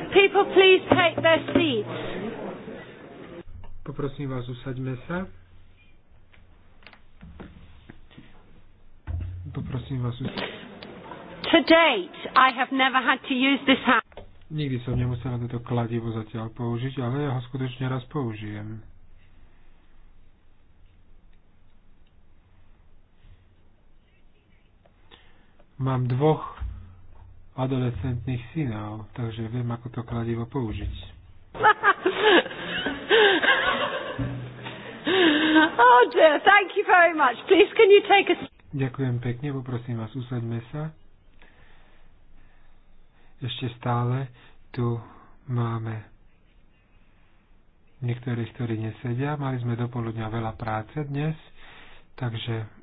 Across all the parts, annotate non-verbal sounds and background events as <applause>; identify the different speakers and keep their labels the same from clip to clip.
Speaker 1: Could people please take their seats?
Speaker 2: Poprosím vás, usaďme sa. Poprosím vás, usaďme
Speaker 1: To date, I have never had to use this hand.
Speaker 2: Nikdy som nemusel na toto kladivo zatiaľ použiť, ale ja ho skutočne raz použijem. Mám dvoch adolescentných synov, takže viem, ako to kladivo použiť.
Speaker 1: <laughs> oh dear, thank you very much. Please, can you take a...
Speaker 2: Ďakujem pekne, poprosím vás, usaďme sa. Ešte stále tu máme niektorých, ktorí nesedia. Mali sme dopoludňa veľa práce dnes, takže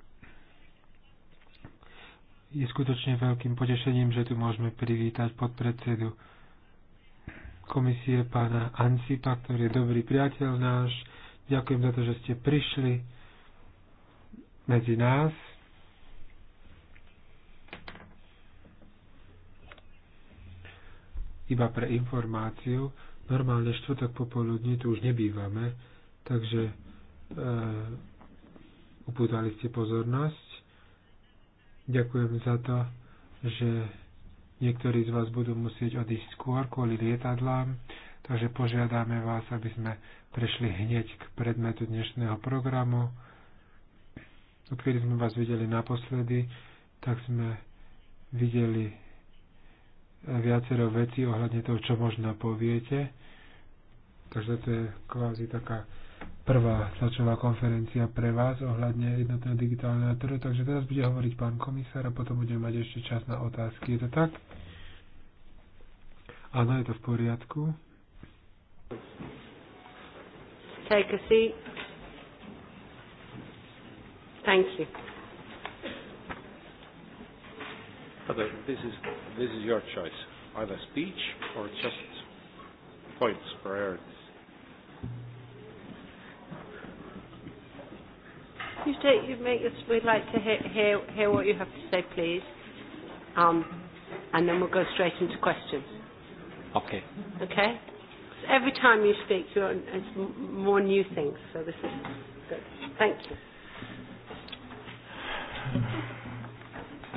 Speaker 2: je skutočne veľkým potešením, že tu môžeme privítať podpredsedu komisie pána Ancipa, ktorý je dobrý priateľ náš. Ďakujem za to, že ste prišli medzi nás. Iba pre informáciu, normálne štvrtok popoludní tu už nebývame, takže e, upútali ste pozornosť. Ďakujem za to, že niektorí z vás budú musieť odísť skôr kvôli lietadlám, takže požiadame vás, aby sme prešli hneď k predmetu dnešného programu. Keď sme vás videli naposledy, tak sme videli e, viacero vecí ohľadne toho, čo možno poviete. Takže to je kvázi taká prvá tlačová konferencia pre vás ohľadne jednotného digitálneho trhu, takže teraz bude hovoriť pán komisár a potom budeme mať ešte čas na otázky. Je to tak? Áno, je to v poriadku.
Speaker 1: Take a seat. Thank you.
Speaker 2: Heather, this is, this is your choice, either speech or just points, priorities.
Speaker 1: you take, you make us, we'd like to hear, hear, hear what you have to say, please. Um, and then we'll go straight into questions. Okay. Okay? So every time you speak, you're, it's more new things, so this is good. Thank you.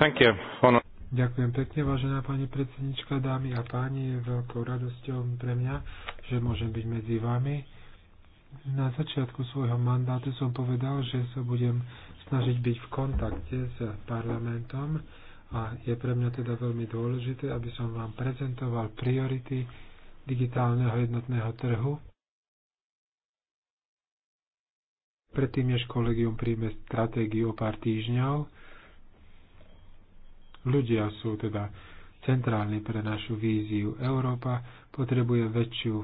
Speaker 3: Thank you. Honor.
Speaker 2: Ďakujem pekne, vážená pani predsednička, dámy a páni. Je veľkou radosťou pre mňa, že môžem byť medzi vami na začiatku svojho mandátu som povedal, že sa budem snažiť byť v kontakte s parlamentom a je pre mňa teda veľmi dôležité, aby som vám prezentoval priority digitálneho jednotného trhu. Predtým, než kolegium príjme stratégiu o pár týždňov, ľudia sú teda centrálni pre našu víziu. Európa potrebuje väčšiu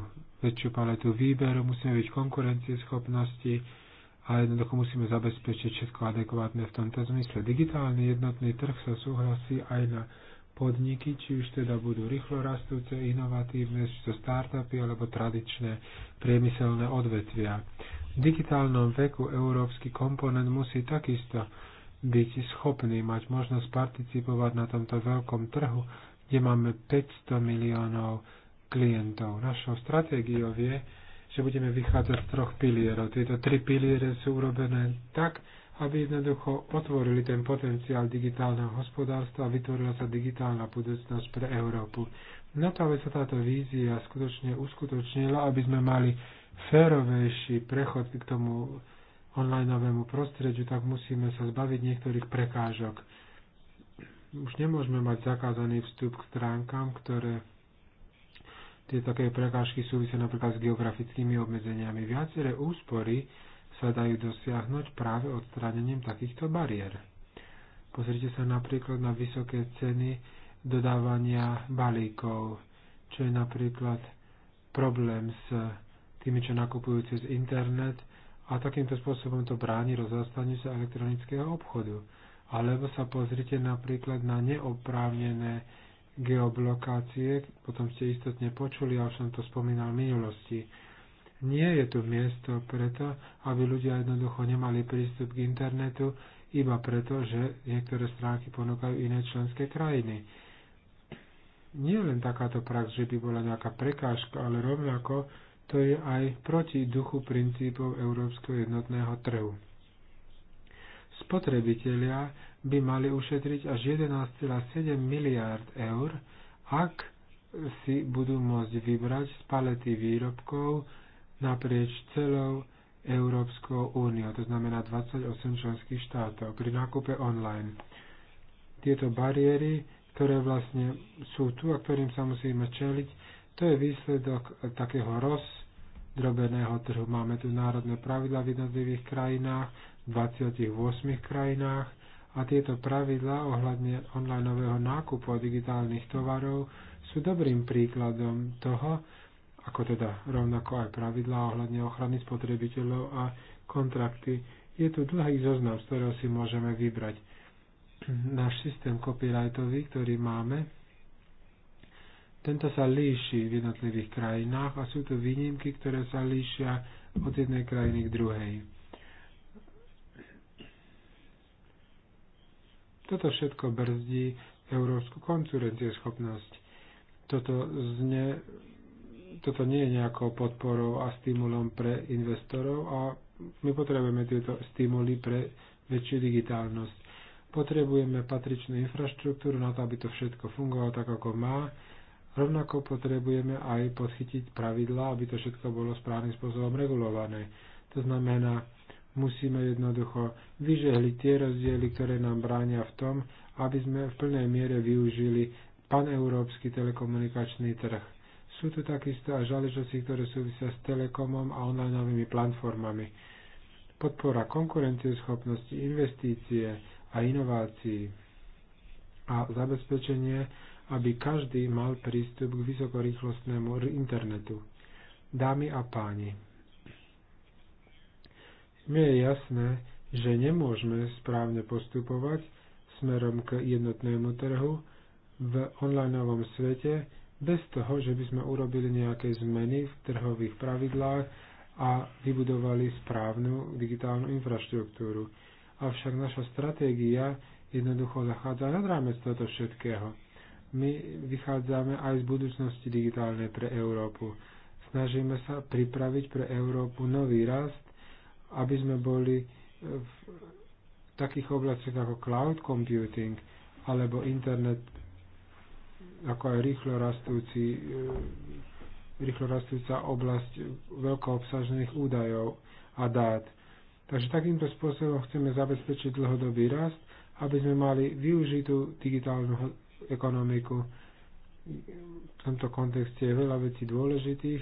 Speaker 2: väčšiu paletu výberu, musíme byť konkurencieschopnosti a jednoducho musíme zabezpečiť všetko adekvátne v tomto zmysle. Digitálny jednotný trh sa súhlasí aj na podniky, či už teda budú rýchlo rastúce, inovatívne, či to startupy alebo tradičné priemyselné odvetvia. V digitálnom veku európsky komponent musí takisto byť schopný mať možnosť participovať na tomto veľkom trhu, kde máme 500 miliónov klientov. Našou stratégiou je, že budeme vychádzať z troch pilierov. Tieto tri piliere sú urobené tak, aby jednoducho otvorili ten potenciál digitálneho hospodárstva a vytvorila sa digitálna budúcnosť pre Európu. Na to, aby sa táto vízia skutočne uskutočnila, aby sme mali férovejší prechod k tomu onlineovému prostrediu, tak musíme sa zbaviť niektorých prekážok. Už nemôžeme mať zakázaný vstup k stránkam, ktoré Tie také prekážky súvisia napríklad s geografickými obmedzeniami. Viaceré úspory sa dajú dosiahnuť práve odstránením takýchto bariér. Pozrite sa napríklad na vysoké ceny dodávania balíkov, čo je napríklad problém s tými, čo nakupujú cez internet a takýmto spôsobom to bráni rozrastaniu sa elektronického obchodu. Alebo sa pozrite napríklad na neoprávnené geoblokácie, potom ste istotne počuli, ja už som to spomínal v minulosti. Nie je tu miesto preto, aby ľudia jednoducho nemali prístup k internetu, iba preto, že niektoré stránky ponúkajú iné členské krajiny. Nie len takáto prax, že by bola nejaká prekážka, ale rovnako to je aj proti duchu princípov Európskeho jednotného trhu spotrebitelia by mali ušetriť až 11,7 miliárd eur, ak si budú môcť vybrať z palety výrobkov naprieč celou Európskou úniou, to znamená 28 členských štátov, pri nákupe online. Tieto bariéry, ktoré vlastne sú tu a ktorým sa musíme čeliť, to je výsledok takého rozdrobeného trhu. Máme tu národné pravidla v jednotlivých krajinách, 28 krajinách a tieto pravidlá ohľadne onlineového nákupu a digitálnych tovarov sú dobrým príkladom toho, ako teda rovnako aj pravidlá ohľadne ochrany spotrebiteľov a kontrakty. Je tu dlhý zoznam, z ktorého si môžeme vybrať. <clears throat> Náš systém copyrightový, ktorý máme, tento sa líši v jednotlivých krajinách a sú tu výnimky, ktoré sa líšia od jednej krajiny k druhej. Toto všetko brzdí európsku konkurencieschopnosť. Toto, zne, toto nie je nejakou podporou a stimulom pre investorov a my potrebujeme tieto stimuly pre väčšiu digitálnosť. Potrebujeme patričnú infraštruktúru na to, aby to všetko fungovalo tak, ako má. Rovnako potrebujeme aj podchytiť pravidla, aby to všetko bolo správnym spôsobom regulované. To znamená, Musíme jednoducho vyžehliť tie rozdiely, ktoré nám bránia v tom, aby sme v plnej miere využili paneurópsky telekomunikačný trh. Sú tu takisto aj žaležosti, ktoré súvisia s telekomom a onlineovými platformami. Podpora konkurencieschopnosti, investície a inovácií a zabezpečenie aby každý mal prístup k vysokorýchlostnému internetu. Dámy a páni, mne je jasné, že nemôžeme správne postupovať smerom k jednotnému trhu v onlineovom svete bez toho, že by sme urobili nejaké zmeny v trhových pravidlách a vybudovali správnu digitálnu infraštruktúru. Avšak naša stratégia jednoducho zachádza nad rámec toto všetkého. My vychádzame aj z budúcnosti digitálnej pre Európu. Snažíme sa pripraviť pre Európu nový rast aby sme boli e, v takých oblastiach ako cloud computing alebo internet ako aj rýchlo rastúci e, rýchlo rastúca oblasť veľkoobsažných údajov a dát. Takže takýmto spôsobom chceme zabezpečiť dlhodobý rast, aby sme mali využitú digitálnu ekonomiku. V tomto kontexte je veľa vecí dôležitých,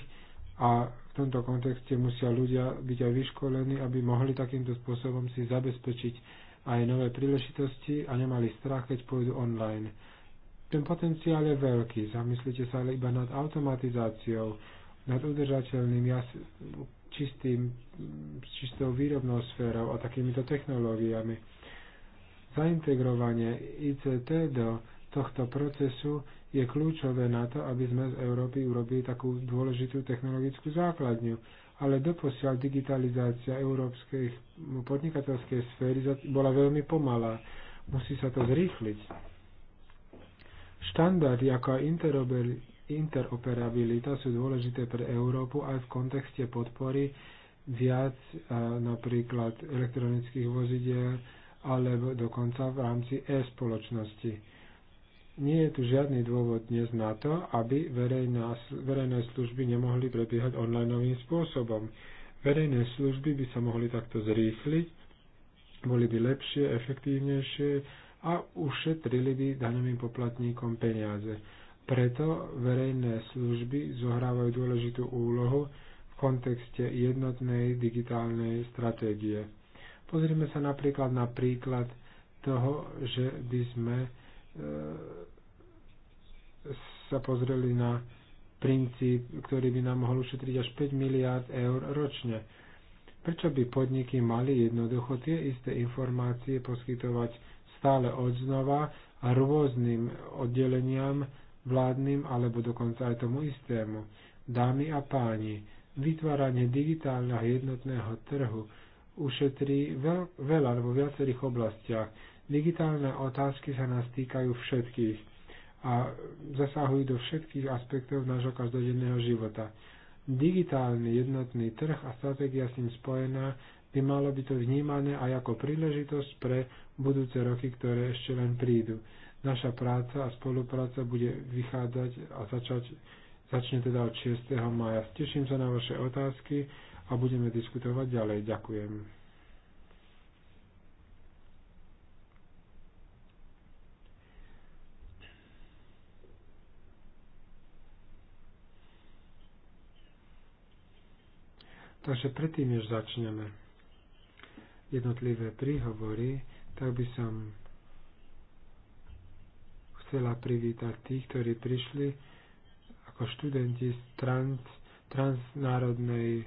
Speaker 2: a v tomto kontexte musia ľudia byť aj vyškolení, aby mohli takýmto spôsobom si zabezpečiť aj nové príležitosti a nemali strach, keď pôjdu online. Ten potenciál je veľký, zamyslite sa ale iba nad automatizáciou, nad udržateľným, čistým, čistou výrobnou sférou a takýmito technológiami. Zaintegrovanie ICT do tohto procesu je kľúčové na to, aby sme z Európy urobili takú dôležitú technologickú základňu. Ale doposiaľ digitalizácia európskej podnikateľskej sféry bola veľmi pomalá. Musí sa to zrýchliť. Štandardy ako interoperabilita sú dôležité pre Európu aj v kontexte podpory viac napríklad elektronických vozidiel alebo dokonca v rámci e-spoločnosti nie je tu žiadny dôvod dnes na to, aby verejná, verejné služby nemohli prebiehať online spôsobom. Verejné služby by sa mohli takto zrýchliť, boli by lepšie, efektívnejšie a ušetrili by daňovým poplatníkom peniaze. Preto verejné služby zohrávajú dôležitú úlohu v kontexte jednotnej digitálnej stratégie. Pozrime sa napríklad na príklad toho, že by sme e, sa pozreli na princíp, ktorý by nám mohol ušetriť až 5 miliard eur ročne. Prečo by podniky mali jednoducho tie isté informácie poskytovať stále odznova a rôznym oddeleniam vládnym alebo dokonca aj tomu istému? Dámy a páni, vytváranie digitálneho jednotného trhu ušetrí veľa alebo viacerých oblastiach. Digitálne otázky sa nás týkajú všetkých a zasahujú do všetkých aspektov nášho každodenného života. Digitálny jednotný trh a stratégia s ním spojená by malo byť to vnímané aj ako príležitosť pre budúce roky, ktoré ešte len prídu. Naša práca a spolupráca bude vychádzať a začať, začne teda od 6. maja. Teším sa na vaše otázky a budeme diskutovať ďalej. Ďakujem. Takže predtým, než začneme jednotlivé príhovory, tak by som chcela privítať tých, ktorí prišli ako študenti z trans, transnárodnej e,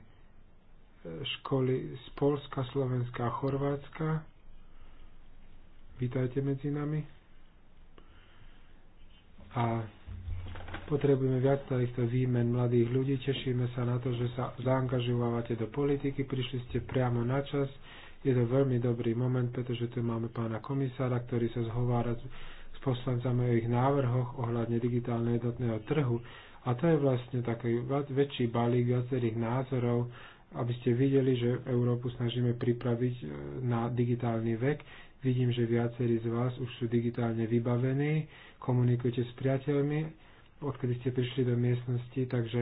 Speaker 2: školy z Polska, Slovenska a Chorvátska. Vítajte medzi nami. A Potrebujeme viac takýchto výmen mladých ľudí. Tešíme sa na to, že sa zaangažovávate do politiky. Prišli ste priamo na čas. Je to veľmi dobrý moment, pretože tu máme pána komisára, ktorý sa zhovára s poslancami o ich návrhoch ohľadne digitálneho jednotného trhu. A to je vlastne taký väčší balík viacerých názorov, aby ste videli, že Európu snažíme pripraviť e, na digitálny vek. Vidím, že viacerí z vás už sú digitálne vybavení, komunikujete s priateľmi odkedy ste prišli do miestnosti, takže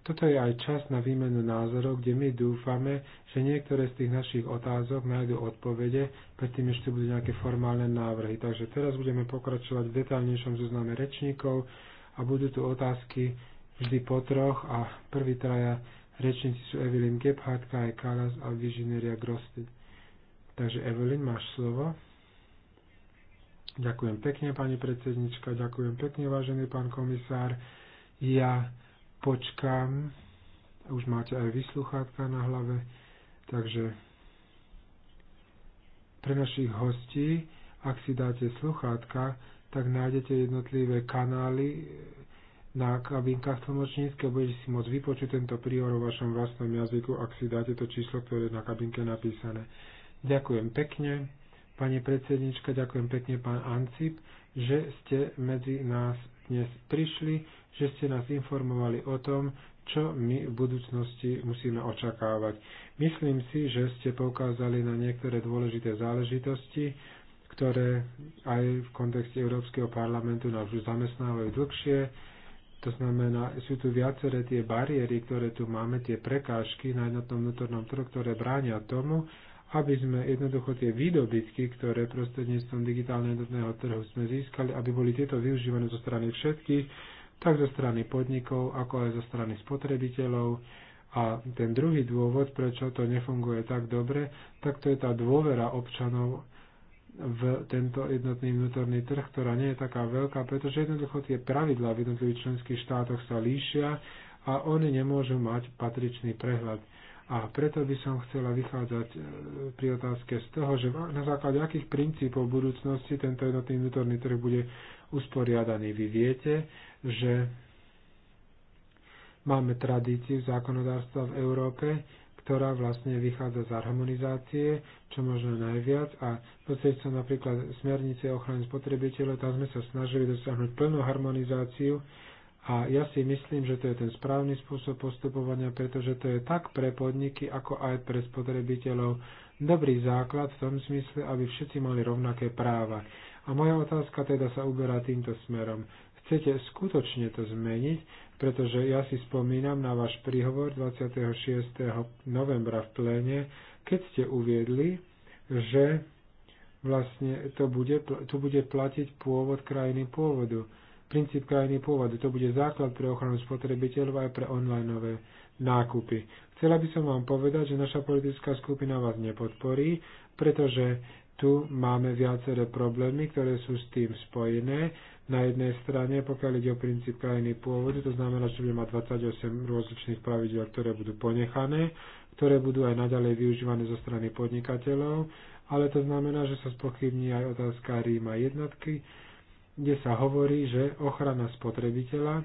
Speaker 2: toto je aj čas na výmenu názorov, kde my dúfame, že niektoré z tých našich otázok nájdú odpovede, predtým ešte budú nejaké formálne návrhy. Takže teraz budeme pokračovať v detaľnejšom zozname rečníkov a budú tu otázky vždy po troch a prvý traja rečníci sú Evelyn Gebhardt, Kaj Kalas a Vižineria Grosty. Takže Evelyn, máš slovo. Ďakujem pekne, pani predsednička, ďakujem pekne, vážený pán komisár. Ja počkám, už máte aj vysluchátka na hlave, takže pre našich hostí, ak si dáte sluchátka, tak nájdete jednotlivé kanály na kabinkách a budete si môcť vypočuť tento príhovor v vašom vlastnom jazyku, ak si dáte to číslo, ktoré je na kabinke napísané. Ďakujem pekne. Pani predsednička, ďakujem pekne, pán Ancip, že ste medzi nás dnes prišli, že ste nás informovali o tom, čo my v budúcnosti musíme očakávať. Myslím si, že ste poukázali na niektoré dôležité záležitosti, ktoré aj v kontexte Európskeho parlamentu nás už zamestnávajú dlhšie. To znamená, sú tu viaceré tie bariéry, ktoré tu máme, tie prekážky na jednotnom vnútornom trhu, ktoré bránia tomu, aby sme jednoducho tie výdobytky, ktoré prostredníctvom digitálneho jednotného trhu sme získali, aby boli tieto využívané zo strany všetkých, tak zo strany podnikov, ako aj zo strany spotrebiteľov. A ten druhý dôvod, prečo to nefunguje tak dobre, tak to je tá dôvera občanov v tento jednotný vnútorný trh, ktorá nie je taká veľká, pretože jednoducho tie pravidlá v jednotlivých členských štátoch sa líšia a oni nemôžu mať patričný prehľad. A preto by som chcela vychádzať e, pri otázke z toho, že na základe akých princípov budúcnosti tento jednotný vnútorný trh bude usporiadaný. Vy viete, že máme tradíciu zákonodárstva v Európe, ktorá vlastne vychádza z harmonizácie, čo možno najviac a sa napríklad smernice ochrany spotrebiteľov, tam sme sa snažili dosiahnuť plnú harmonizáciu a ja si myslím, že to je ten správny spôsob postupovania, pretože to je tak pre podniky, ako aj pre spotrebiteľov dobrý základ v tom smysle, aby všetci mali rovnaké práva. A moja otázka teda sa uberá týmto smerom. Chcete skutočne to zmeniť, pretože ja si spomínam na váš príhovor 26. novembra v pléne, keď ste uviedli, že vlastne to bude, tu bude platiť pôvod krajiny pôvodu princíp krajiny pôvodu. To bude základ pre ochranu spotrebiteľov aj pre onlineové nákupy. Chcela by som vám povedať, že naša politická skupina vás nepodporí, pretože tu máme viaceré problémy, ktoré sú s tým spojené. Na jednej strane, pokiaľ ide o princíp krajiny pôvodu, to znamená, že bude mať 28 rozličných pravidel, ktoré budú ponechané, ktoré budú aj naďalej využívané zo strany podnikateľov, ale to znamená, že sa spochybní aj otázka Ríma jednotky kde sa hovorí, že ochrana spotrebiteľa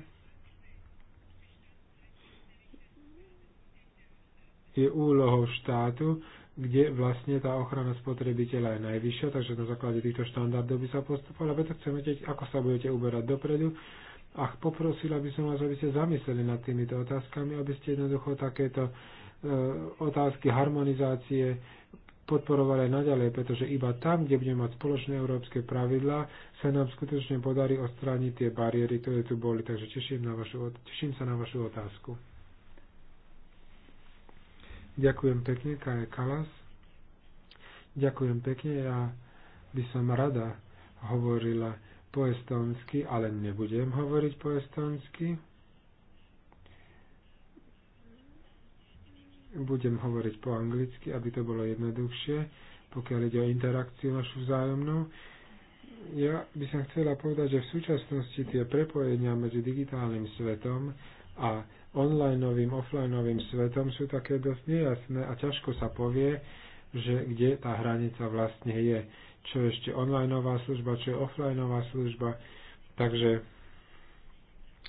Speaker 2: je úlohou štátu, kde vlastne tá ochrana spotrebiteľa je najvyššia, takže na základe týchto štandardov by sa postupovalo. Preto chcem vedieť, ako sa budete uberať dopredu. A poprosila by som vás, aby ste zamysleli nad týmito otázkami, aby ste jednoducho takéto e, otázky harmonizácie podporovali naďalej, pretože iba tam, kde budeme mať spoločné európske pravidlá, sa nám skutočne podarí odstrániť tie bariéry, ktoré tu boli. Takže teším, na vašu, teším sa na vašu otázku. Ďakujem pekne, Kaja Kalas. Ďakujem pekne, ja by som rada hovorila po estonsky, ale nebudem hovoriť po estonsky. budem hovoriť po anglicky, aby to bolo jednoduchšie, pokiaľ ide o interakciu našu vzájomnú. Ja by som chcela povedať, že v súčasnosti tie prepojenia medzi digitálnym svetom a online offline offlineovým svetom sú také dosť nejasné a ťažko sa povie, že kde tá hranica vlastne je, čo je ešte nová služba, čo je offlineová služba. Takže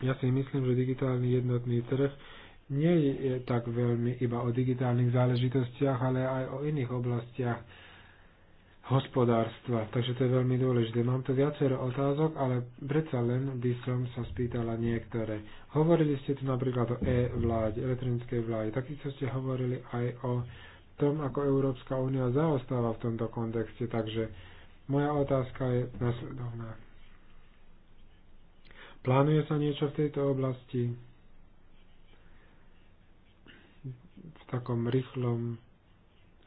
Speaker 2: ja si myslím, že digitálny jednotný trh nie je tak veľmi iba o digitálnych záležitostiach, ale aj o iných oblastiach hospodárstva. Takže to je veľmi dôležité. Mám tu viacero otázok, ale predsa len by som sa spýtala niektoré. Hovorili ste tu napríklad o e-vláde, elektronickej vláde. Takisto ste hovorili aj o tom, ako Európska únia zaostáva v tomto kontexte. Takže moja otázka je nasledovná. Plánuje sa niečo v tejto oblasti? takom rýchlom,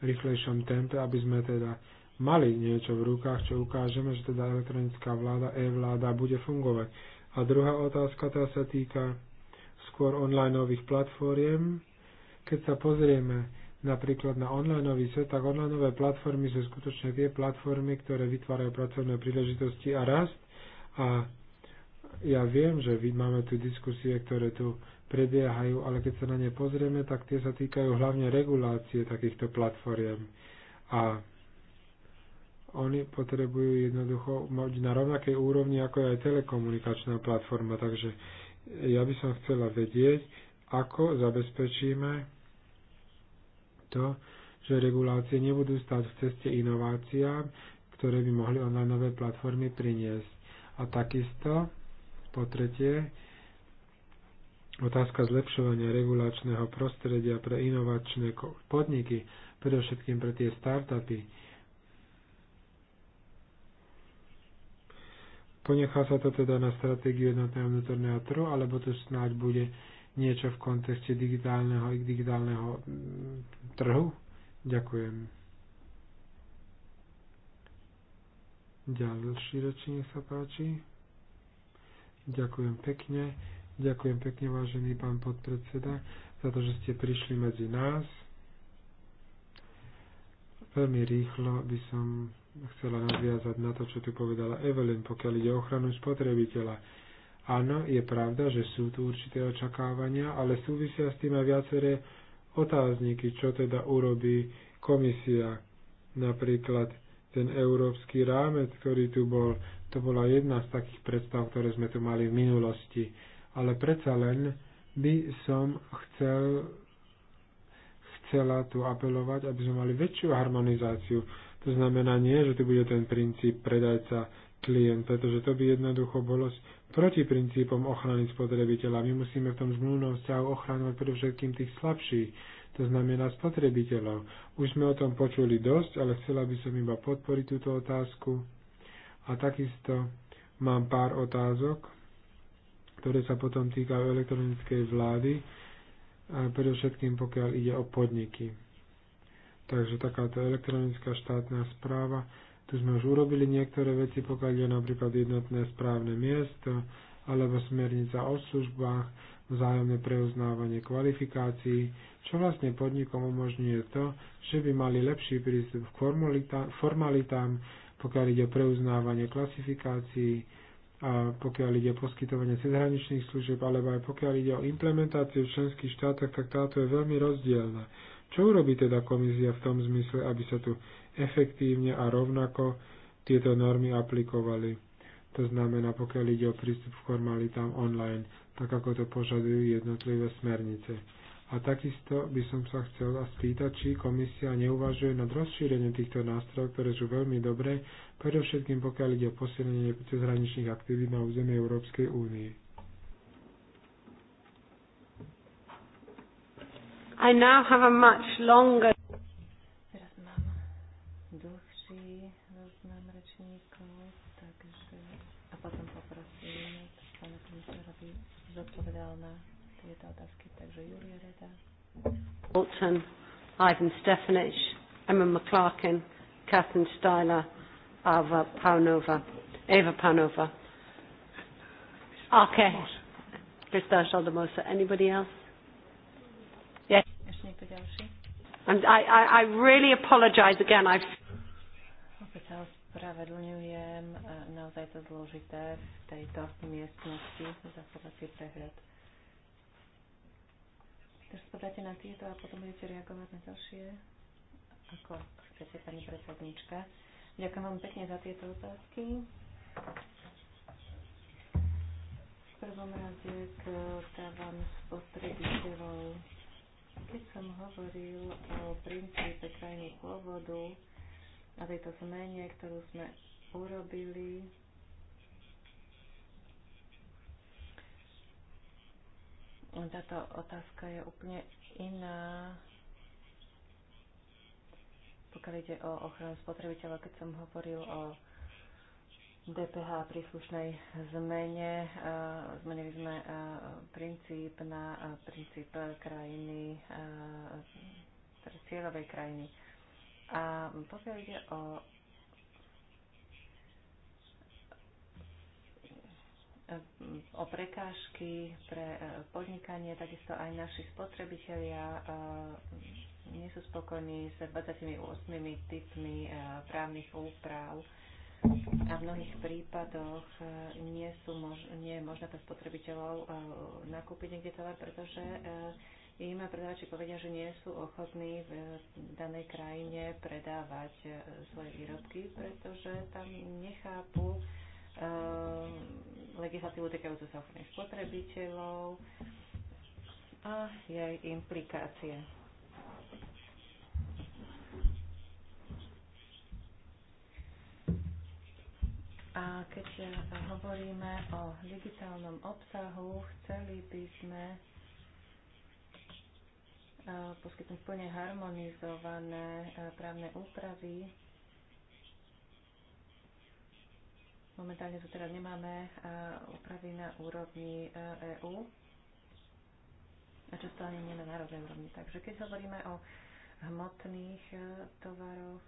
Speaker 2: rýchlejšom tempe, aby sme teda mali niečo v rukách, čo ukážeme, že teda elektronická vláda, e-vláda bude fungovať. A druhá otázka tá sa týka skôr onlineových platformiem. Keď sa pozrieme napríklad na onlineový svet, tak onlineové platformy sú skutočne tie platformy, ktoré vytvárajú pracovné príležitosti a rast. A ja viem, že máme tu diskusie, ktoré tu prebiehajú, ale keď sa na ne pozrieme, tak tie sa týkajú hlavne regulácie takýchto platform. A oni potrebujú jednoducho mať na rovnakej úrovni, ako je aj telekomunikačná platforma. Takže ja by som chcela vedieť, ako zabezpečíme to, že regulácie nebudú stať v ceste inováciám, ktoré by mohli online nové platformy priniesť. A takisto, po tretie, Otázka zlepšovania regulačného prostredia pre inovačné podniky, predovšetkým pre tie startupy, Ponechá sa to teda na stratégiu jednotného vnútorného trhu, alebo to snáď bude niečo v kontexte digitálneho i digitálneho mm, trhu? Ďakujem. Ďalší rečník sa páči. Ďakujem pekne. Ďakujem pekne, vážený pán podpredseda, za to, že ste prišli medzi nás. Veľmi rýchlo by som chcela nadviazať na to, čo tu povedala Evelyn, pokiaľ ide o ochranu spotrebiteľa. Áno, je pravda, že sú tu určité očakávania, ale súvisia s tým aj viaceré otázniky, čo teda urobí komisia. Napríklad ten európsky rámec, ktorý tu bol, to bola jedna z takých predstav, ktoré sme tu mali v minulosti ale predsa len by som chcel, chcela tu apelovať, aby sme mali väčšiu harmonizáciu. To znamená nie, že tu bude ten princíp predajca klient, pretože to by jednoducho bolo proti princípom ochrany spotrebiteľa. My musíme v tom zmluvnom vzťahu ochránovať predovšetkým tých slabších, to znamená spotrebiteľov. Už sme o tom počuli dosť, ale chcela by som iba podporiť túto otázku. A takisto mám pár otázok ktoré sa potom týkajú elektronickej vlády, a predovšetkým pokiaľ ide o podniky. Takže takáto elektronická štátna správa, tu sme už urobili niektoré veci, pokiaľ je napríklad jednotné správne miesto, alebo smernica o službách, vzájomné preuznávanie kvalifikácií, čo vlastne podnikom umožňuje to, že by mali lepší prístup k formalitám, pokiaľ ide o preuznávanie klasifikácií, a pokiaľ ide o poskytovanie cezhraničných služieb, alebo aj pokiaľ ide o implementáciu v členských štátoch, tak táto je veľmi rozdielna. Čo urobí teda komisia v tom zmysle, aby sa tu efektívne a rovnako tieto normy aplikovali? To znamená, pokiaľ ide o prístup k formalitám online, tak ako to požadujú jednotlivé smernice. A takisto by som sa chcela spýtať, či komisia neuvažuje nad rozšírením týchto nástrojov, ktoré sú veľmi dobré, predovšetkým pokiaľ ide o posilnenie cezhraničných aktivít na území Európskej únie. I now have a much longer... Teraz mám dlhší
Speaker 4: rečníkov, takže... A potom poprosím pána komisára, aby zodpovedal na tieto otázky. Takže Julia Reda.
Speaker 1: Bolton, Ivan Stefanich, Emma McClarkin, Catherine Styler, Ava Paunova, Eva Paunova. Ok. Krista Shaldamosa. Anybody else? Yes.
Speaker 4: Ešte niekto ďalší?
Speaker 1: And I, I, I really apologize again. I've...
Speaker 4: Opäť sa ospravedlňujem. Naozaj to zložité v tejto miestnosti zachovací prehľad. Takže spodáte na tieto a potom budete reagovať na ďalšie, ako chcete, pani predsednička. Ďakujem vám pekne za tieto otázky. V prvom rade k dávam spotrebiteľov. Keď som hovoril o princípe krajiny pôvodu a tejto zmene, ktorú sme urobili, Táto otázka je úplne iná, pokiaľ ide o ochranu spotrebiteľa, keď som hovoril o DPH príslušnej zmene. Zmenili sme princíp na princíp krajiny, teda cieľovej krajiny. A pokiaľ ide o o prekážky pre e, podnikanie, takisto aj naši spotrebitelia e, nie sú spokojní s 28 typmi e, právnych úprav a v mnohých prípadoch nie, sú mož- nie je možné pre spotrebiteľov nakúpiť niekde tovar, pretože im predávači povedia, že nie sú ochotní v danej krajine predávať svoje výrobky, pretože tam nechápu Ehm, legislatívu týkajúcu sa ochrany spotrebiteľov a jej implikácie. A keď hovoríme o digitálnom obsahu, chceli by sme eh, poskytnúť plne harmonizované eh, právne úpravy Momentálne tu teda nemáme e, úpravy na úrovni EÚ e a často ani nie na národnej úrovni. Takže keď hovoríme o hmotných e, tovaroch,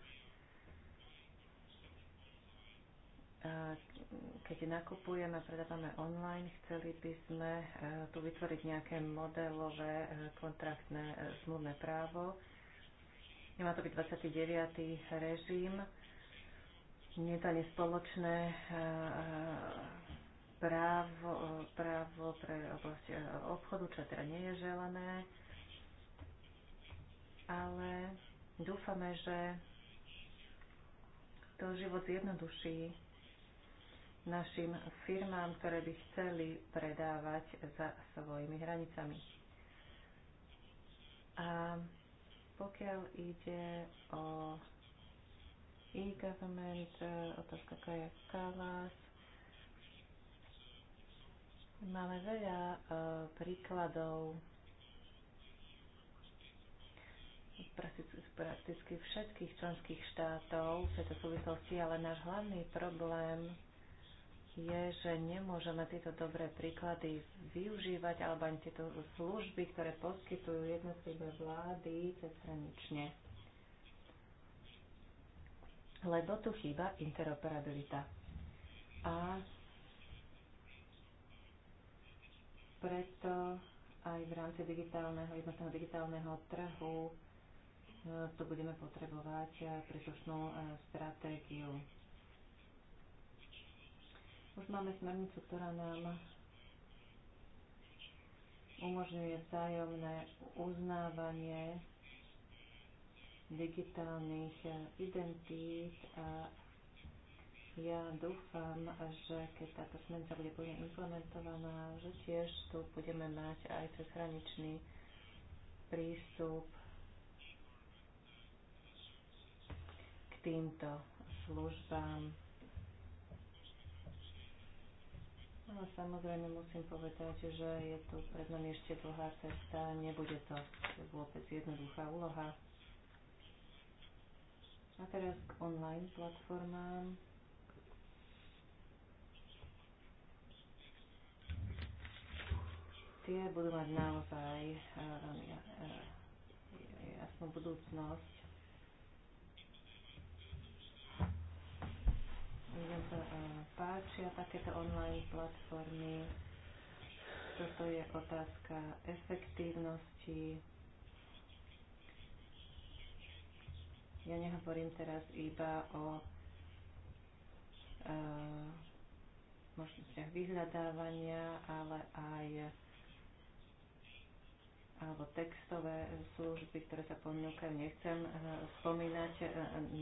Speaker 4: keď nakupujeme a predávame online, chceli by sme tu vytvoriť nejaké modelové kontraktné zmluvné právo. Nemá to byť 29. režim, nedali spoločné eh, eh, právo, právo pre oblasť eh, obchodu, čo teda nie je želané. Ale dúfame, že to život zjednoduší našim firmám, ktoré by chceli predávať za svojimi hranicami. A pokiaľ ide o e-government, eh, otázka Kaja Kalas. Máme veľa eh, príkladov prakticky všetkých členských štátov v tejto súvislosti, ale náš hlavný problém je, že nemôžeme tieto dobré príklady využívať alebo ani tieto služby, ktoré poskytujú jednotlivé vlády cezhranične lebo tu chýba interoperabilita. A preto aj v rámci digitálneho, jednotného digitálneho trhu e, tu budeme potrebovať e, príslušnú e, stratégiu. Už máme smernicu, ktorá nám umožňuje vzájomné uznávanie digitálnych eh, identít a ja dúfam, že keď táto smernica bude plne implementovaná, že tiež tu budeme mať aj cezhraničný prístup k týmto službám. Ale samozrejme musím povedať, že je tu pred nami ešte dlhá cesta, nebude to vôbec jednoduchá úloha. A teraz k online platformám. Tie budú mať naozaj eh, veľmi eh, eh, jasnú budúcnosť. Ľuďom sa páčia takéto online platformy. Toto je otázka efektívnosti Ja nehovorím teraz iba o e, možnostiach vyhľadávania, ale aj alebo textové služby, ktoré sa ponúkajú. Nechcem e, spomínať e,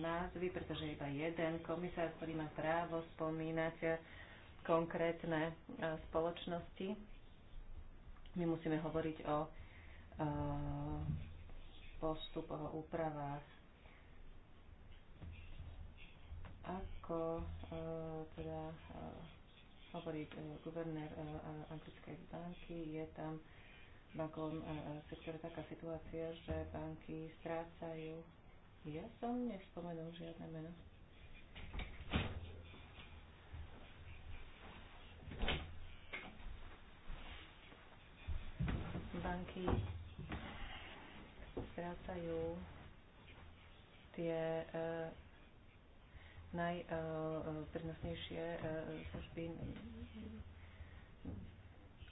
Speaker 4: názvy, pretože iba jeden komisár, ktorý má právo spomínať konkrétne spoločnosti. My musíme hovoriť o postupoch, o úpravách ako uh teda e, hovorí e, guvernér anglickej banky, je tam v bankovom sektore taká situácia, že banky strácajú. Ja som nespomenul žiadne meno. banky strácajú tie uh najprenosnejšie eh, eh, eh, služby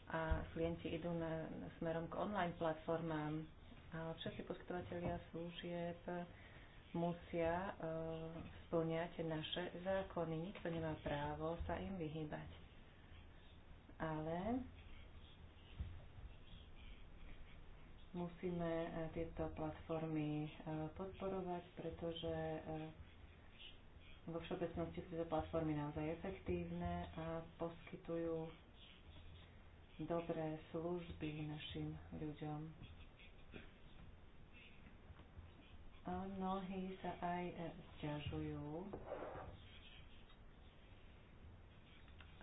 Speaker 4: a klienti idú na, smerom k online platformám. A všetci poskytovateľia služieb musia splňať naše zákony. Nikto nemá právo sa im vyhýbať. Ale musíme tieto platformy podporovať, pretože vo všeobecnosti sú tieto platformy naozaj efektívne a poskytujú dobré služby našim ľuďom. A mnohí sa aj sťažujú e,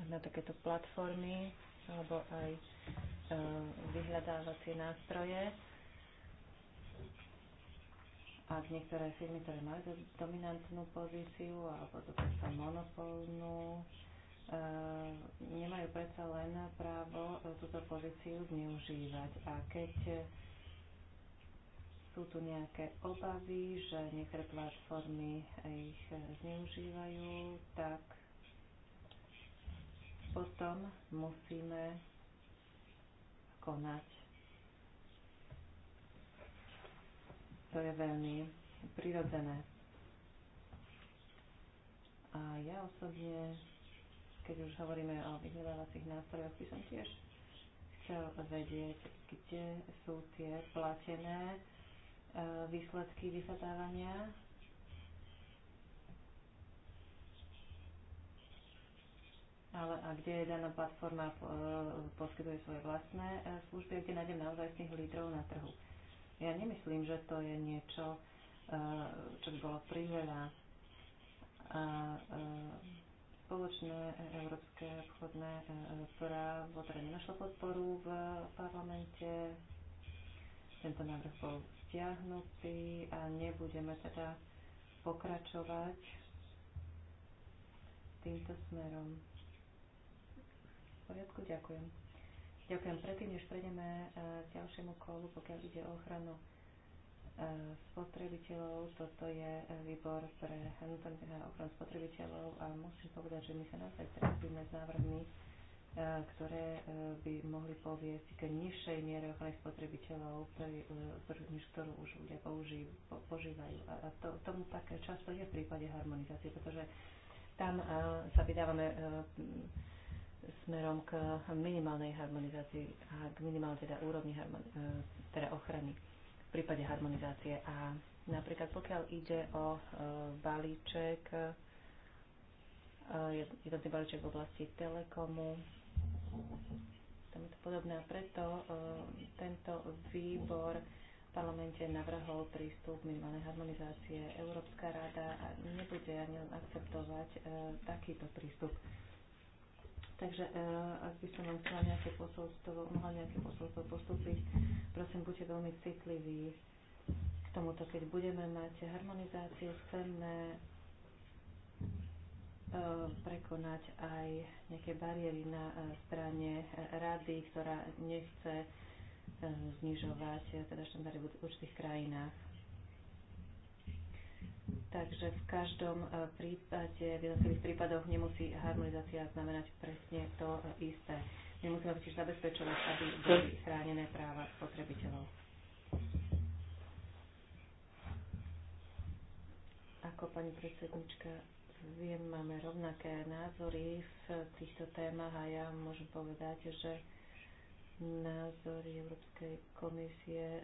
Speaker 4: na takéto platformy alebo aj e, vyhľadávacie nástroje ak niektoré firmy, ktoré majú dominantnú pozíciu alebo dokonca monopolnú, e, nemajú predsa len právo túto pozíciu zneužívať. A keď sú tu nejaké obavy, že niektoré platformy ich zneužívajú, tak potom musíme konať To je veľmi prirodzené. A ja osobne, keď už hovoríme o vyhľadávacích nástrojoch, by som tiež chcel vedieť, kde sú tie platené e, výsledky vyhľadávania. Ale a kde je daná platforma e, poskytuje svoje vlastné e, služby, kde nájdem naozaj z tých lídrov na trhu. Ja nemyslím, že to je niečo, e, čo by bolo priveľa. E, spoločné e, európske obchodné právo teda nenašlo podporu v parlamente. Tento návrh bol stiahnutý a nebudeme teda pokračovať týmto smerom. V poriadku, ďakujem. Ďakujem. Predtým, než prejdeme e, k ďalšiemu kolu, pokiaľ ide o ochranu e, spotrebiteľov, toto je výbor pre vnútornú ochranu spotrebiteľov a musím povedať, že my sa naozaj trápime s návrhmi, e, ktoré by mohli poviesť k nižšej miere ochrany spotrebiteľov, než ktorú už ľudia použív, po, požívajú. A to, tomu tak často je v prípade harmonizácie, pretože tam sa vydávame smerom k minimálnej harmonizácii a k minimálnej teda úrovni e, teda ochrany v prípade harmonizácie. A napríklad pokiaľ ide o e, balíček, e, jednotný balíček v oblasti telekomu, tam je to podobné a preto tento výbor v parlamente navrhol prístup minimálnej harmonizácie. Európska rada nebude ani akceptovať takýto prístup Takže e, ak by som vám chcela nejaké posolstvo, mohla nejaké posolstvo postúpiť, prosím, buďte veľmi citliví k tomuto. Keď budeme mať harmonizácie, chceme e, prekonať aj nejaké bariéry na e, strane rady, ktorá nechce znižovať teda štandardy v určitých krajinách. Takže v každom e, prípade, v jednotlivých prípadoch nemusí harmonizácia znamenať presne to e, isté. My musíme totiž zabezpečovať, aby boli chránené práva spotrebiteľov. Ako pani predsednička, viem, máme rovnaké názory v týchto témach a ja môžem povedať, že názory Európskej komisie e,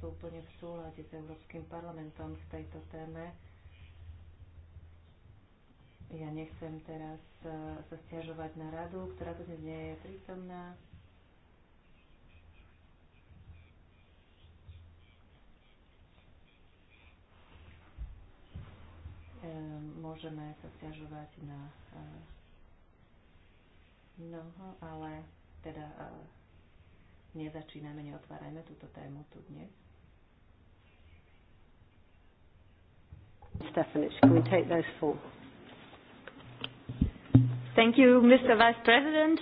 Speaker 4: sú úplne v súlade s Európskym parlamentom v tejto téme ja nechcem teraz e, sa stiažovať na radu, ktorá tu dnes nie je prítomná. E, môžeme sa stiažovať na e, mnoho, ale teda nezačíname, neotvárajme túto tému tu dnes.
Speaker 1: Definition. Can we take those four?
Speaker 4: Thank you, Mr. Vice President.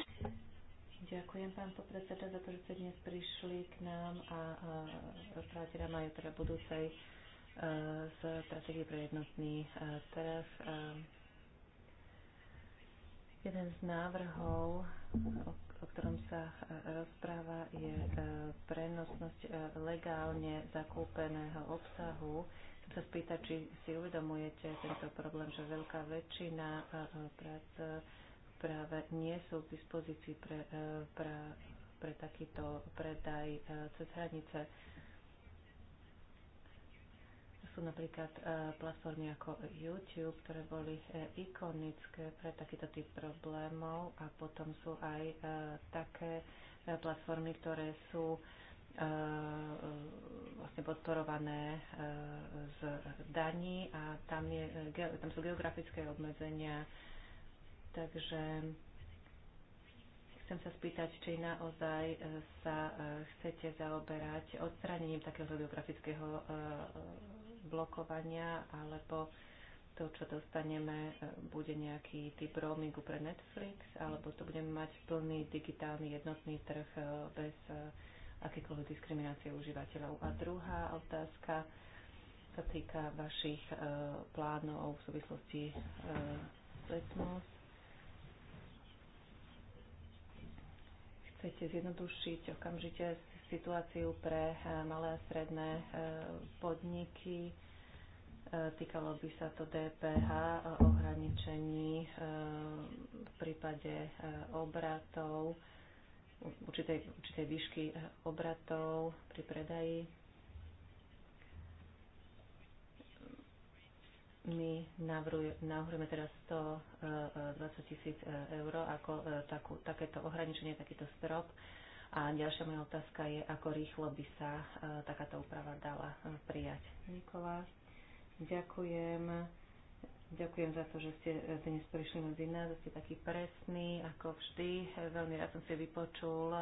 Speaker 4: Ďakujem, pán podpredseda, za to, že ste dnes prišli k nám a, a rozprávate nám aj o teda budúcej z e, stratégie pre jednotný e, trh. E, jeden z návrhov, o ktorom sa rozpráva, je prenosnosť legálne zakúpeného obsahu. Chcem sa spýtať, či si uvedomujete tento problém, že veľká väčšina prác práve nie sú k dispozícii pre, e, pre, pre takýto predaj e, cez hranice. Sú napríklad e, platformy ako YouTube, ktoré boli ikonické pre takýto typ problémov a potom sú aj také platformy, ktoré sú vlastne podporované z daní a tam, je, tam sú geografické obmedzenia Takže chcem sa spýtať, či naozaj e, sa e, chcete zaoberať odstranením takého biografického e, blokovania, alebo to, čo dostaneme, bude nejaký typ roamingu pre Netflix, alebo to budeme mať plný digitálny jednotný trh bez akékoľvek diskriminácie užívateľov. A druhá otázka sa týka vašich plánov v súvislosti s letnou chcete zjednodušiť okamžite situáciu pre eh, malé a stredné eh, podniky. Eh, týkalo by sa to DPH o ohraničení v prípade obratov, určitej, určitej výšky obratov pri predaji My navrhujeme teraz 120 e, e, tisíc e, eur ako takú, takéto ohraničenie, takýto strop. A ďalšia moja otázka je, ako rýchlo by sa takáto úprava dala prijať. Nikola, ďakujem. Ďakujem za to, že ste dnes prišli medzi nás, že ste taký presný, ako vždy. Veľmi rád som si vypočul,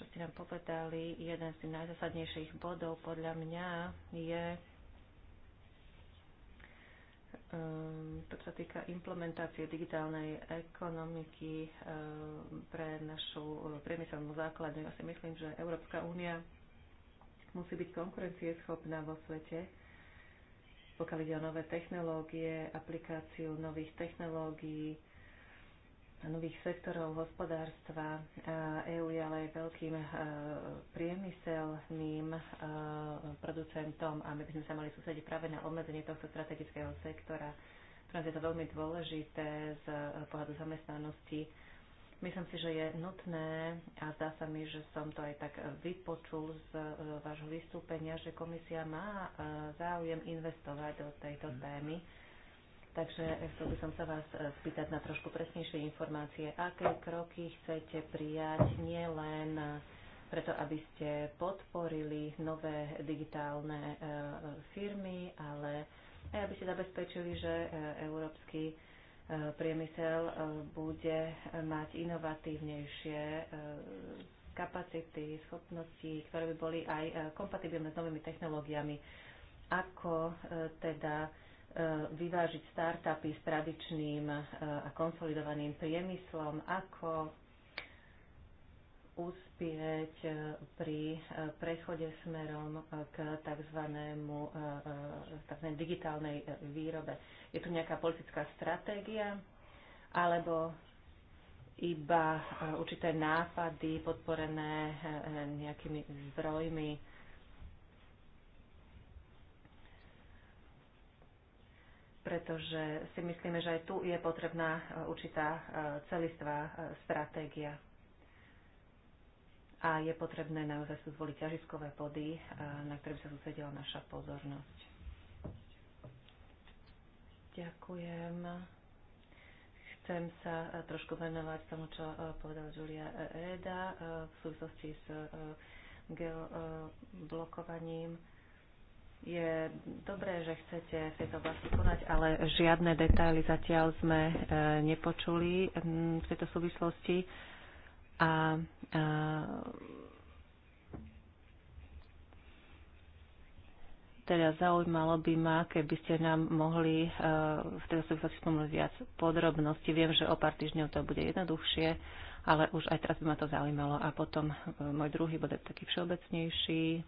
Speaker 4: čo ste nám povedali. Jeden z tých najzasadnejších bodov podľa mňa je Ehm, to, čo sa týka implementácie digitálnej ekonomiky ehm, pre našu eh, priemyselnú základňu. Ja si myslím, že Európska únia musí byť konkurencieschopná vo svete, pokiaľ ide o nové technológie, aplikáciu nových technológií, nových sektorov hospodárstva. EÚ je ale aj veľkým e, priemyselným e, producentom a my by sme sa mali sústrediť práve na obmedzenie tohto strategického sektora. Pre nás je to veľmi dôležité z e, pohľadu zamestnanosti. Myslím si, že je nutné a zdá sa mi, že som to aj tak vypočul z vášho vystúpenia, že komisia má záujem investovať do tejto mhm. témy. Mm Takže eh, chcel by som sa vás eh, spýtať na trošku presnejšie informácie, aké kroky chcete prijať nielen eh, preto, aby ste podporili nové digitálne firmy, ale aj aby ste zabezpečili, že európsky priemysel bude mať inovatívnejšie kapacity, schopnosti, ktoré by boli aj kompatibilné s novými technológiami. Ako teda E, vyvážiť startupy s tradičným e, a konsolidovaným priemyslom, ako uspieť e, pri prechode smerom k tzv. tzv. digitálnej výrobe. Je tu nejaká politická stratégia alebo iba určité nápady podporené nejakými zdrojmi pretože si myslíme, že aj tu je potrebná e, určitá e, celistvá e, stratégia. A je potrebné naozaj sú zvoliť ťažiskové body, na ktoré by sa sústredila naša pozornosť. Ďakujem. Chcem sa trošku venovať tomu, čo povedala Julia Reda v súvislosti s geoblokovaním. Je dobré, že chcete v tejto oblasti konať, ale žiadne detaily zatiaľ sme e, nepočuli v tejto súvislosti. A, a e, teda zaujímalo by ma, keby ste nám mohli e, v tejto súvislosti spomenúť viac podrobností. Viem, že o pár týždňov to bude jednoduchšie, ale už aj teraz by ma to zaujímalo. A potom môj druhý bude taký všeobecnejší.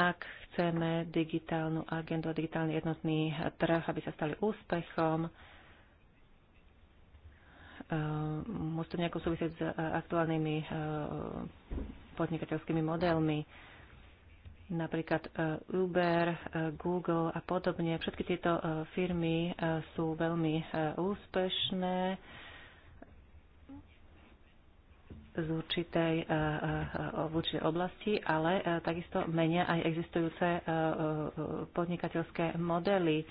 Speaker 4: Ak chceme digitálnu agendu a digitálny jednotný trh, aby sa stali úspechom, eh, musí to nejako súvisieť s eh, aktuálnymi eh, podnikateľskými modelmi, napríklad Uber, Google a podobne. Všetky tieto firmy sú veľmi úspešné z určitej, eh, eh, eh, v určitej oblasti, ale takisto menia aj existujúce podnikateľské modely.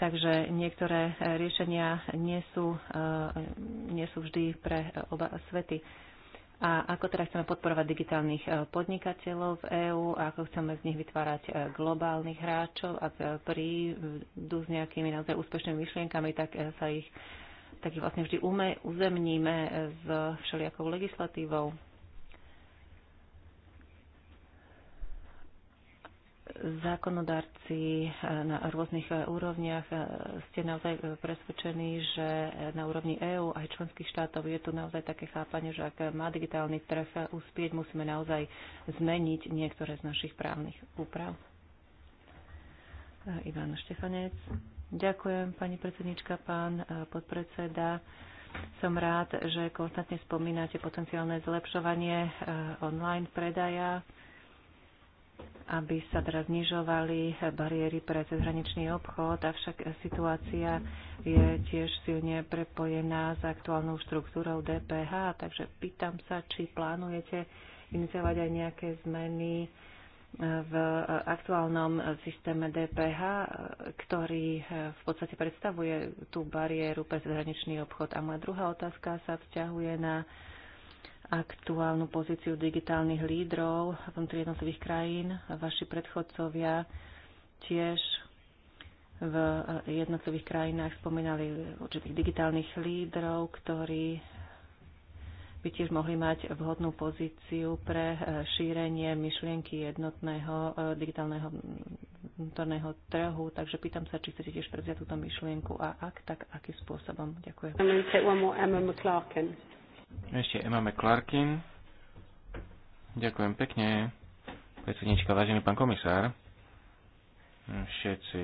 Speaker 4: Takže niektoré riešenia nie sú, nie sú vždy pre oba svety. A ako teda chceme podporovať digitálnych podnikateľov v EÚ, ako chceme z nich vytvárať globálnych hráčov, ak prídu s nejakými naozaj úspešnými myšlienkami, tak sa ich tak ich vlastne vždy ume, uzemníme s všelijakou legislatívou. zákonodárci eh, na rôznych eh, úrovniach eh, ste naozaj presvedčení, že na úrovni EÚ aj členských štátov je tu naozaj také chápanie, že ak má digitálny trh uspieť, musíme naozaj zmeniť niektoré z našich právnych úprav. Ivan Štefanec. Ďakujem, pani predsednička, pán e, podpredseda. Som rád, že konstantne spomínate potenciálne zlepšovanie e, online predaja, aby sa teraz znižovali bariéry pre cezhraničný obchod, avšak situácia je tiež silne prepojená s aktuálnou štruktúrou DPH, takže pýtam sa, či plánujete iniciovať aj nejaké zmeny v aktuálnom systéme DPH, ktorý eh, v podstate predstavuje tú bariéru pre zahraničný obchod. A moja druhá otázka sa vzťahuje na aktuálnu pozíciu digitálnych lídrov vnútri jednotlivých krajín. Vaši predchodcovia tiež v jednotlivých krajinách spomínali určitých digitálnych lídrov, ktorí by tiež mohli mať vhodnú pozíciu pre e, šírenie myšlienky jednotného e, digitálneho vnútorného trhu. Takže pýtam sa, či chcete tiež prevziať túto myšlienku a ak, tak akým spôsobom. Ďakujem.
Speaker 3: Ešte Emma McClarkin. Ďakujem pekne. Predsednička, vážený pán komisár. Všetci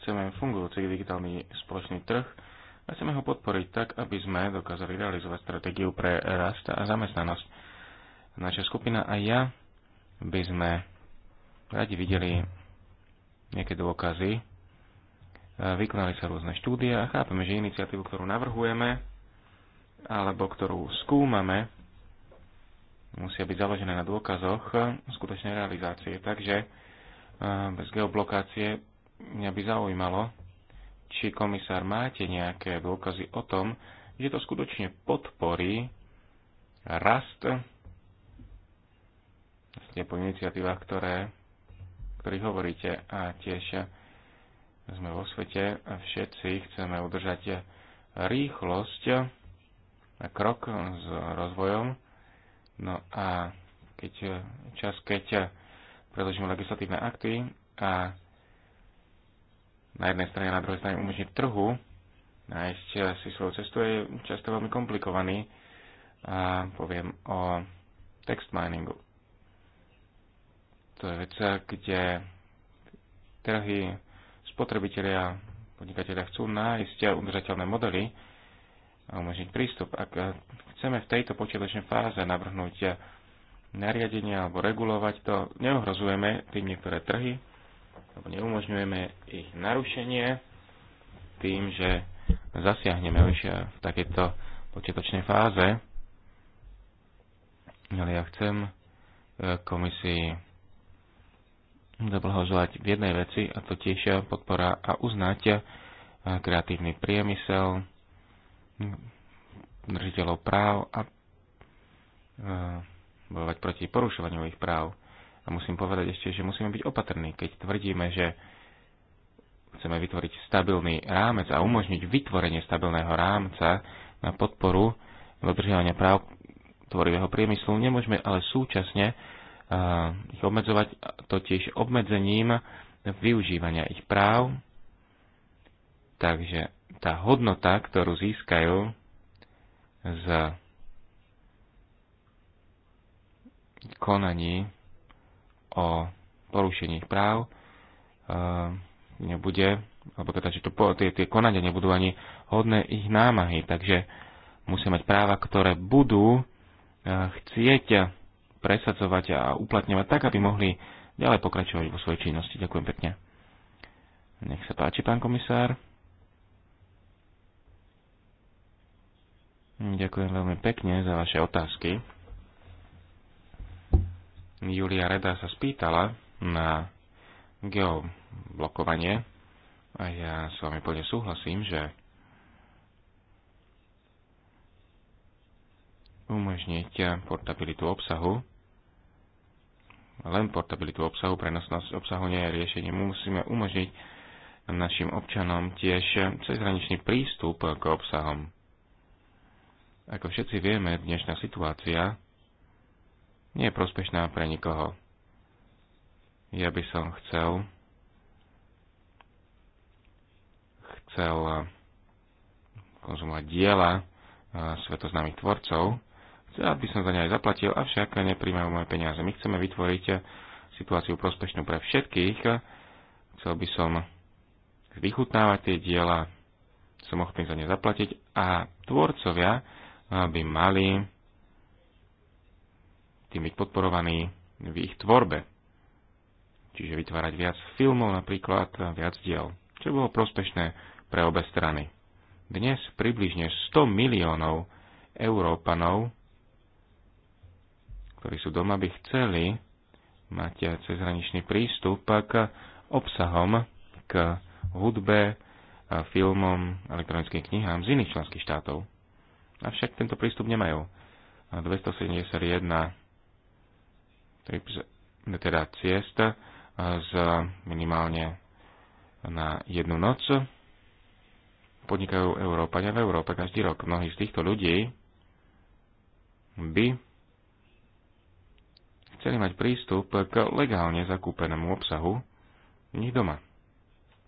Speaker 3: chceme fungujúci digitálny spoločný trh a chceme ho podporiť tak, aby sme dokázali realizovať stratégiu pre rast a zamestnanosť. Naša skupina a ja by sme radi videli nejaké dôkazy, vykonali sa rôzne štúdie a chápeme, že iniciatívu, ktorú navrhujeme alebo ktorú skúmame, musia byť založené na dôkazoch skutočnej realizácie. Takže bez geoblokácie mňa by zaujímalo, či komisár máte nejaké dôkazy o tom, že to skutočne podporí rast vlastne po iniciatívach, ktoré, ktorých hovoríte a tiež sme vo svete a všetci chceme udržať rýchlosť a krok s rozvojom. No a keď, čas, keď predložíme legislatívne akty a na jednej strane a na druhej strane umožniť trhu nájsť si svoju cestu je často veľmi komplikovaný. A poviem o text miningu. To je vec, kde trhy, spotrebitelia, podnikateľia chcú nájsť udržateľné modely a umožniť prístup. Ak chceme v tejto počiatočnej fáze navrhnúť nariadenie alebo regulovať to, neohrozujeme tým niektoré trhy, alebo neumožňujeme ich narušenie tým, že zasiahneme už v takejto počiatočnej fáze. Ale ja chcem e, komisii zablahoželať v jednej veci, a to tiež podpora a uznať e, kreatívny priemysel, držiteľov práv a e, bojovať proti porušovaniu ich práv. A musím povedať ešte, že musíme byť opatrní, keď tvrdíme, že chceme vytvoriť stabilný rámec a umožniť vytvorenie stabilného rámca na podporu dodržiavania práv tvorivého priemyslu. Nemôžeme ale súčasne ich obmedzovať totiž obmedzením využívania ich práv. Takže tá hodnota, ktorú získajú z konaní o porušení práv nebude, alebo teda, že to, tie, tie konania nebudú ani hodné ich námahy. Takže musia mať práva, ktoré budú e, chcieť presadzovať a uplatňovať tak, aby mohli ďalej pokračovať vo svojej činnosti. Ďakujem pekne. Nech sa páči, pán komisár. Ďakujem veľmi pekne za vaše otázky. Julia Reda sa spýtala na geoblokovanie a ja s vami plne súhlasím, že umožniť portabilitu obsahu len portabilitu obsahu, prenosnosť obsahu nie je riešenie, Musíme umožniť našim občanom tiež cezhraničný prístup k obsahom. Ako všetci vieme, dnešná situácia nie je prospešná pre nikoho. Ja by som chcel chcel eh, konzumovať diela eh, svetoznámych tvorcov, chcel aby som za ne aj zaplatil, avšak nepríjmajú moje peniaze. My chceme vytvoriť eh, situáciu prospešnú pre všetkých. Chcel by som vychutnávať tie diela, som ochotný za ne zaplatiť a tvorcovia by mali tým byť podporovaní v ich tvorbe. Čiže vytvárať viac filmov napríklad, viac diel, čo bolo prospešné pre obe strany. Dnes približne 100 miliónov Európanov, ktorí sú doma, by chceli mať cezhraničný prístup k obsahom, k hudbe, filmom, elektronickým knihám z iných členských štátov. Avšak tento prístup nemajú. 271 teda ciest eh, z minimálne na jednu noc. Podnikajú Európania v Európe každý rok. Mnohí z týchto ľudí by chceli mať prístup k legálne zakúpenému obsahu v nich doma,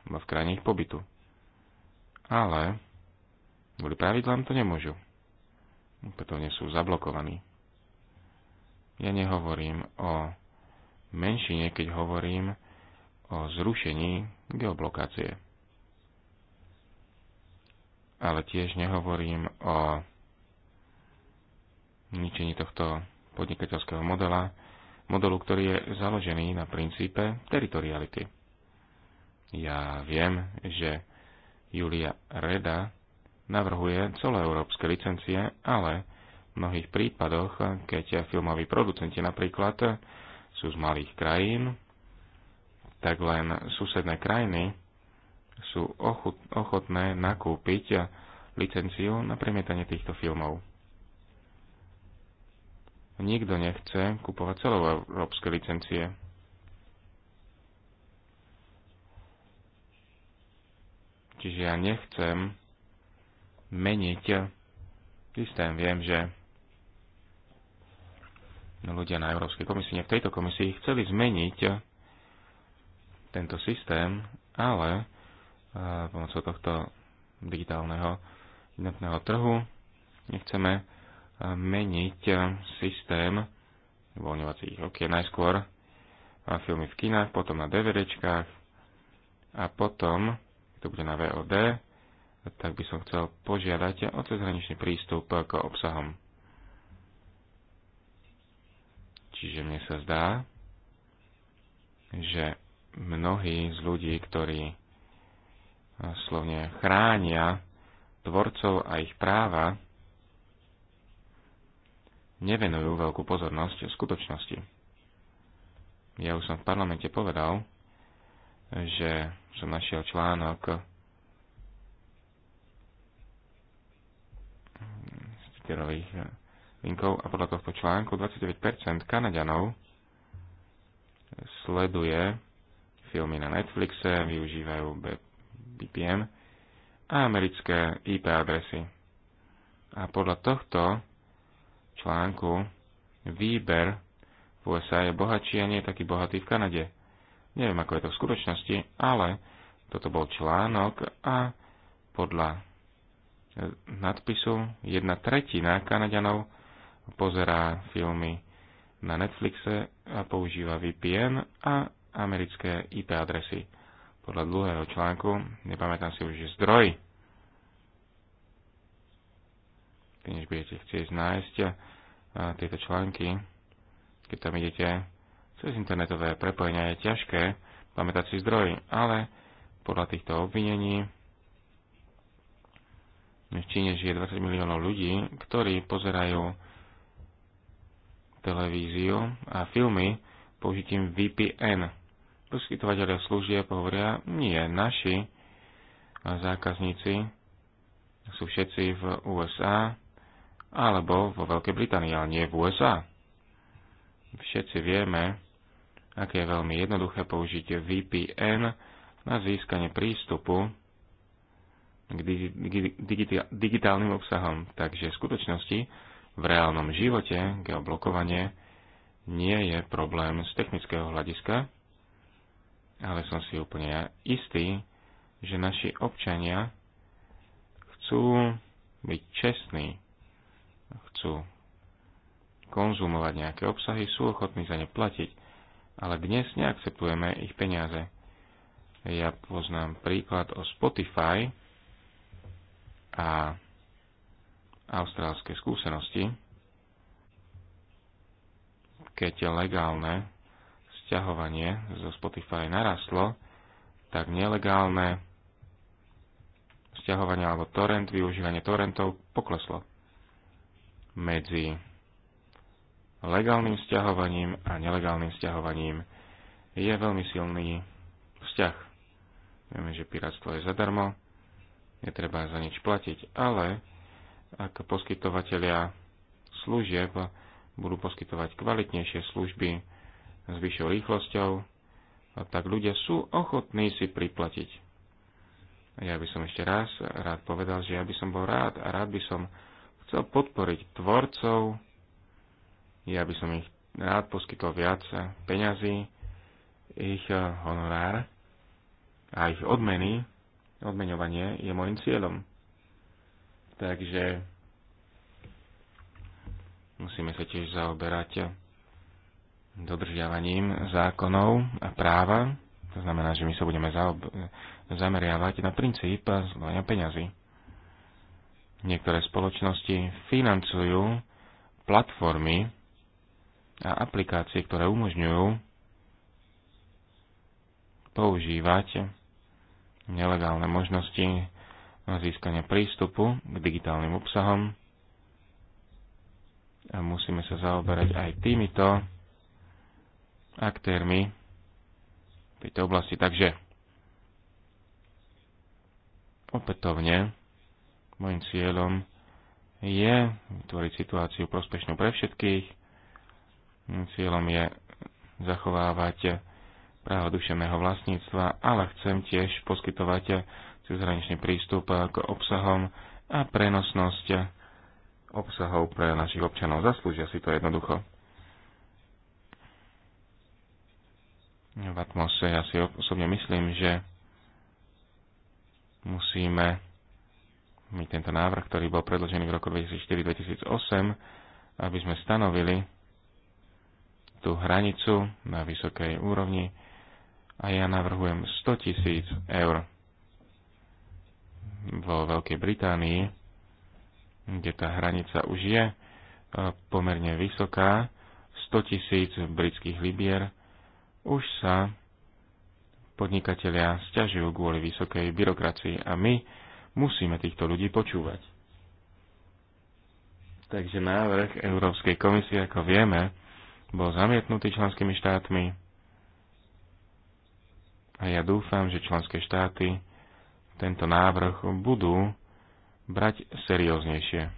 Speaker 3: v krajine ich pobytu. Ale kvôli pravidlám to nemôžu. Preto nie sú zablokovaní. Ja nehovorím o menšine, keď hovorím o zrušení geoblokácie. Ale tiež nehovorím o ničení tohto podnikateľského modela, modelu, ktorý je založený na princípe teritoriality. Ja viem, že Julia Reda navrhuje celoeurópske licencie, ale mnohých prípadoch, keď filmoví producenti napríklad sú z malých krajín, tak len susedné krajiny sú ochotné nakúpiť licenciu na premietanie týchto filmov. Nikto nechce kupovať celoeurópske licencie. Čiže ja nechcem meniť systém. Viem, že ľudia na Európskej komisii, v tejto komisii chceli zmeniť tento systém, ale e, pomocou tohto digitálneho jednotného trhu nechceme e, meniť e, systém voľňovacích okien. Najskôr filmy v kinách, potom na DVDčkách a potom, to bude na VOD, tak by som chcel požiadať o cezhraničný prístup k obsahom. Čiže mne sa zdá, že mnohí z ľudí, ktorí e, slovne chránia tvorcov a ich práva, nevenujú veľkú pozornosť v skutočnosti. Ja už som v parlamente povedal, že som našiel článok ktorých linkov a podľa tohto článku 29% Kanaďanov sleduje filmy na Netflixe, využívajú BPM a americké IP adresy. A podľa tohto článku výber v USA je bohatší a nie je taký bohatý v Kanade. Neviem, ako je to v skutočnosti, ale toto bol článok a podľa nadpisu jedna tretina Kanaďanov pozerá filmy na Netflixe a používa VPN a americké IP adresy. Podľa dlhého článku, nepamätám si už, že zdroj, keď než budete chcieť nájsť eh, tieto články, keď tam idete cez internetové prepojenia, je ťažké pamätať si zdroj, ale podľa týchto obvinení v Číne žije 20 miliónov ľudí, ktorí pozerajú televíziu a filmy použitím VPN. Poskytovateľia služieb hovoria, nie, naši zákazníci sú všetci v USA alebo vo Veľkej Británii, ale nie v USA. Všetci vieme, aké je veľmi jednoduché použiť VPN na získanie prístupu k digitálnym obsahom. Takže v skutočnosti v reálnom živote geoblokovanie nie je problém z technického hľadiska, ale som si úplne istý, že naši občania chcú byť čestní, chcú konzumovať nejaké obsahy, sú ochotní za ne platiť, ale dnes neakceptujeme ich peniaze. Ja poznám príklad o Spotify a austrálske skúsenosti, keď legálne sťahovanie zo Spotify narastlo, tak nelegálne sťahovanie alebo torrent, využívanie torrentov pokleslo. Medzi legálnym sťahovaním a nelegálnym sťahovaním je veľmi silný vzťah. Vieme, že pirátstvo je zadarmo, netreba za nič platiť, ale ak poskytovateľia služieb budú poskytovať kvalitnejšie služby s vyššou rýchlosťou, tak ľudia sú ochotní si priplatiť. Ja by som ešte raz rád povedal, že ja by som bol rád a rád by som chcel podporiť tvorcov, ja by som ich rád poskytol viac peňazí, ich honorár a ich odmeny, odmeňovanie je môjim cieľom. Takže musíme sa tiež zaoberať dodržiavaním zákonov a práva. To znamená, že my sa budeme zameriavať na princíp zvolenia peňazí. Niektoré spoločnosti financujú platformy a aplikácie, ktoré umožňujú používať nelegálne možnosti získanie prístupu k digitálnym obsahom. A musíme sa zaoberať aj týmito aktérmi v tejto oblasti. Takže opätovne môjim cieľom je vytvoriť situáciu prospešnú pre všetkých. cieľom je zachovávať právo duševného vlastníctva, ale chcem tiež poskytovať cezhraničný prístup k obsahom a prenosnosť obsahov pre našich občanov. Zaslúžia si to jednoducho. V atmosfére ja si osobne myslím, že musíme my tento návrh, ktorý bol predložený v roku 2004-2008, aby sme stanovili tú hranicu na vysokej úrovni a ja navrhujem 100 tisíc eur vo Veľkej Británii, kde tá hranica už je e, pomerne vysoká, 100 tisíc britských libier, už sa podnikatelia stiažujú kvôli vysokej byrokracii a my musíme týchto ľudí počúvať. Takže návrh Európskej komisie, ako vieme, bol zamietnutý členskými štátmi a ja dúfam, že členské štáty tento návrh budú brať serióznejšie.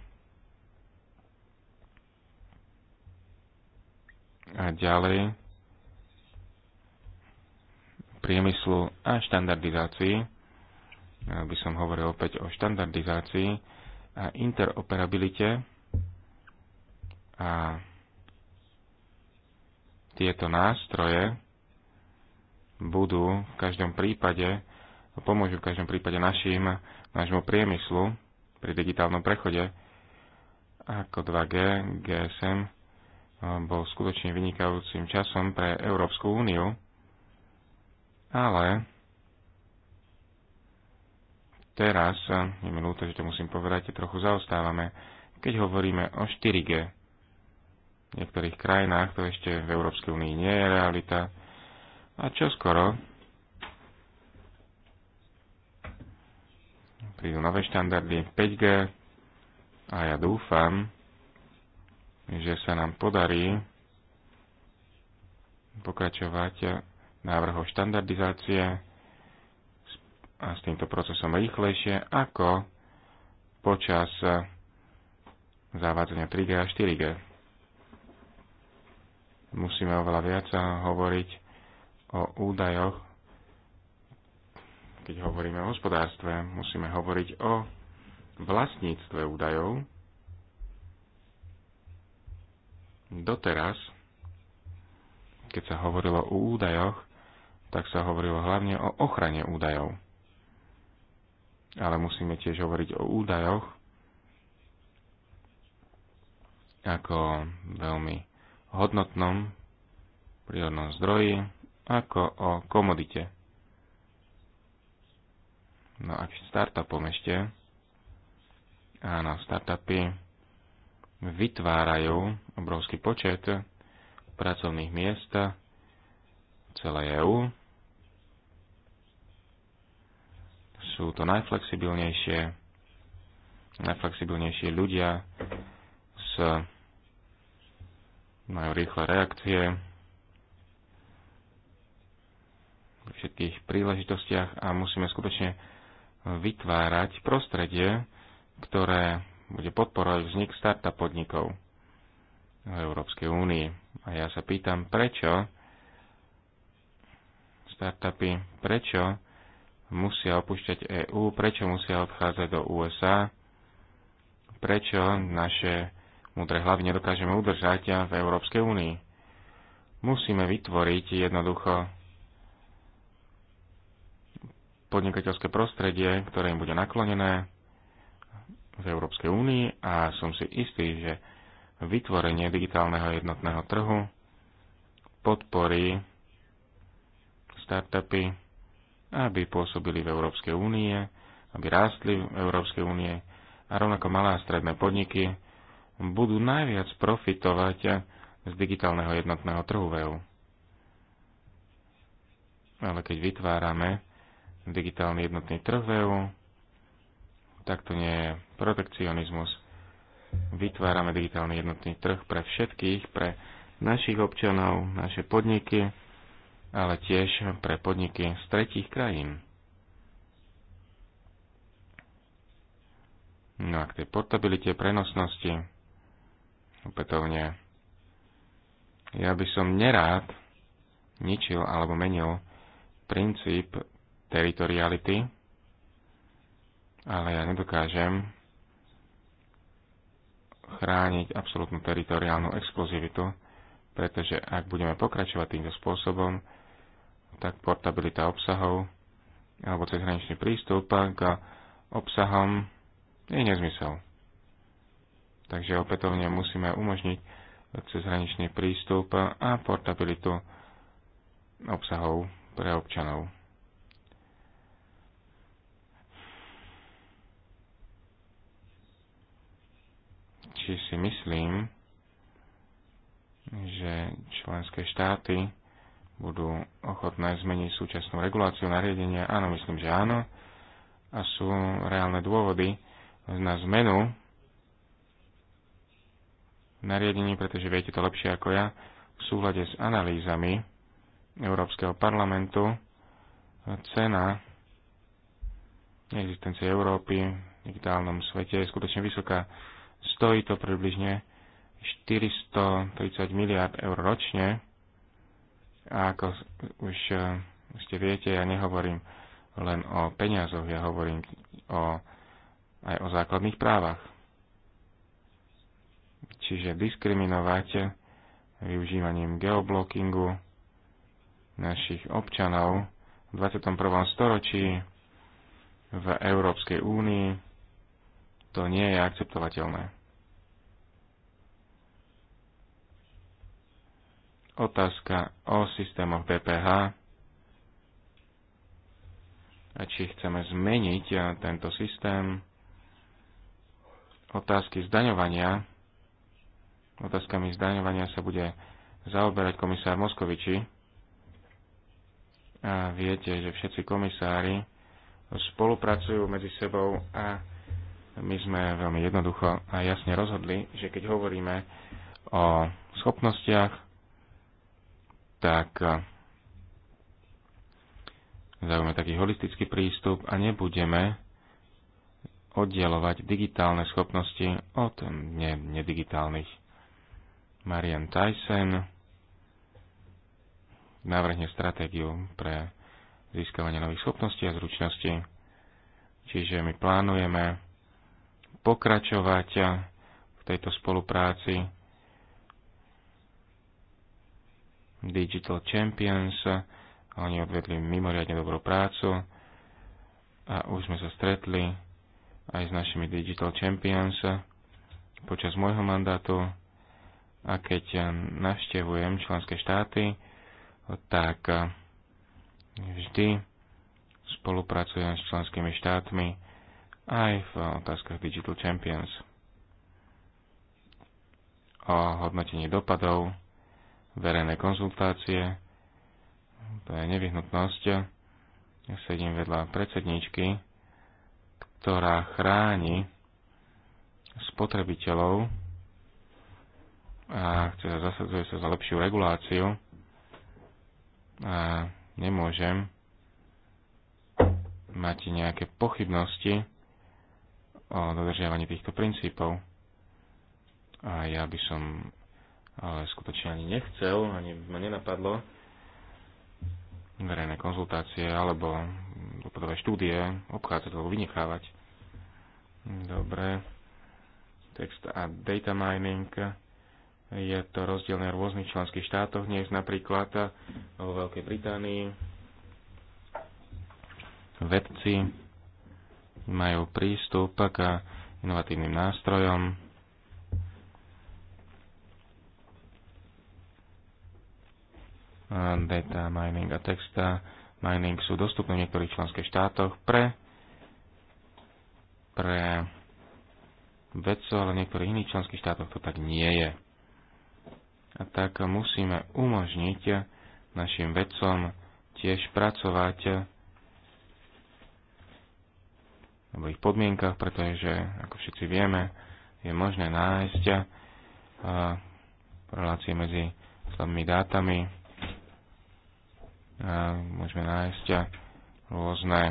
Speaker 3: A ďalej priemyslu a štandardizácii. Ja by som hovoril opäť o štandardizácii a interoperabilite a tieto nástroje budú v každom prípade pomôžu v každom prípade našim, nášmu priemyslu pri digitálnom prechode ako 2G, GSM eh, bol skutočne vynikajúcim časom pre Európsku úniu, ale teraz, eh, je mi ľúto, že to musím povedať, trochu zaostávame, keď hovoríme o 4G. V niektorých krajinách to ešte v Európskej únii nie je realita a čo skoro prídu nové štandardy 5G a ja dúfam, že sa nám podarí pokračovať návrhov štandardizácie a s týmto procesom rýchlejšie ako počas závadzenia 3G a 4G. Musíme oveľa viac hovoriť o údajoch keď hovoríme o hospodárstve, musíme hovoriť o vlastníctve údajov. Doteraz, keď sa hovorilo o údajoch, tak sa hovorilo hlavne o ochrane údajov. Ale musíme tiež hovoriť o údajoch ako veľmi hodnotnom prírodnom zdroji, ako o komodite No a v startupom ešte. Áno, startupy vytvárajú obrovský počet pracovných miest celé EU. Sú to najflexibilnejšie, najflexibilnejšie ľudia s majú rýchle reakcie v všetkých príležitostiach a musíme skutočne vytvárať prostredie, ktoré bude podporovať vznik startup podnikov v Európskej únii. A ja sa pýtam, prečo startupy, prečo musia opúšťať EÚ, prečo musia odchádzať do USA, prečo naše múdre hlavy nedokážeme udržať v Európskej únii. Musíme vytvoriť jednoducho podnikateľské prostredie, ktoré im bude naklonené v Európskej únii a som si istý, že vytvorenie digitálneho jednotného trhu podporí startupy, aby pôsobili v Európskej únie, aby rástli v Európskej únie a rovnako malé a stredné podniky budú najviac profitovať z digitálneho jednotného trhu v EU. Ale keď vytvárame digitálny jednotný trh v EU, tak to nie je protekcionizmus. Vytvárame digitálny jednotný trh pre všetkých, pre našich občanov, naše podniky, ale tiež pre podniky z tretích krajín. No a k tej portabilite, prenosnosti, opätovne, ja by som nerád ničil alebo menil princíp teritoriality, ale ja nedokážem chrániť absolútnu teritoriálnu exkluzivitu, pretože ak budeme pokračovať týmto spôsobom, tak portabilita obsahov alebo cezhraničný prístup k obsahom je nezmysel. Takže opätovne musíme umožniť cezhraničný prístup a portabilitu obsahov pre občanov. či si myslím, že členské štáty budú ochotné zmeniť súčasnú reguláciu nariadenia? Áno, myslím, že áno. A sú reálne dôvody na zmenu nariadení, pretože viete to lepšie ako ja, v súhľade s analýzami Európskeho parlamentu cena existencie Európy v digitálnom svete je skutočne vysoká. Stojí to približne 430 miliard eur ročne. A ako e, už ste viete, ja nehovorím len o peniazoch, ja hovorím o, aj o základných právach. Čiže diskriminovať využívaním geoblockingu našich občanov v 21. storočí v Európskej únii to nie je akceptovateľné. Otázka o systémoch DPH a či chceme zmeniť tento systém. Otázky zdaňovania. Otázkami zdaňovania sa bude zaoberať komisár Moskoviči. A viete, že všetci komisári spolupracujú medzi sebou a my sme veľmi jednoducho a jasne rozhodli, že keď hovoríme o schopnostiach, tak eh, zaujme taký holistický prístup a nebudeme oddelovať digitálne schopnosti od nedigitálnych. Marian Tyson navrhne stratégiu pre získavanie nových schopností a zručností. Čiže my plánujeme pokračovať v tejto spolupráci. Digital Champions, oni odvedli mimoriadne dobrú prácu a už sme sa stretli aj s našimi Digital Champions počas môjho mandátu a keď navštevujem členské štáty, tak vždy spolupracujem s členskými štátmi aj v otázkach Digital Champions. O hodnotení dopadov, verejné konzultácie, to je nevyhnutnosť. Ja sedím vedľa predsedníčky, ktorá chráni spotrebiteľov a chce, zasadzuje sa za lepšiu reguláciu. A nemôžem mať nejaké pochybnosti o dodržiavaní týchto princípov. A ja by som ale skutočne ani nechcel, ani ma nenapadlo verejné konzultácie alebo dopadové štúdie obchádzať alebo vynechávať. Dobre. Text a data mining je to rozdielne v rôznych členských štátoch, než napríklad vo Veľkej Británii. Vedci majú prístup k inovatívnym nástrojom, data mining a texta mining sú dostupné v niektorých členských štátoch pre, pre vedcov, ale v niektorých iných členských štátoch to tak nie je. A tak musíme umožniť našim vedcom tiež pracovať alebo ich podmienkach, pretože, ako všetci vieme, je možné nájsť a, relácie medzi slabými dátami. A, môžeme nájsť a, rôzne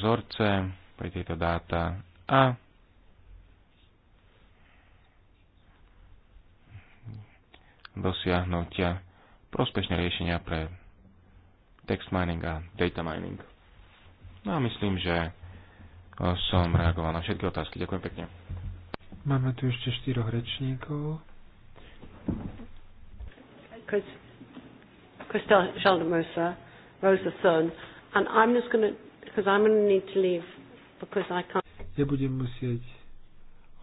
Speaker 3: vzorce pre tieto dáta a dosiahnutia prospešné riešenia pre text mining a data mining. No a myslím, že e, som reagoval na všetky otázky. Ďakujem pekne.
Speaker 2: Máme tu ešte štyroch rečníkov.
Speaker 1: Christelle Chaldemosa, Rosa Sun, and I'm just going to, because I'm going to need to leave, because I can't.
Speaker 2: Ja budem musieť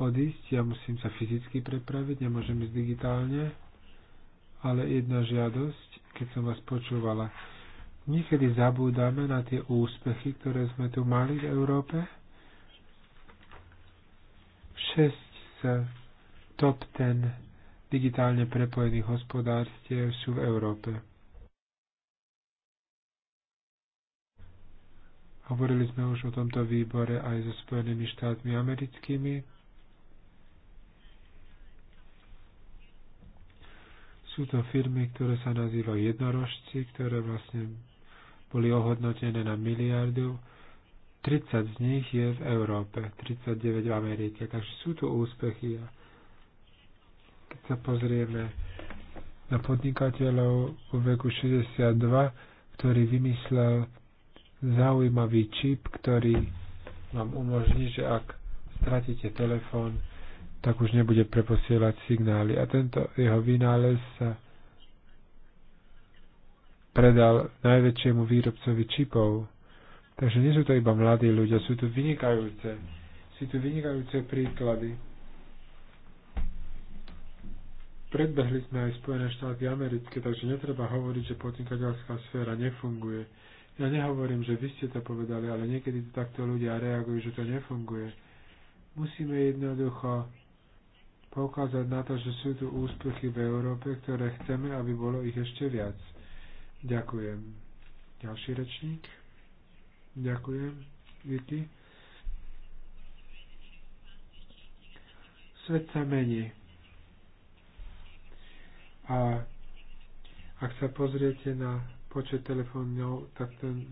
Speaker 2: odísť, ja musím sa fyzicky prepraviť, nemôžem ísť digitálne, ale jedna žiadosť, keď som vás počúvala, niekedy zabúdame na tie úspechy, ktoré sme tu mali v Európe. 6 z top 10 digitálne prepojených hospodárstiev sú v Európe. Hovorili sme už o tomto výbore aj so Spojenými štátmi americkými. Sú to firmy, ktoré sa nazývajú jednorožci, ktoré vlastne boli ohodnotené na miliardu. 30 z nich je v Európe, 39 v Amerike, takže sú tu úspechy. A keď sa pozrieme na podnikateľov vo veku 62, ktorý vymyslel zaujímavý čip, ktorý vám umožní, že ak stratíte telefón, tak už nebude preposielať signály. A tento jeho vynález sa predal najväčšiemu výrobcovi čipov. Takže nie sú to iba mladí ľudia, sú tu vynikajúce. Sú tu vynikajúce príklady. Predbehli sme aj Spojené štáty americké, takže netreba hovoriť, že podnikateľská sféra nefunguje. Ja nehovorím, že vy ste to povedali, ale niekedy to takto ľudia reagujú, že to nefunguje. Musíme jednoducho poukázať na to, že sú tu úspechy v Európe, ktoré chceme, aby bolo ich ešte viac. Ďakujem. Ďalší rečník. Ďakujem, Vicky. Svet sa mení. A ak sa pozriete na počet telefónov, tak ten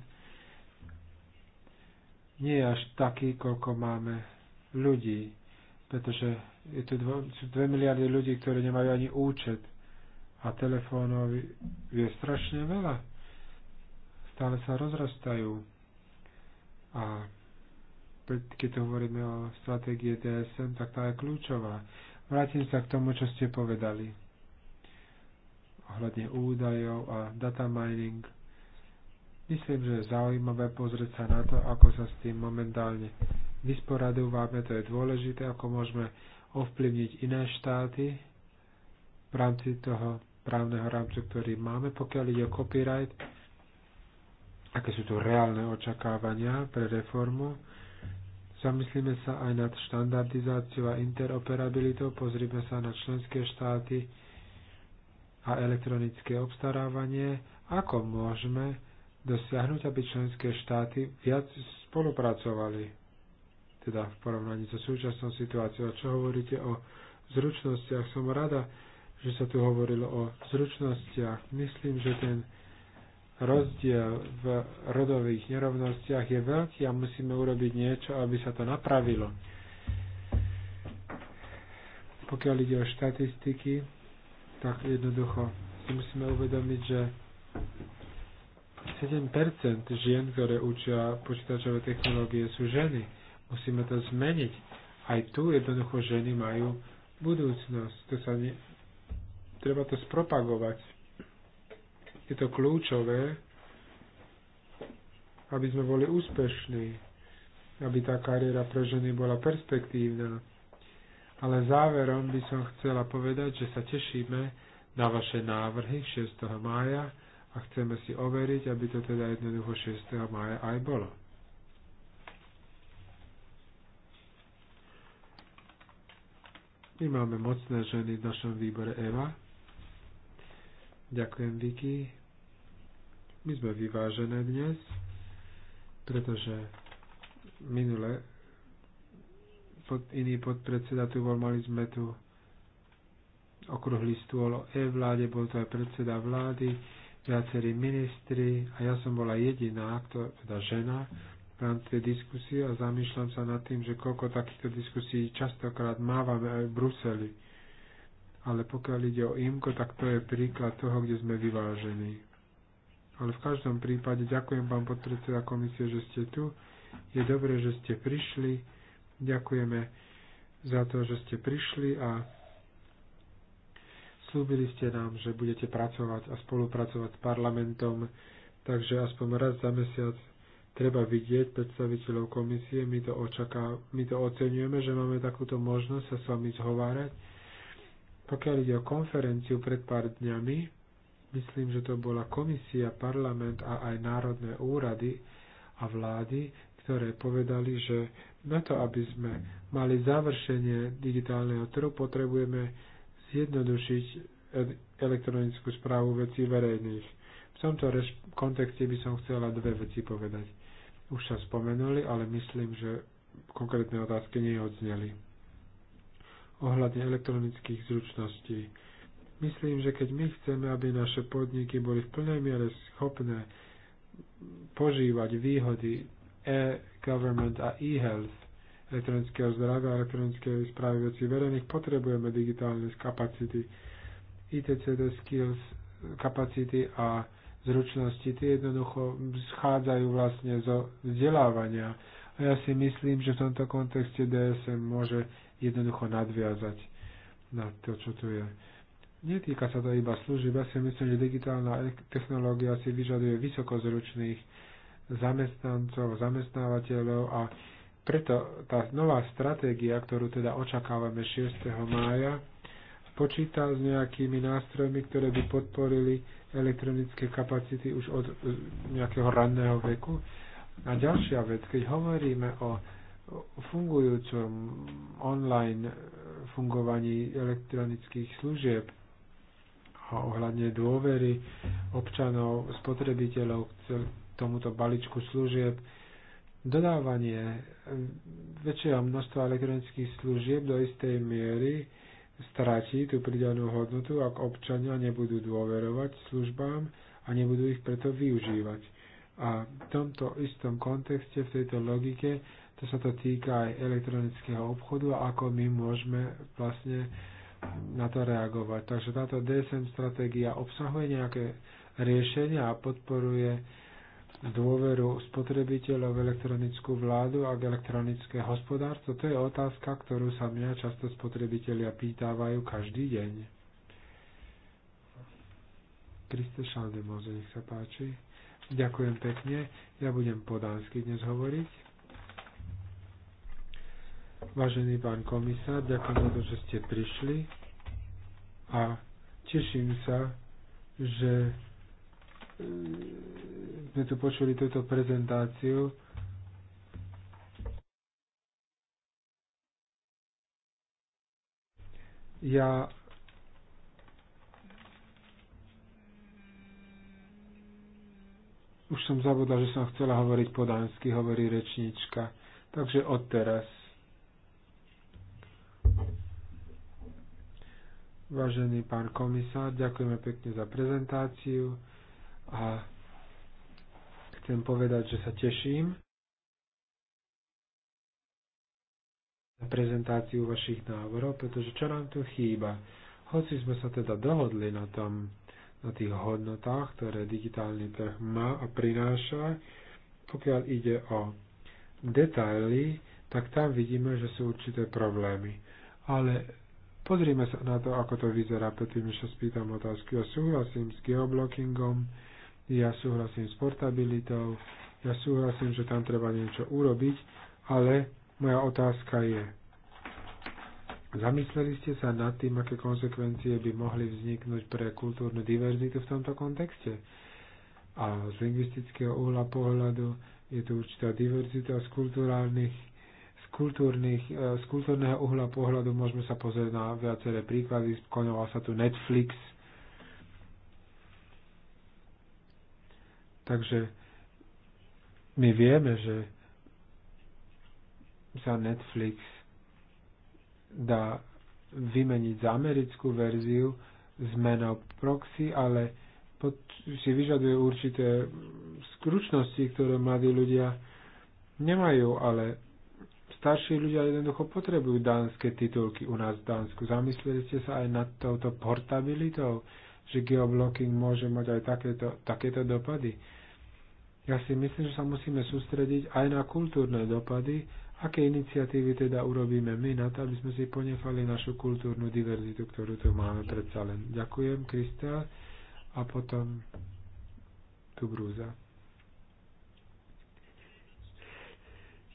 Speaker 2: nie je až taký, koľko máme ľudí, pretože je tu dvo, sú 2 miliardy ľudí, ktorí nemajú ani účet a telefónov je strašne veľa. Stále sa rozrastajú. A keď hovoríme o stratégie DSM, tak tá je kľúčová. Vrátim sa k tomu, čo ste povedali. Ohľadne údajov a data mining. Myslím, že je zaujímavé pozrieť sa na to, ako sa s tým momentálne vysporadúvame. To je dôležité, ako môžeme ovplyvniť iné štáty v rámci toho právneho rámcu, ktorý máme, pokiaľ ide o copyright, aké sú tu reálne očakávania pre reformu. Zamyslíme sa aj nad štandardizáciou a interoperabilitou, pozrime sa na členské štáty a elektronické obstarávanie, ako môžeme dosiahnuť, aby členské štáty viac spolupracovali, teda v porovnaní so súčasnou situáciou. A čo hovoríte o zručnostiach? Som rada, že sa tu hovorilo o zručnostiach. Myslím, že ten rozdiel v rodových nerovnostiach je veľký a musíme urobiť niečo, aby sa to napravilo. Pokiaľ ide o štatistiky, tak jednoducho si musíme uvedomiť, že 7% žien, ktoré učia počítačové technológie, sú ženy. Musíme to zmeniť. Aj tu jednoducho ženy majú budúcnosť. To sa ne, treba to spropagovať. Je to kľúčové, aby sme boli úspešní, aby tá kariéra pre ženy bola perspektívna. Ale záverom by som chcela povedať, že sa tešíme na vaše návrhy 6. mája a chceme si overiť, aby to teda jednoducho 6. mája aj bolo. My máme mocné ženy v našom výbore Eva. Ďakujem, Vicky. My sme vyvážené dnes, pretože minule pod iný podpredseda tu bol, mali sme tu okruhlý stôl o e-vláde, bol to aj predseda vlády, viacerí ministri a ja som bola jediná, kto, teda žena, v rámci tej diskusie a zamýšľam sa nad tým, že koľko takýchto diskusí častokrát mávame aj v Bruseli ale pokiaľ ide o IMKO, tak to je príklad toho, kde sme vyvážení. Ale v každom prípade ďakujem vám podpredseda komisie, že ste tu. Je dobré, že ste prišli. Ďakujeme za to, že ste prišli a slúbili ste nám, že budete pracovať a spolupracovať s parlamentom, takže aspoň raz za mesiac treba vidieť predstaviteľov komisie. My to, očaká, my to oceňujeme, že máme takúto možnosť sa s vami zhovárať pokiaľ ide o konferenciu pred pár dňami, myslím, že to bola komisia, parlament a aj národné úrady a vlády, ktoré povedali, že na to, aby sme mali završenie digitálneho trhu, potrebujeme zjednodušiť elektronickú správu vecí verejných. V tomto kontexte by som chcela dve veci povedať. Už sa spomenuli, ale myslím, že konkrétne otázky neodzneli ohľadne elektronických zručností. Myslím, že keď my chceme, aby naše podniky boli v plnej miere schopné požívať výhody e-government a e-health, elektronického zdravia a elektronickej správy veci verejných, potrebujeme digitálne kapacity, ITCD skills, kapacity a zručnosti. Tie jednoducho schádzajú vlastne zo vzdelávania a ja si myslím, že v tomto kontexte DSM môže jednoducho nadviazať na to, čo tu je. Netýka sa to iba služieb. Ja si myslím, že digitálna e- technológia si vyžaduje vysokozručných zamestnancov, zamestnávateľov a preto tá nová stratégia, ktorú teda očakávame 6. mája, počíta s nejakými nástrojmi, ktoré by podporili elektronické kapacity už od e, nejakého ranného veku. A ďalšia vec, keď hovoríme o fungujúcom online fungovaní elektronických služieb a ohľadne dôvery občanov, spotrebiteľov k tomuto baličku služieb, dodávanie väčšieho množstva elektronických služieb do istej miery stratí tú pridanú hodnotu, ak občania nebudú dôverovať službám a nebudú ich preto využívať. A v tomto istom kontexte, v tejto logike, to sa to týka aj elektronického obchodu a ako my môžeme vlastne na to reagovať. Takže táto DSM stratégia obsahuje nejaké riešenia a podporuje dôveru spotrebiteľov v elektronickú vládu a v elektronické hospodárstvo. To je otázka, ktorú sa mňa často spotrebitelia pýtavajú každý deň. Kriste Šaldemoze, nech sa páči. Ďakujem pekne. Ja budem po dánsky dnes hovoriť. Vážený pán komisár, ďakujem za to, že ste prišli a teším sa, že e, sme tu počuli túto prezentáciu. Ja Už som zabudla, že som chcela hovoriť po dánsky, hovorí rečnička. Takže odteraz. Vážený pán komisár, ďakujeme pekne za prezentáciu a chcem povedať, že sa teším na prezentáciu vašich návrhov, pretože čo nám tu chýba? Hoci sme sa teda dohodli na tom, na tých hodnotách, ktoré digitálny trh má a prináša. Pokiaľ ide o detaily, tak tam vidíme, že sú určité problémy. Ale pozrime sa na to, ako to vyzerá, predtým, sa spýtam otázky. Ja súhlasím s geoblockingom, ja súhlasím s portabilitou, ja súhlasím, že tam treba niečo urobiť, ale moja otázka je, Zamysleli ste sa nad tým, aké konsekvencie by mohli vzniknúť pre kultúrnu diverzitu v tomto kontexte? A z lingvistického uhla pohľadu je tu určitá diverzita z, kulturálnych, z, kultúrnych, e, z kultúrneho uhla pohľadu. Môžeme sa pozrieť na viaceré príklady. Skonoval sa tu Netflix. Takže my vieme, že sa Netflix dá vymeniť za americkú verziu zmenou proxy, ale pod, si vyžaduje určité skručnosti, ktoré mladí ľudia nemajú, ale starší ľudia jednoducho potrebujú dánske titulky u nás v Dánsku. Zamysleli ste sa aj nad touto portabilitou, že geoblocking môže mať aj takéto, takéto dopady. Ja si myslím, že sa musíme sústrediť aj na kultúrne dopady Aké iniciatívy teda urobíme my na to, aby sme si ponechali našu kultúrnu diverzitu, ktorú tu máme predsa len. Ďakujem, Krista. A potom tu Brúza.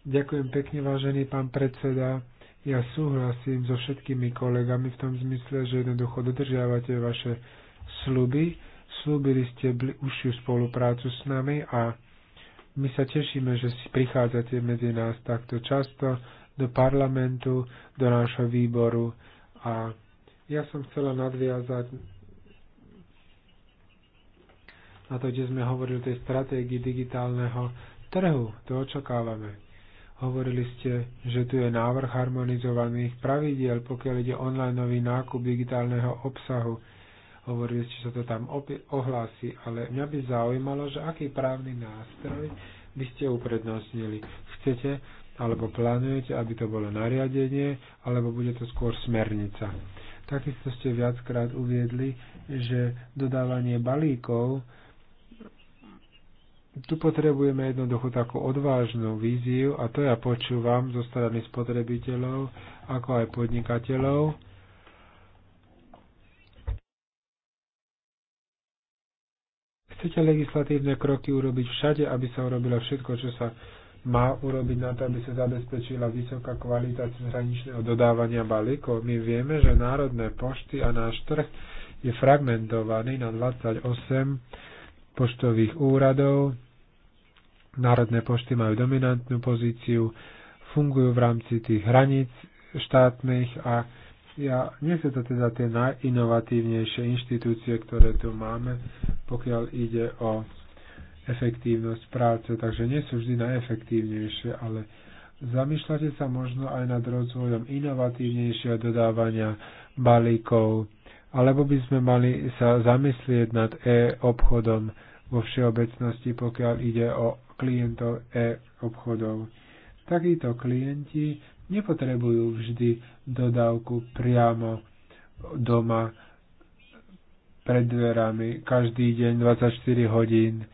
Speaker 2: Ďakujem pekne, vážený pán predseda. Ja súhlasím so všetkými kolegami v tom zmysle, že jednoducho dodržiavate vaše sluby. Slúbili ste užšiu spoluprácu s nami a my sa tešíme, že si prichádzate medzi nás takto často do parlamentu, do nášho výboru a ja som chcela nadviazať na to, kde sme hovorili o tej stratégii digitálneho trhu. To očakávame. Hovorili ste, že tu je návrh harmonizovaných pravidiel, pokiaľ ide online nový nákup digitálneho obsahu hovorili, či sa to tam ohlási, ale mňa by zaujímalo, že aký právny nástroj by ste uprednostnili. Chcete alebo plánujete, aby to bolo nariadenie, alebo bude to skôr smernica. Takisto ste viackrát uviedli, že dodávanie balíkov tu potrebujeme jednoducho takú odvážnu víziu a to ja počúvam zo strany spotrebiteľov ako aj podnikateľov Chcete legislatívne kroky urobiť všade, aby sa urobilo všetko, čo sa má urobiť na to, aby sa zabezpečila vysoká kvalita zhraničného dodávania balíkov. My vieme, že národné pošty a náš trh je fragmentovaný na 28 poštových úradov. Národné pošty majú dominantnú pozíciu, fungujú v rámci tých hraníc štátnych a ja, nie sú to teda tie najinovatívnejšie inštitúcie, ktoré tu máme, pokiaľ ide o efektívnosť práce, takže nie sú vždy najefektívnejšie, ale zamýšľate sa možno aj nad rozvojom inovatívnejšieho dodávania balíkov, alebo by sme mali sa zamyslieť nad e-obchodom vo všeobecnosti, pokiaľ ide o klientov e-obchodov. Takíto klienti nepotrebujú vždy dodávku priamo doma pred dverami každý deň 24 hodín.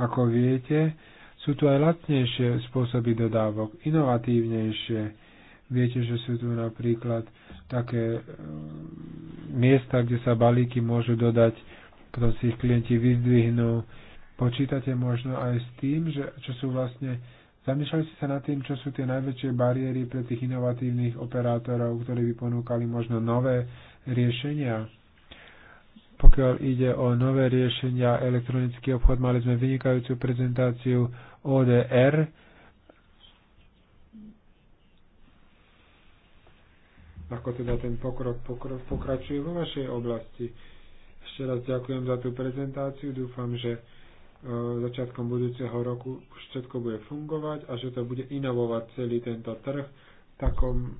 Speaker 2: Ako viete, sú tu aj lacnejšie spôsoby dodávok, inovatívnejšie. Viete, že sú tu napríklad také e, miesta, kde sa balíky môžu dodať, potom si ich klienti vyzdvihnú. Počítate možno aj s tým, že čo sú vlastne Zamýšľali ste sa nad tým, čo sú tie najväčšie bariéry pre tých inovatívnych operátorov, ktorí by ponúkali možno nové riešenia? Pokiaľ ide o nové riešenia, elektronický obchod, mali sme vynikajúcu prezentáciu ODR. Ako teda ten pokrok, pokrok pokračuje vo vašej oblasti? Ešte raz ďakujem za tú prezentáciu. Dúfam, že E, začiatkom budúceho roku už všetko bude fungovať a že to bude inovovať celý tento trh v takom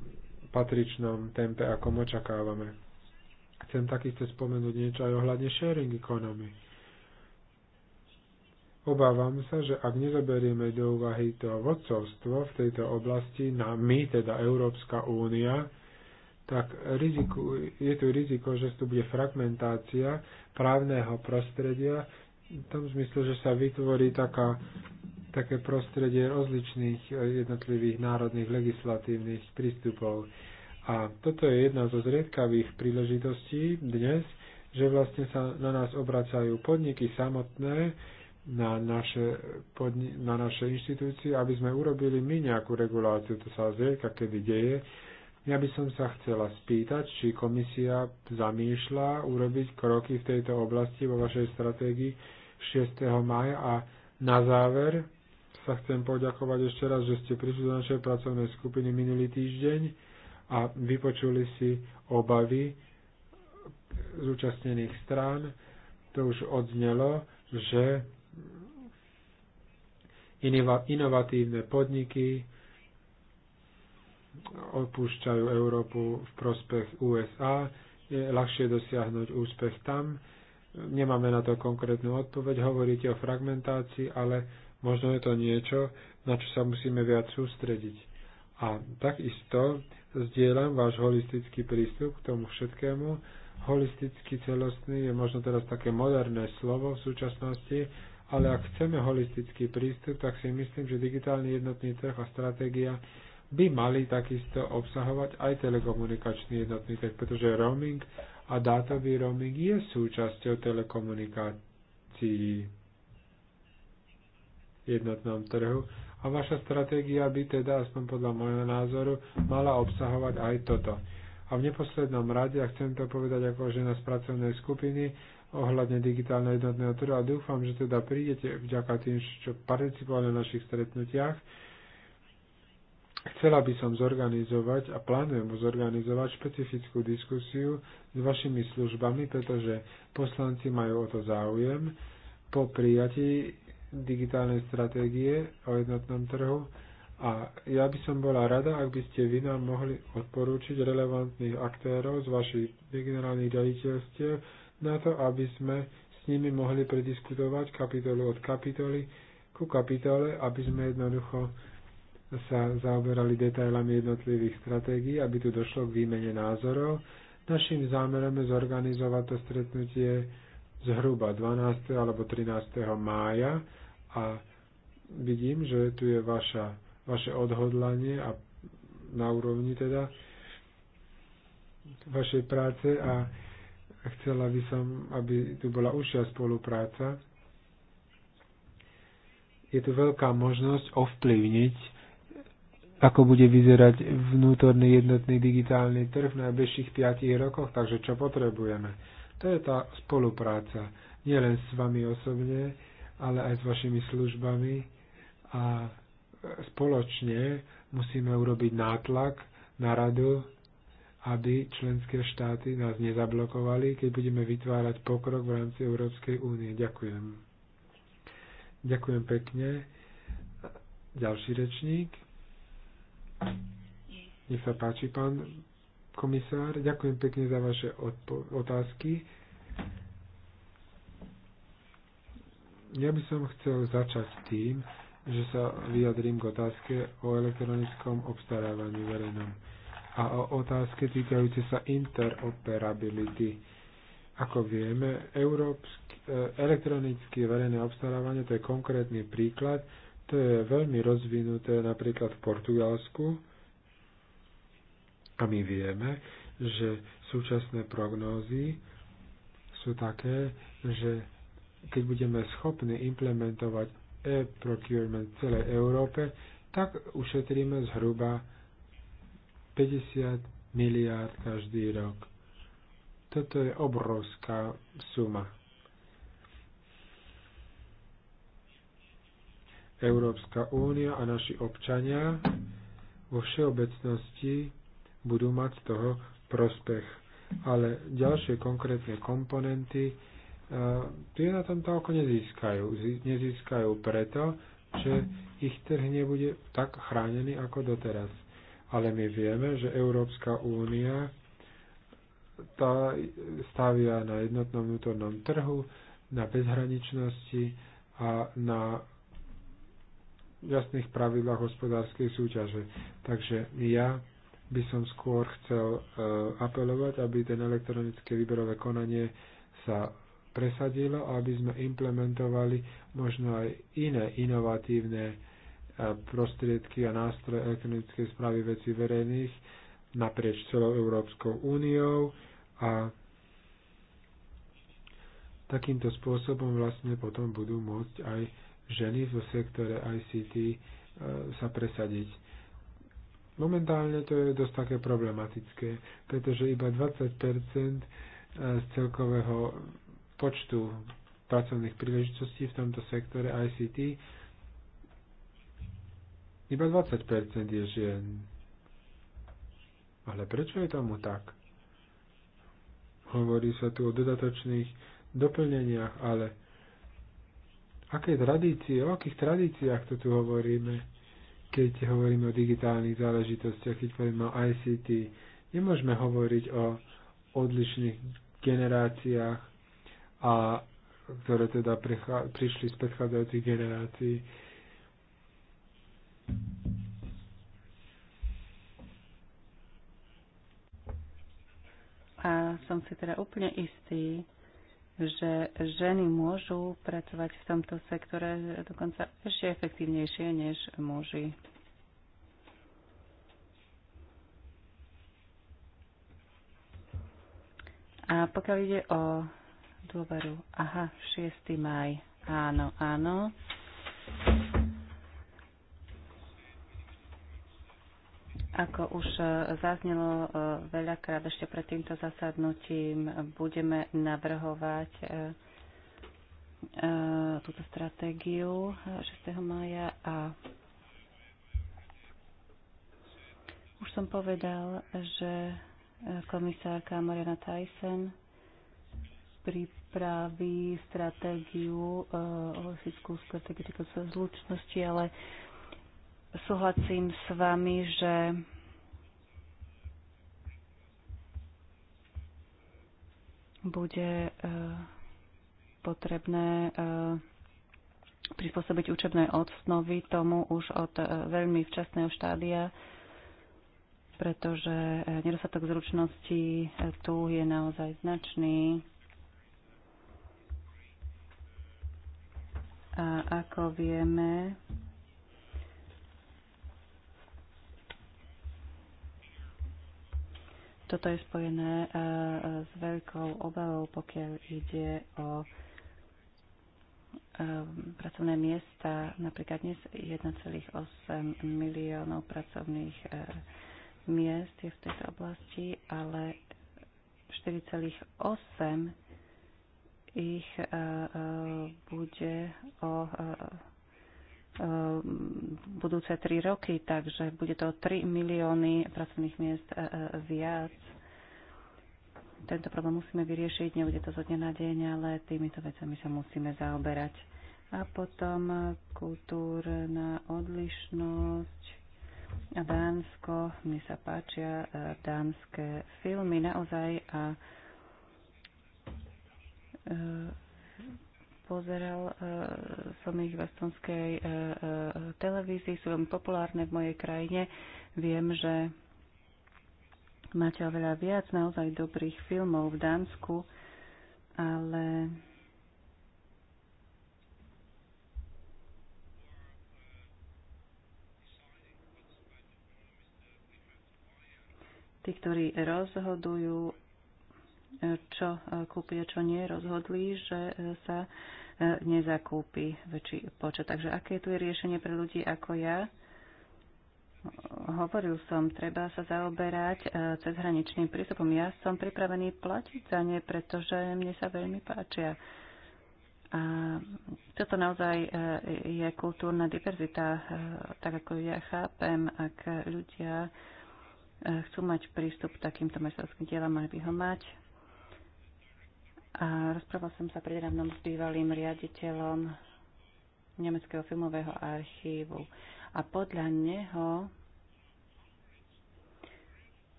Speaker 2: patričnom tempe, ako očakávame. Chcem takisto spomenúť niečo aj ohľadne sharing economy. Obávam sa, že ak nezoberieme do úvahy to vodcovstvo v tejto oblasti, na my, teda Európska únia, tak riziku, je tu riziko, že tu bude fragmentácia právneho prostredia, v tom zmysle, že sa vytvorí taká, také prostredie rozličných eh, jednotlivých národných legislatívnych prístupov. A toto je jedna zo zriedkavých príležitostí dnes, že vlastne sa na nás obracajú podniky samotné, na naše, podni- na naše inštitúcie, aby sme urobili my nejakú reguláciu. To sa zrieka, kedy deje. Ja by som sa chcela spýtať, či komisia zamýšľa urobiť kroky v tejto oblasti vo vašej stratégii, 6. maja a na záver sa chcem poďakovať ešte raz, že ste prišli do našej pracovnej skupiny minulý týždeň a vypočuli si obavy zúčastnených strán. To už odznelo, že inovatívne podniky opúšťajú Európu v prospech USA, je ľahšie dosiahnuť úspech tam, Nemáme na to konkrétnu odpoveď, hovoríte o fragmentácii, ale možno je to niečo, na čo sa musíme viac sústrediť. A takisto zdieľam váš holistický prístup k tomu všetkému. Holistický celostný je možno teraz také moderné slovo v súčasnosti, ale ak chceme holistický prístup, tak si myslím, že digitálny jednotný trh a stratégia by mali takisto obsahovať aj telekomunikačný jednotný trh, pretože roaming a dátový roaming je súčasťou telekomunikácií v jednotnom trhu a vaša stratégia by teda, aspoň podľa môjho názoru, mala obsahovať aj toto. A v neposlednom rade, a chcem to povedať ako žena z pracovnej skupiny, ohľadne digitálneho jednotného trhu a dúfam, že teda prídete vďaka tým, čo participovali na našich stretnutiach, Chcela by som zorganizovať a plánujem zorganizovať špecifickú diskusiu s vašimi službami, pretože poslanci majú o to záujem. Po prijatí digitálnej stratégie o jednotnom trhu a ja by som bola rada, ak by ste vy nám mohli odporúčiť relevantných aktérov z vašich generálnych riaditeľstiev na to, aby sme s nimi mohli prediskutovať kapitolu od kapitoly ku kapitole, aby sme jednoducho sa zaoberali detailami jednotlivých stratégií, aby tu došlo k výmene názorov. Našim zámerom je zorganizovať to stretnutie zhruba 12. alebo 13. mája a vidím, že tu je vaša, vaše odhodlanie a na úrovni teda vašej práce a chcela by som, aby tu bola užšia spolupráca. Je tu veľká možnosť ovplyvniť ako bude vyzerať vnútorný jednotný digitálny trh v najbližších 5 rokoch, takže čo potrebujeme. To je tá spolupráca, nielen s vami osobne, ale aj s vašimi službami a spoločne musíme urobiť nátlak na radu, aby členské štáty nás nezablokovali, keď budeme vytvárať pokrok v rámci Európskej únie. Ďakujem. Ďakujem pekne. Ďalší rečník. Nech sa páči, pán komisár. Ďakujem pekne za vaše otázky. Ja by som chcel začať tým, že sa vyjadrím k otázke o elektronickom obstarávaní verejnom a o otázke týkajúce sa interoperability. Ako vieme, európsky, e, elektronické verejné obstarávanie to je konkrétny príklad to je veľmi rozvinuté napríklad v Portugalsku a my vieme, že súčasné prognózy sú také, že keď budeme schopní implementovať e-procurement v celej Európe, tak ušetríme zhruba 50 miliárd každý rok. Toto je obrovská suma. Európska únia a naši občania vo všeobecnosti budú mať z toho prospech. Ale ďalšie konkrétne komponenty e, tie na tom toľko nezískajú. Nezískajú preto, že ich trh nebude tak chránený ako doteraz. Ale my vieme, že Európska únia tá stavia na jednotnom vnútornom trhu, na bezhraničnosti a na jasných pravidlách hospodárskej súťaže. Takže ja by som skôr chcel e, apelovať, aby ten elektronické výberové konanie sa presadilo a aby sme implementovali možno aj iné inovatívne e, prostriedky a nástroje elektronickej správy veci verejných naprieč celou Európskou úniou a takýmto spôsobom vlastne potom budú môcť aj ženy vo sektore ICT e, sa presadiť. Momentálne to je dosť také problematické, pretože iba 20 e, z celkového počtu pracovných príležitostí v tomto sektore ICT iba 20 je žien. Ale prečo je tomu tak? Hovorí sa tu o dodatočných doplneniach, ale Aké tradície, o akých tradíciách to tu hovoríme, keď hovoríme o digitálnych záležitostiach, keď hovoríme o ICT. Nemôžeme hovoriť o odlišných generáciách, a, ktoré teda prišli z predchádzajúcich generácií.
Speaker 4: A som si teda úplne istý, že ženy môžu pracovať v tomto sektore dokonca ešte efektívnejšie než muži. A pokiaľ ide o dôveru, aha, 6. maj, áno, áno. Ako už e, zaznelo e, veľakrát ešte pred týmto zasadnutím, budeme navrhovať e, túto stratégiu 6. maja a už som povedal, že komisárka Mariana Tyson pripraví stratégiu, holistickú stratégiu zlučnosti, ale Súhlasím s vami, že bude e, potrebné e, prispôsobiť učebné osnovy tomu už od e, veľmi včasného štádia, pretože nedostatok zručnosti tu je naozaj značný. A ako vieme, Toto je spojené e, e, s veľkou obavou, pokiaľ ide o e, pracovné miesta. Napríklad dnes 1,8 miliónov pracovných miest je v tejto oblasti, ale 4,8 ich bude o Ehm, budúce tri roky, takže bude to 3 milióny pracovných miest e, e, viac. Tento problém musíme vyriešiť, nebude to zo dňa na deň, ale týmito vecami sa musíme zaoberať. A potom kultúrna odlišnosť. Dánsko, mne sa páčia e, dánske filmy naozaj a pozeral e, som ich v estonskej e, e, televízii, sú veľmi populárne v mojej krajine. Viem, že máte oveľa viac naozaj dobrých filmov v Dánsku, ale tí, ktorí rozhodujú, čo kúpia, čo nie, rozhodli, že sa E, nezakúpi väčší počet. Takže aké tu je riešenie pre ľudí ako ja? Hovoril som, treba sa zaoberať e, cezhraničným prístupom. Ja som pripravený platiť za ne, pretože mne sa veľmi páčia. A toto naozaj e, je kultúrna diverzita, tak ako ja chápem, ak ľudia chcú mať prístup k takýmto majstrovským dielam, mali by ho mať. A rozprával som sa prednedávnom s bývalým riaditeľom Nemeckého filmového archívu. A podľa neho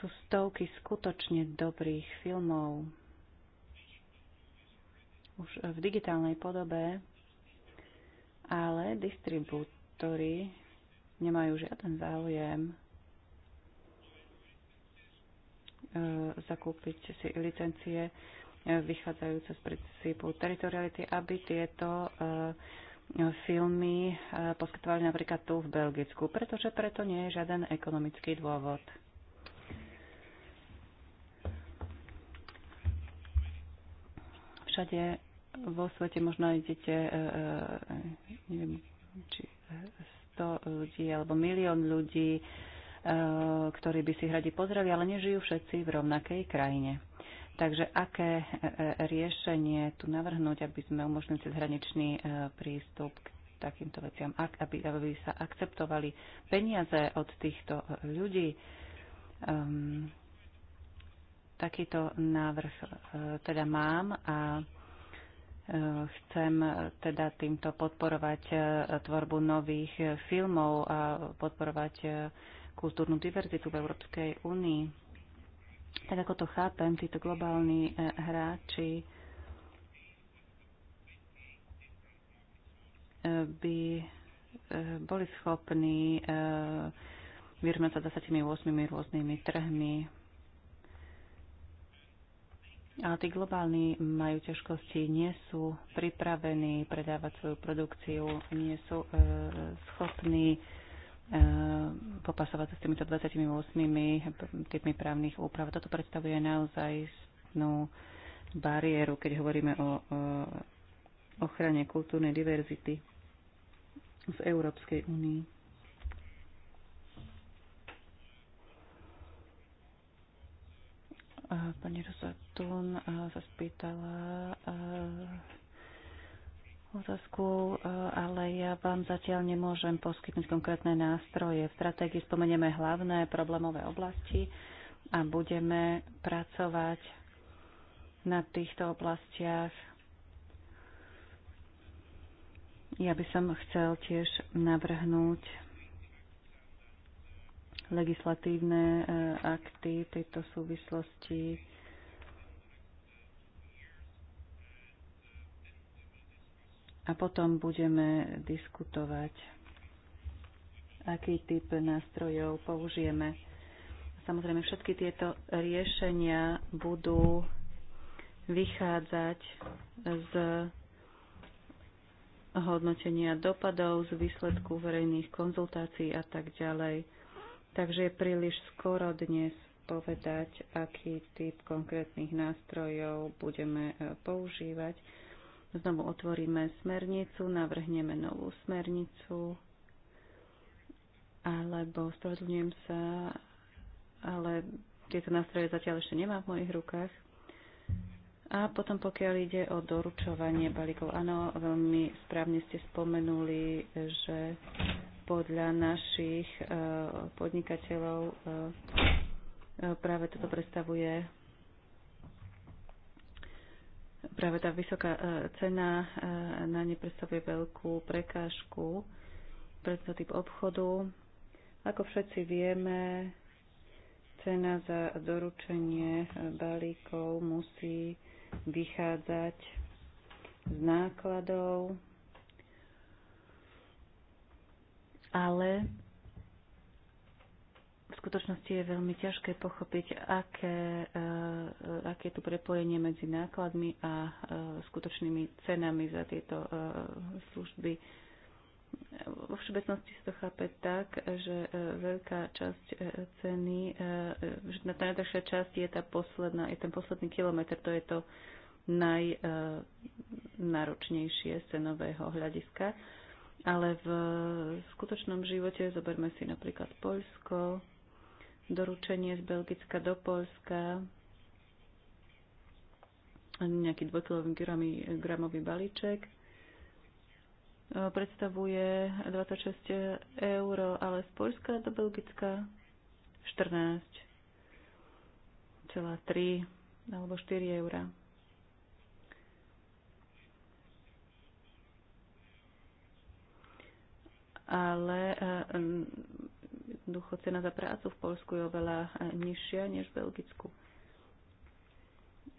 Speaker 4: sú stovky skutočne dobrých filmov. Už v digitálnej podobe, ale distribútory nemajú žiaden záujem e, zakúpiť si licencie vychádzajúce z princípu teritoriality, aby tieto e, filmy e, poskytovali napríklad tu v Belgicku, pretože preto nie je žiaden ekonomický dôvod. Všade vo svete možno idete, e, neviem, či 100 ľudí alebo milión ľudí, ktorí by si hradi pozreli, ale nežijú všetci v rovnakej krajine. Takže aké e, e, riešenie tu navrhnúť, aby sme umožnili cezhraničný e, prístup k takýmto veciam, aby, aby sa akceptovali peniaze od týchto ľudí. Um, takýto návrh teda mám a chcem teda týmto podporovať tvorbu nových filmov a podporovať kultúrnu diverzitu v Európskej únii. Tak ako to chápem, títo globálni e, hráči e, by e, boli schopní vyrovnať sa 28 rôznymi trhmi. Ale tí globálni majú ťažkosti, nie sú pripravení predávať svoju produkciu, nie sú schopní Eh, popasovať sa s týmito 28 typmi právnych úprav. Toto predstavuje naozaj istnú bariéru, keď hovoríme o ochrane kultúrnej diverzity v Európskej únii. Pani Rosatún eh, sa spýtala eh, otázku, eh, ale ja vám zatiaľ nemôžem poskytnúť konkrétne nástroje. V stratégii spomenieme hlavné problémové oblasti a budeme pracovať na týchto oblastiach. Ja by som chcel tiež navrhnúť legislatívne eh, akty tejto súvislosti a potom budeme diskutovať, aký typ nástrojov použijeme. Samozrejme, všetky tieto riešenia budú vychádzať z hodnotenia dopadov, z výsledku verejných konzultácií a tak ďalej. Takže je príliš skoro dnes povedať, aký typ konkrétnych nástrojov budeme používať Znovu otvoríme smernicu, navrhneme novú smernicu, alebo spravedlňujem sa, ale tieto nástroje zatiaľ ešte nemá v mojich rukách. A potom pokiaľ ide o doručovanie balíkov, áno, veľmi správne ste spomenuli, že podľa našich eh, podnikateľov eh, práve toto predstavuje práve tá vysoká e, cena e, na ne predstavuje veľkú prekážku pre tento typ obchodu. Ako všetci vieme, cena za doručenie e, balíkov musí vychádzať z nákladov, ale skutočnosti je veľmi ťažké pochopiť, aké, eh, aké je tu prepojenie medzi nákladmi a eh, skutočnými cenami za tieto eh, služby. Vo všeobecnosti sa to chápe tak, že veľká časť ceny, že tá najdražšia časť je tá posledná, je ten posledný kilometr, to je to najnáročnejšie z cenového hľadiska. Ale v skutočnom živote zoberme si napríklad Poľsko, doručenie z Belgicka do Polska, nejaký dvojkilovým gramový balíček, e, predstavuje 26 eur, ale z Polska do Belgicka 14,3 alebo 4 eur. ale e, Jednoducho cena za prácu v Polsku je oveľa eh, nižšia než v Belgicku.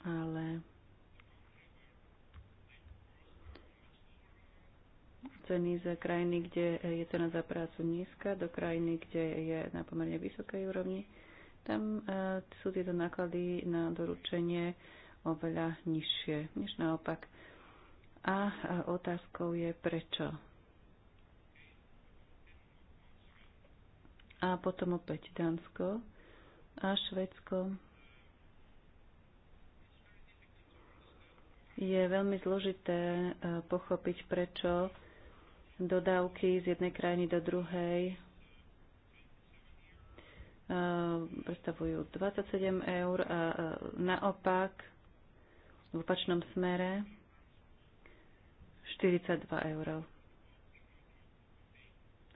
Speaker 4: Ale ceny za krajiny, kde je cena za prácu nízka, do krajiny, kde je na pomerne vysokej úrovni, tam eh, sú tieto náklady na doručenie oveľa nižšie, než naopak. A eh, otázkou je prečo a potom opäť Dánsko a Švedsko. Je veľmi zložité e, pochopiť, prečo dodávky z jednej krajiny do druhej e, predstavujú 27 eur a e, naopak v opačnom smere 42 eur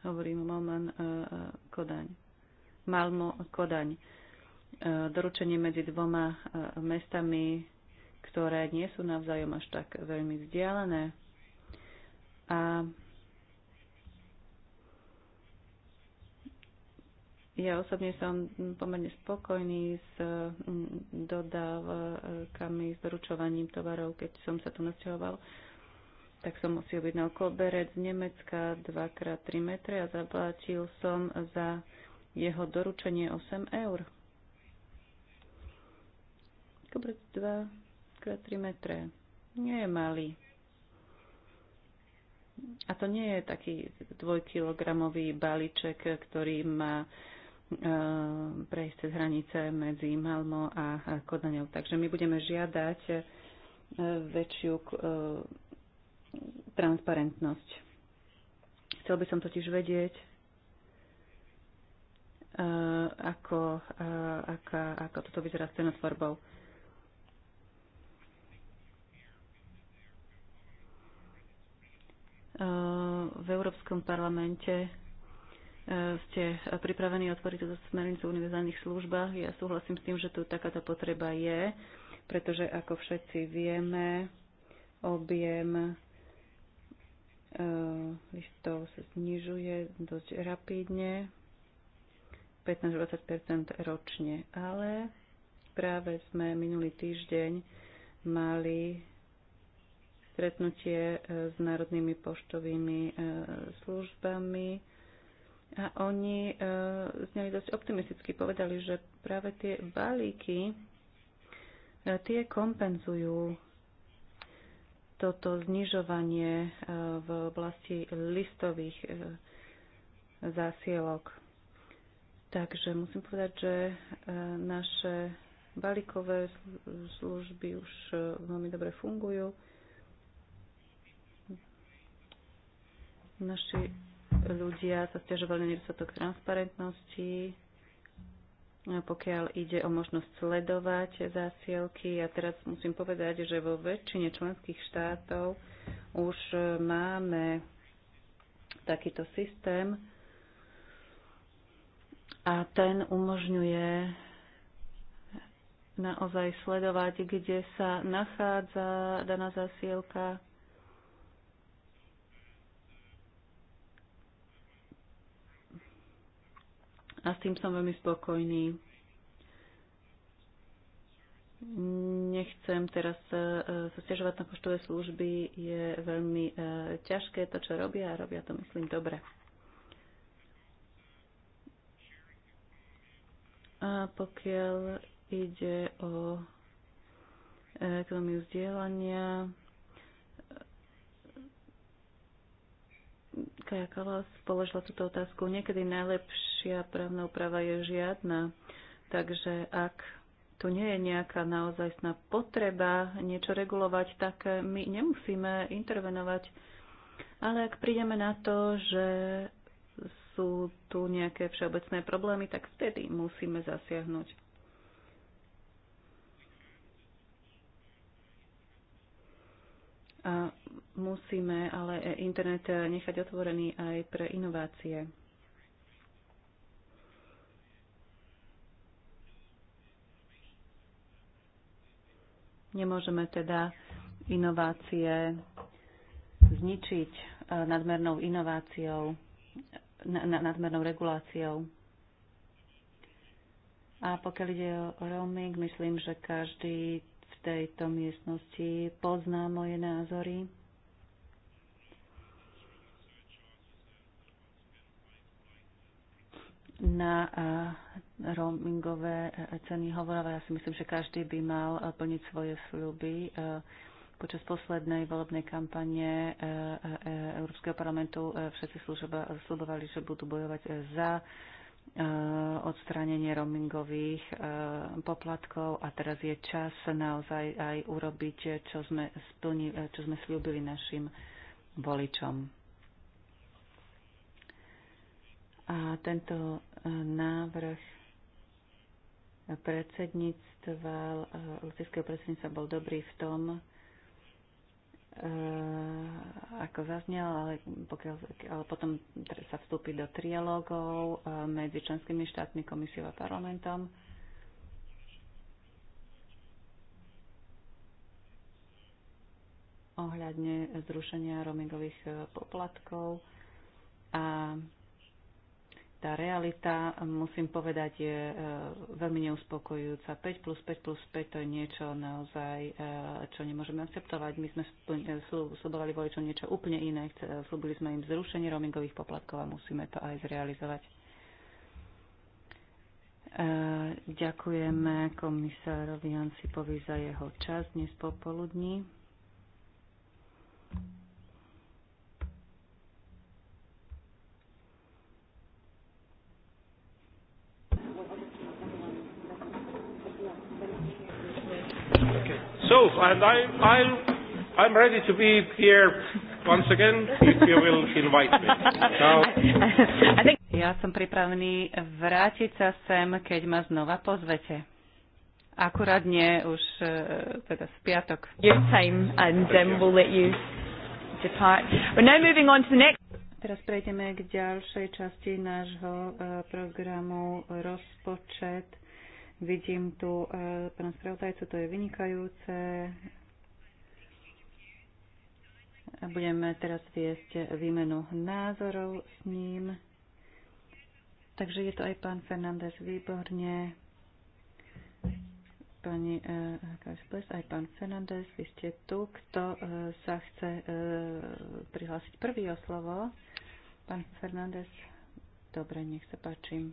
Speaker 4: hovorím uh, e, e, Kodaň. Malmo Kodaň. E, doručenie medzi dvoma mestami, ktoré nie sú navzájom až tak veľmi vzdialené. A Ja osobne som pomerne spokojný s dodávkami, s doručovaním tovarov, keď som sa tu nasťahoval tak som byť na koberec z Nemecka 2x3 metre a zaplatil som za jeho doručenie 8 eur. Koberec 2x3 metre. Nie je malý. A to nie je taký dvojkilogramový balíček, ktorý má e, prejsť cez hranice medzi Malmo a Kodaňou. Takže my budeme žiadať e, väčšiu e, transparentnosť. Chcel by som totiž vedieť, eh, ako, eh, ako, ako toto vyzerá s cenotvorbou. Eh, v Európskom parlamente ste pripravení otvoriť túto smernicu v univerzálnych službách. Ja súhlasím s tým, že tu takáto potreba je, pretože ako všetci vieme, objem Eh, listov sa znižuje dosť rapidne, 15-20 ročne, ale práve sme minulý týždeň mali stretnutie eh, s národnými poštovými eh, službami a oni zneli dosť optimisticky, povedali, že práve tie balíky tie kompenzujú toto znižovanie e, v oblasti listových e, zásielok. Takže musím povedať, že e, naše balíkové služby už veľmi dobre fungujú. Naši ľudia sa stiažovali na nedostatok transparentnosti, pokiaľ ide o možnosť sledovať zásielky. ja teraz musím povedať, že vo väčšine členských štátov už máme takýto systém a ten umožňuje naozaj sledovať, kde sa nachádza daná zásielka a s tým som veľmi spokojný. Nechcem teraz e, e, sa stiažovať na poštové služby. Je veľmi e, ťažké to, čo robia a robia to, myslím, dobre. A pokiaľ ide o ekonomiu vzdielania, Kajakala, položila túto otázku. Niekedy najlepšia právna úprava je žiadna. Takže ak tu nie je nejaká naozajstná potreba niečo regulovať, tak my nemusíme intervenovať. Ale ak prídeme na to, že sú tu nejaké všeobecné problémy, tak vtedy musíme zasiahnuť. A Musíme ale internet nechať otvorený aj pre inovácie. Nemôžeme teda inovácie zničiť e, nadmernou inováciou, nadmernou reguláciou. A pokiaľ ide o roaming, myslím, že každý v tejto miestnosti pozná moje názory. na eh, roamingové eh, ceny hovorila. Ja si myslím, že každý by mal eh, plniť svoje sľuby. Počas poslednej volebnej kampane Európskeho parlamentu všetci slubovali, že budú bojovať za odstránenie roamingových poplatkov a teraz je čas naozaj aj urobiť, čo sme, splni, čo sme slúbili našim voličom. A tento návrh predsedníctva, eh, lucijského predsedníctva bol dobrý v tom, eh, ako zaznel, ale, pokiaľ, ale potom sa vstúpi do trialógov eh, medzi členskými štátmi, komisiou a parlamentom. ohľadne zrušenia roamingových poplatkov a tá realita, musím povedať, je e, veľmi neuspokojujúca. 5 plus 5 plus 5 to je niečo naozaj, e, čo nemôžeme akceptovať. My sme e, slubovali voličom niečo úplne iné. Slúbili sme im zrušenie roamingových poplatkov a musíme to aj zrealizovať. Ďakujeme komisárovi Jansipovi za jeho čas dnes popoludní.
Speaker 3: myself, and I, I'll, I'm ready to be here once again, if you will invite me. Now, I think...
Speaker 4: Ja som pripravený vrátiť sa sem, keď ma znova pozvete. Akurát nie už e, teda v piatok. Your time and um, we'll let you depart. We're now moving on to the next Teraz prejdeme k ďalšej časti nášho e, programu rozpočet Vidím tu e, pána spravodajcu, to je vynikajúce. Budeme teraz viesť výmenu názorov s ním. Takže je to aj pán Fernández výborne. Pani e, aj pán Fernández, vy ste tu. Kto e, sa chce e, prihlásiť prvý o slovo? Pán Fernández, dobre, nech sa páči.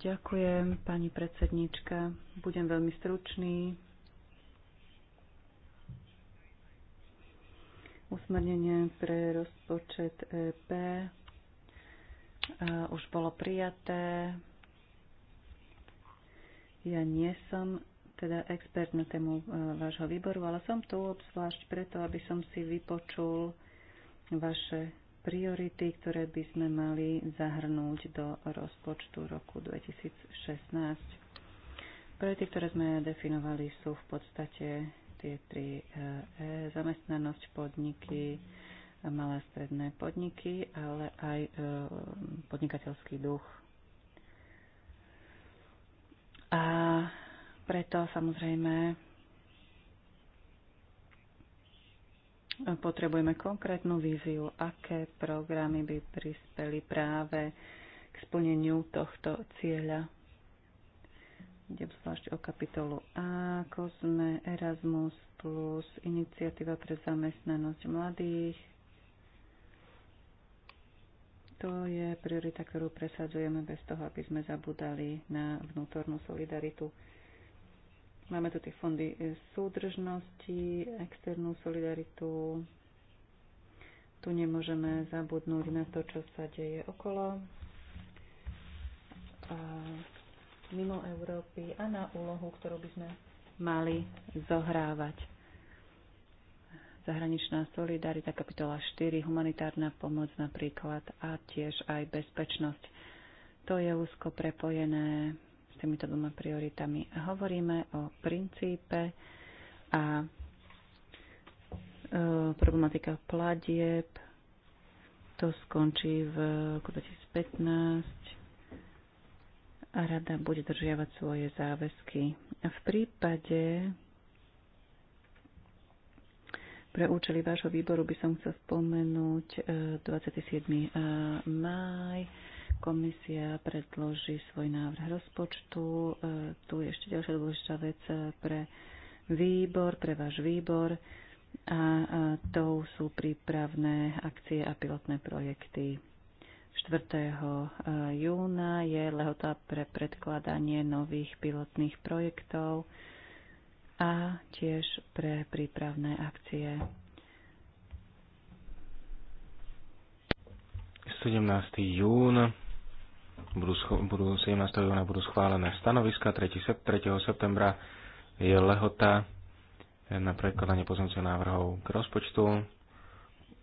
Speaker 4: Ďakujem, pani predsednička. Budem veľmi stručný. Usmernenie pre rozpočet EP už bolo prijaté. Ja nie som teda expert na tému e, vášho výboru, ale som tu obzvlášť preto, aby som si vypočul vaše priority, ktoré by sme mali zahrnúť do rozpočtu roku 2016. Priority, ktoré sme definovali, sú v podstate tie tri E, zamestnanosť podniky, malé a stredné podniky, ale aj e, podnikateľský duch. A preto samozrejme Potrebujeme konkrétnu víziu, aké programy by prispeli práve k splneniu tohto cieľa. Idem zvlášť o kapitolu A, Kozme, Erasmus, plus iniciatíva pre zamestnanosť mladých. To je priorita, ktorú presadzujeme bez toho, aby sme zabudali na vnútornú solidaritu Máme tu tie fondy e, súdržnosti, externú solidaritu. Tu nemôžeme zabudnúť na to, čo sa deje okolo, mimo Európy a na úlohu, ktorú by sme mali zohrávať. Zahraničná solidarita, kapitola 4, humanitárna pomoc napríklad a tiež aj bezpečnosť. To je úzko prepojené týmito dvoma prioritami. Hovoríme o princípe a e, problematika pladieb. To skončí v roku 2015 a rada bude držiavať svoje záväzky. V prípade pre účely vášho výboru by som chcel spomenúť 27. E, e, máj Komisia predloží svoj návrh rozpočtu. E, tu je ešte ďalšia dôležitá vec e, pre výbor, pre váš výbor a to sú prípravné akcie a pilotné projekty. 4. E, júna je lehota pre predkladanie nových pilotných projektov a tiež pre prípravné akcie.
Speaker 3: 17. júna budú, budú 17. júna budú schválené stanoviska, 3. 3. septembra je lehota na prekladanie pozemcov návrhov k rozpočtu,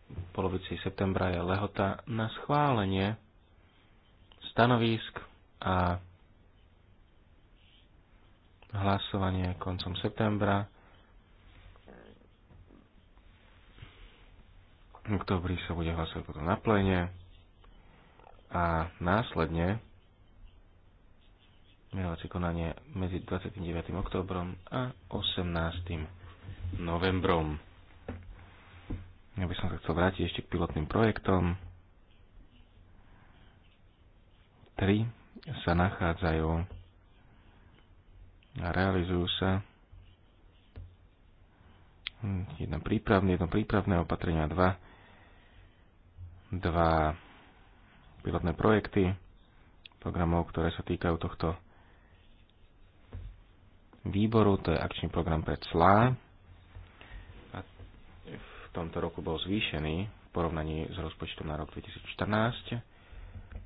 Speaker 3: v polovici septembra je lehota na schválenie stanovisk a hlasovanie koncom septembra. V oktobri sa bude hlasovať potom na plene a následne menovacie konanie medzi 29. oktobrom a 18. novembrom. Ja by som sa chcel vrátiť ešte k pilotným projektom. Tri sa nachádzajú a realizujú sa jedno prípravné, jedno prípravné opatrenia, dva, dva pilotné projekty, programov, ktoré sa týkajú tohto výboru. To je akčný program pre clá. A v tomto roku bol zvýšený v porovnaní s rozpočtom na rok 2014.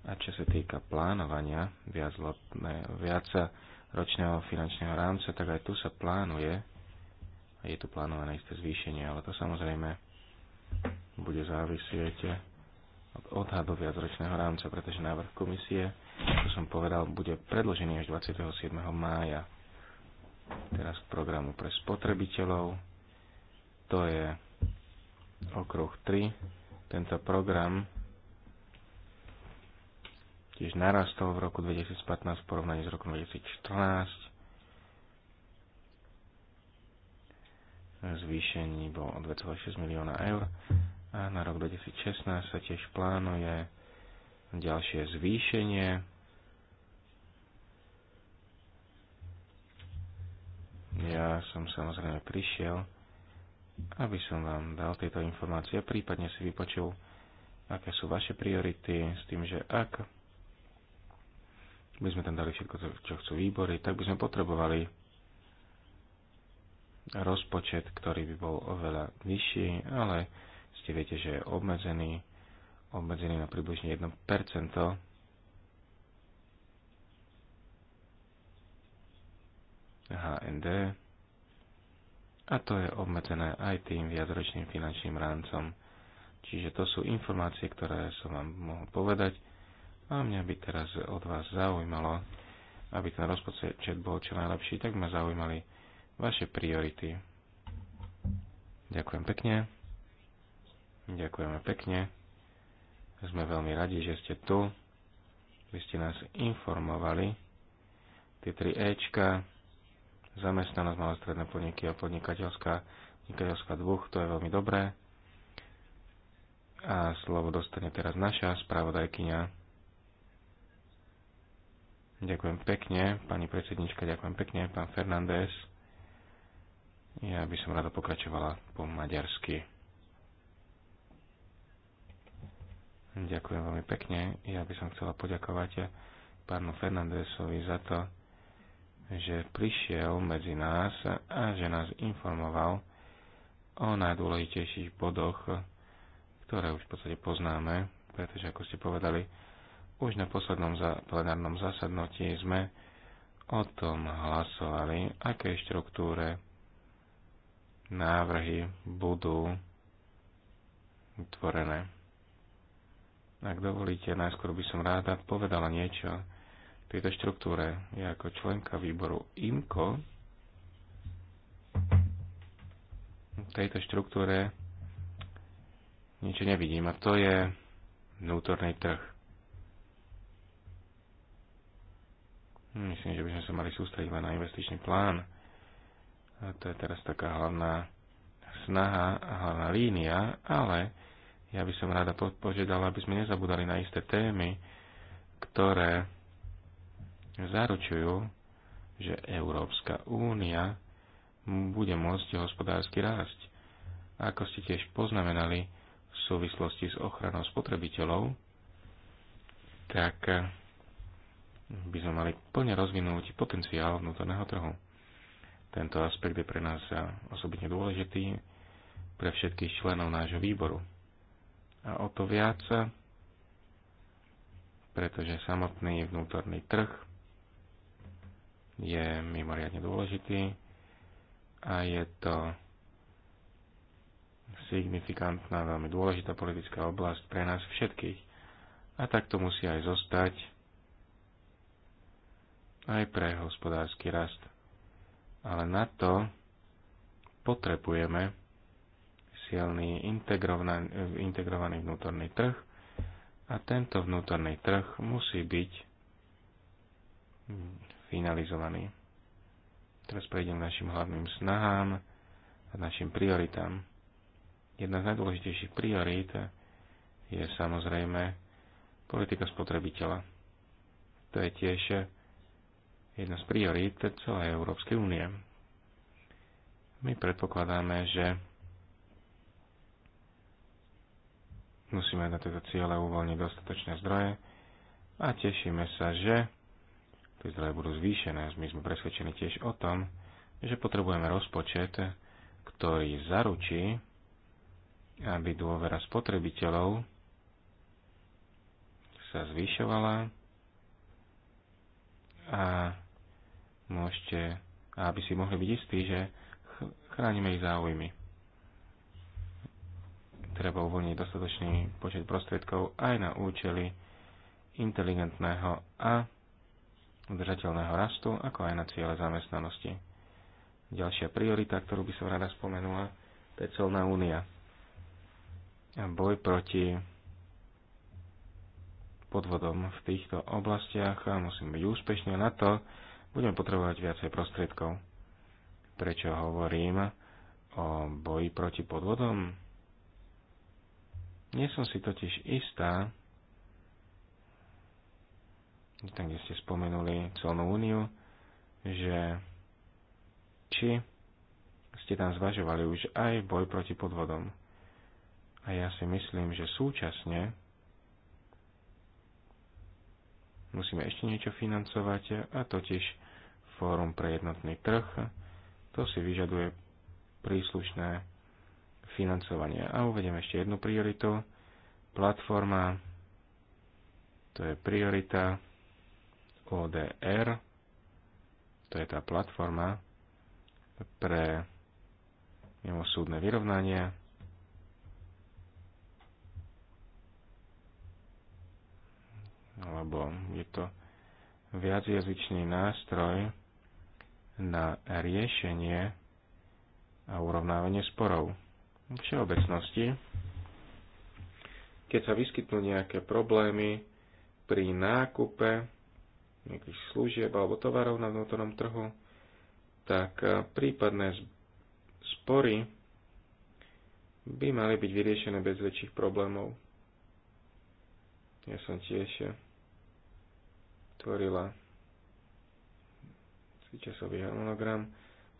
Speaker 3: A čo sa týka plánovania viac, lotné, viac ročného finančného rámca, tak aj tu sa plánuje, je tu plánované isté zvýšenie, ale to samozrejme bude závisieť odhadu viacročného rámca, pretože návrh komisie, ako som povedal, bude predložený až 27. mája. Teraz k programu pre spotrebiteľov. To je okruh 3. Tento program tiež narastol v roku 2015 v porovnaní s rokom 2014. Zvýšení bol o 2,6 milióna eur a na rok 2016 sa tiež plánuje ďalšie zvýšenie. Ja som samozrejme prišiel, aby som vám dal tieto informácie, prípadne si vypočul, aké sú vaše priority, s tým, že ak by sme tam dali všetko, čo chcú výbory, tak by sme potrebovali rozpočet, ktorý by bol oveľa vyšší, ale ste viete, že je obmedzený, obmedzený na približne 1%. HND a to je obmedzené aj tým viacročným finančným rámcom. Čiže to sú informácie, ktoré som vám mohol povedať a mňa by teraz od vás zaujímalo, aby ten rozpočet bol čo najlepší, tak ma zaujímali vaše priority. Ďakujem pekne. Ďakujeme pekne. Sme veľmi radi, že ste tu. Vy ste nás informovali. Tie tri Ečka, zamestnanosť malé stredné podniky a podnikateľská, podnikateľská dvoch, to je veľmi dobré. A slovo dostane teraz naša spravodajkyňa. Ďakujem pekne, pani predsednička, ďakujem pekne, pán Fernández. Ja by som rada pokračovala po maďarsky. Ďakujem veľmi pekne. Ja by som chcela poďakovať pánu Fernandesovi za to, že prišiel medzi nás a že nás informoval o najdôležitejších bodoch, ktoré už v podstate poznáme, pretože ako ste povedali, už na poslednom plenárnom zasadnutí sme o tom hlasovali, aké štruktúre návrhy budú utvorené ak dovolíte, najskôr by som ráda povedala niečo tejto štruktúre. Ja ako členka výboru IMCO v tejto štruktúre niečo nevidím a to je vnútorný trh. Myslím, že by sme sa mali sústrediť len na investičný plán. A to je teraz taká hlavná snaha a hlavná línia, ale ja by som rada požiadala, aby sme nezabudali na isté témy, ktoré zaručujú, že Európska únia bude môcť hospodársky rásť. Ako ste tiež poznamenali v súvislosti s ochranou spotrebiteľov, tak by sme mali plne rozvinúť potenciál vnútorného trhu. Tento aspekt je pre nás osobitne dôležitý pre všetkých členov nášho výboru a o to viac, pretože samotný vnútorný trh je mimoriadne dôležitý a je to signifikantná, veľmi dôležitá politická oblasť pre nás všetkých. A tak to musí aj zostať aj pre hospodársky rast. Ale na to potrebujeme sociálny integrovaný vnútorný trh a tento vnútorný trh musí byť finalizovaný. Teraz prejdem k našim hlavným snahám a našim prioritám. Jedna z najdôležitejších priorít je samozrejme politika spotrebiteľa. To je tiež jedna z priorít celej Európskej únie. My predpokladáme, že Musíme na tieto ciele uvoľniť dostatočné zdroje a tešíme sa, že tie zdroje budú zvýšené. My sme presvedčení tiež o tom, že potrebujeme rozpočet, ktorý zaručí, aby dôvera spotrebiteľov sa zvyšovala a môžete, aby si mohli byť istí, že chránime ich záujmy treba uvoľniť dostatočný počet prostriedkov aj na účely inteligentného a udržateľného rastu, ako aj na ciele zamestnanosti. Ďalšia priorita, ktorú by som rada spomenula, to je celná únia. A boj proti podvodom v týchto oblastiach a musím byť úspešný na to, budeme potrebovať viacej prostriedkov. Prečo hovorím o boji proti podvodom? Nie som si totiž istá, tam, kde ste spomenuli celnú úniu, že či ste tam zvažovali už aj boj proti podvodom. A ja si myslím, že súčasne musíme ešte niečo financovať, a totiž Fórum pre jednotný trh. To si vyžaduje príslušné financovania. A uvediem ešte jednu prioritu. Platforma, to je priorita ODR, to je tá platforma pre mimosúdne vyrovnanie. Alebo je to viacjazyčný nástroj na riešenie a urovnávanie sporov všeobecnosti, keď sa vyskytnú nejaké problémy pri nákupe nejakých služieb alebo tovarov na vnútornom trhu, tak e, prípadné spory by mali byť vyriešené bez väčších problémov. Ja som tiež e, tvorila časový harmonogram.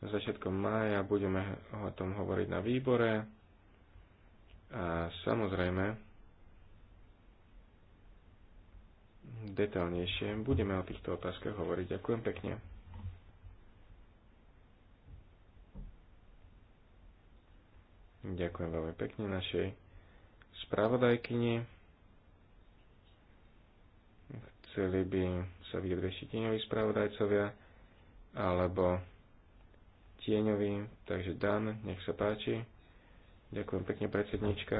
Speaker 3: Začiatkom mája budeme o tom hovoriť na výbore a samozrejme, detaľnejšie budeme o týchto otázkach hovoriť. Ďakujem pekne. Ďakujem veľmi pekne našej spravodajkyni. Chceli by sa vyjadriť tieňoví spravodajcovia alebo tieňoví, takže Dan, nech sa páči. Ďakujem pekne, predsednička.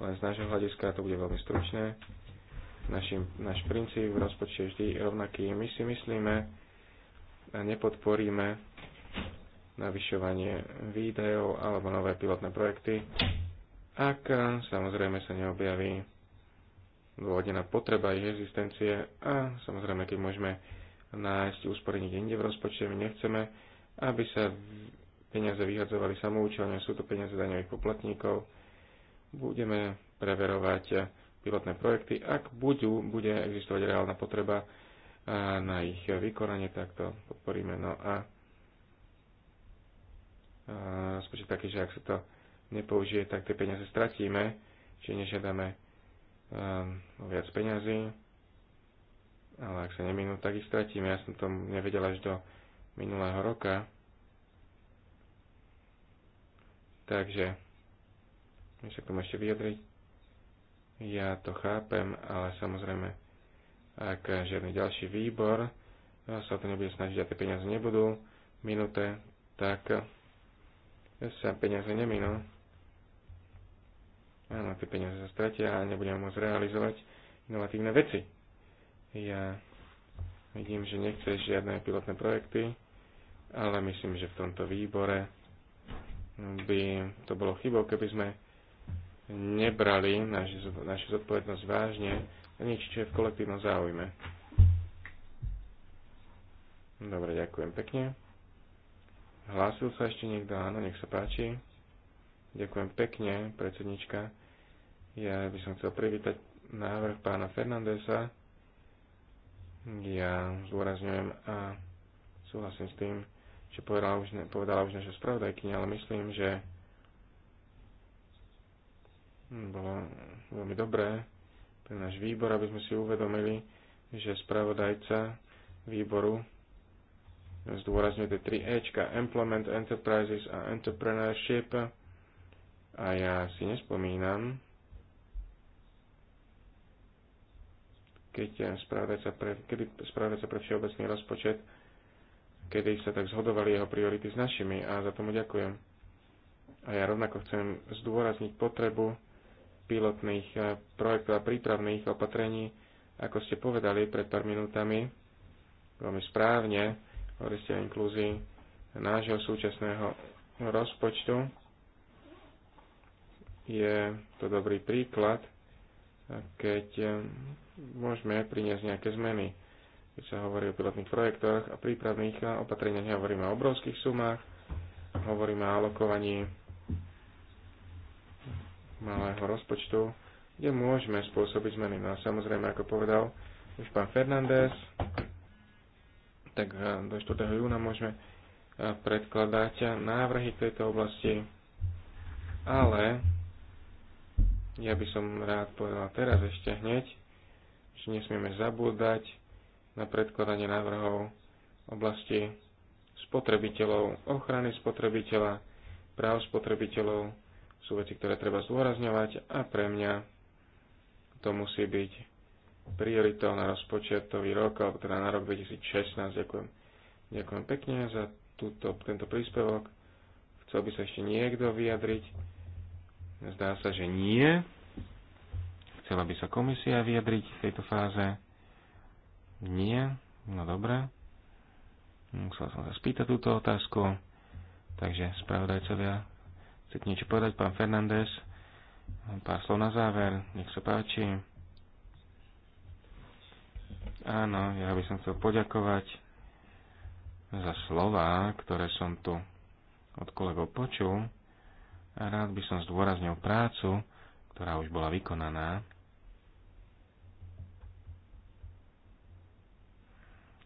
Speaker 3: Len z nášho hľadiska to bude veľmi stručné. Naši, náš princíp v rozpočte je vždy rovnaký. My si myslíme a nepodporíme navyšovanie výdajov alebo nové pilotné projekty, ak samozrejme sa neobjaví dôvodená potreba ich existencie a samozrejme, keď môžeme nájsť úspory niekde inde v rozpočte, my nechceme, aby sa peniaze vyhadzovali samoučelne, sú to peniaze daňových poplatníkov. Budeme preverovať eh, pilotné projekty. Ak budú, bude existovať reálna potreba eh, na ich vykonanie, tak to podporíme. No a rozpočet eh, taký, že ak sa to nepoužije, tak tie peniaze stratíme, čiže nežiadame viac peňazí, ale ak sa neminú, tak ich stratíme. Ja som to nevedel až do minulého roka. Takže, my sa k tomu ešte vyjadriť. Ja to chápem, ale samozrejme, ak žiadny ďalší výbor sa to nebude snažiť a tie peniaze nebudú minuté, tak sa peniaze neminú. Áno, tie peniaze sa stratia a nebudem môcť realizovať inovatívne veci. Ja vidím, že nechceš žiadne pilotné projekty, ale myslím, že v tomto výbore by to bolo chybou, keby sme nebrali našu zodpovednosť vážne a nič, čo je v kolektívnom záujme. Dobre, ďakujem pekne. Hlásil sa ešte niekto? Áno, nech sa páči. Ďakujem pekne, predsednička. Ja by som chcel privítať návrh pána Fernandesa. Ja zdôrazňujem a súhlasím s tým, že povedala už, povedala už naša spravodajkynia, ale myslím, že bolo veľmi dobré pre náš výbor, aby sme si uvedomili, že spravodajca výboru zdôrazňuje tie 3 Ečka, Employment, Enterprises a Entrepreneurship. A ja si nespomínam, keď spravodajca pre, kedy spravodajca pre všeobecný rozpočet kedy sa tak zhodovali jeho priority s našimi a za tomu ďakujem. A ja rovnako chcem zdôrazniť potrebu pilotných eh, projektov a prípravných opatrení, ako ste povedali pred pár minútami, veľmi správne, hovorili ste o inklúzii nášho súčasného rozpočtu. Je to dobrý príklad, eh, keď eh, môžeme priniesť nejaké zmeny keď sa hovorí o pilotných projektoch a prípravných opatreniach, hovoríme o obrovských sumách, hovoríme o alokovaní malého rozpočtu, kde môžeme spôsobiť zmeny. No a samozrejme, ako povedal už pán Fernández, tak eh, do 4. júna môžeme eh, predkladať návrhy v tejto oblasti, ale ja by som rád povedal teraz ešte hneď, že nesmieme zabúdať na predkladanie návrhov v oblasti spotrebiteľov, ochrany spotrebiteľa, práv spotrebiteľov sú veci, ktoré treba zdôrazňovať a pre mňa to musí byť prioritou na rozpočetový rok, alebo teda na rok 2016. Ďakujem, ďakujem pekne za túto, tento príspevok. Chcel by sa ešte niekto vyjadriť? Zdá sa, že nie. Chcela by sa komisia vyjadriť v tejto fáze. Nie. No dobre. Musel som sa spýtať túto otázku. Takže spravodajcovia, chcete niečo povedať, pán Fernández? Pár slov na záver, nech sa páči. Áno, ja by som chcel poďakovať za slova, ktoré som tu od kolegov počul. A rád by som zdôraznil prácu, ktorá už bola vykonaná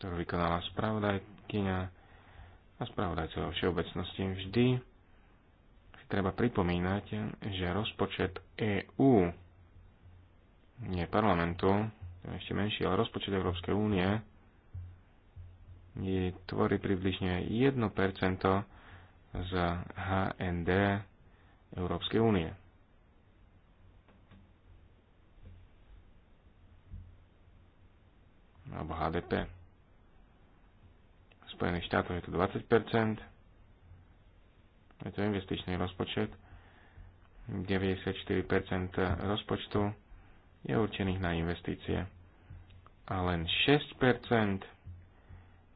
Speaker 3: ktorú vykonala spravodajkyňa a spravodajcov všeobecnosti vždy si treba pripomínať, že rozpočet EÚ nie parlamentu, to je ešte menší, ale rozpočet Európskej únie je, tvorí približne 1% z HND Európskej únie. alebo HDP. Spojených štátov je to 20%. Je to investičný rozpočet. 94% rozpočtu je určených na investície. A len 6%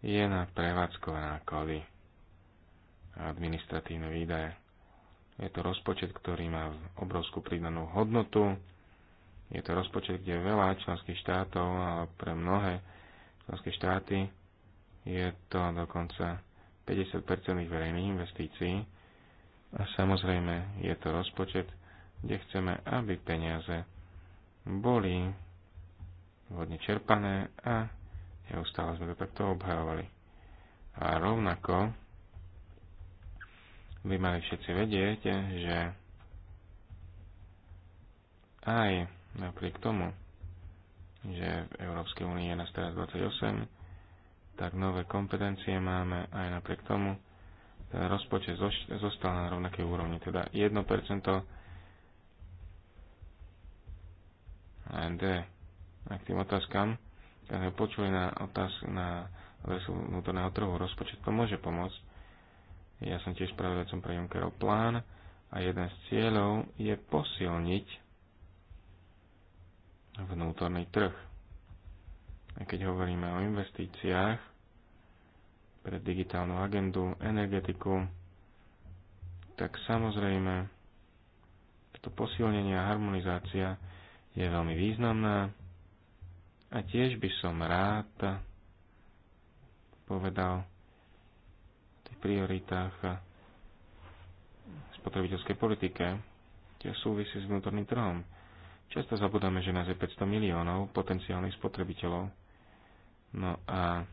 Speaker 3: je na prevádzkové náklady a administratívne výdaje. Je to rozpočet, ktorý má obrovskú pridanú hodnotu. Je to rozpočet, kde veľa členských štátov, ale pre mnohé členské štáty je to dokonca 50% verejných investícií a samozrejme je to rozpočet, kde chceme, aby peniaze boli vhodne čerpané a neustále sme to takto obhajovali. A rovnako by mali všetci vedieť, že aj napriek tomu, že v Európskej únii je nás teraz 28, tak nové kompetencie máme aj napriek tomu. Ten rozpočet zostal na rovnakej úrovni, teda 1% AND. A k tým otázkam, keď sme počuli na otázku na adresu vnútorného trhu, rozpočet to môže pomôcť. Ja som tiež pravodajcom pre Junckerov plán a jeden z cieľov je posilniť vnútorný trh a keď hovoríme o investíciách pre digitálnu agendu, energetiku, tak samozrejme toto posilnenie a harmonizácia je veľmi významná a tiež by som rád povedal o tých prioritách spotrebiteľskej politike, tie súvisí s vnútorným trhom. Často zabudáme, že nás je 500 miliónov potenciálnych spotrebiteľov No a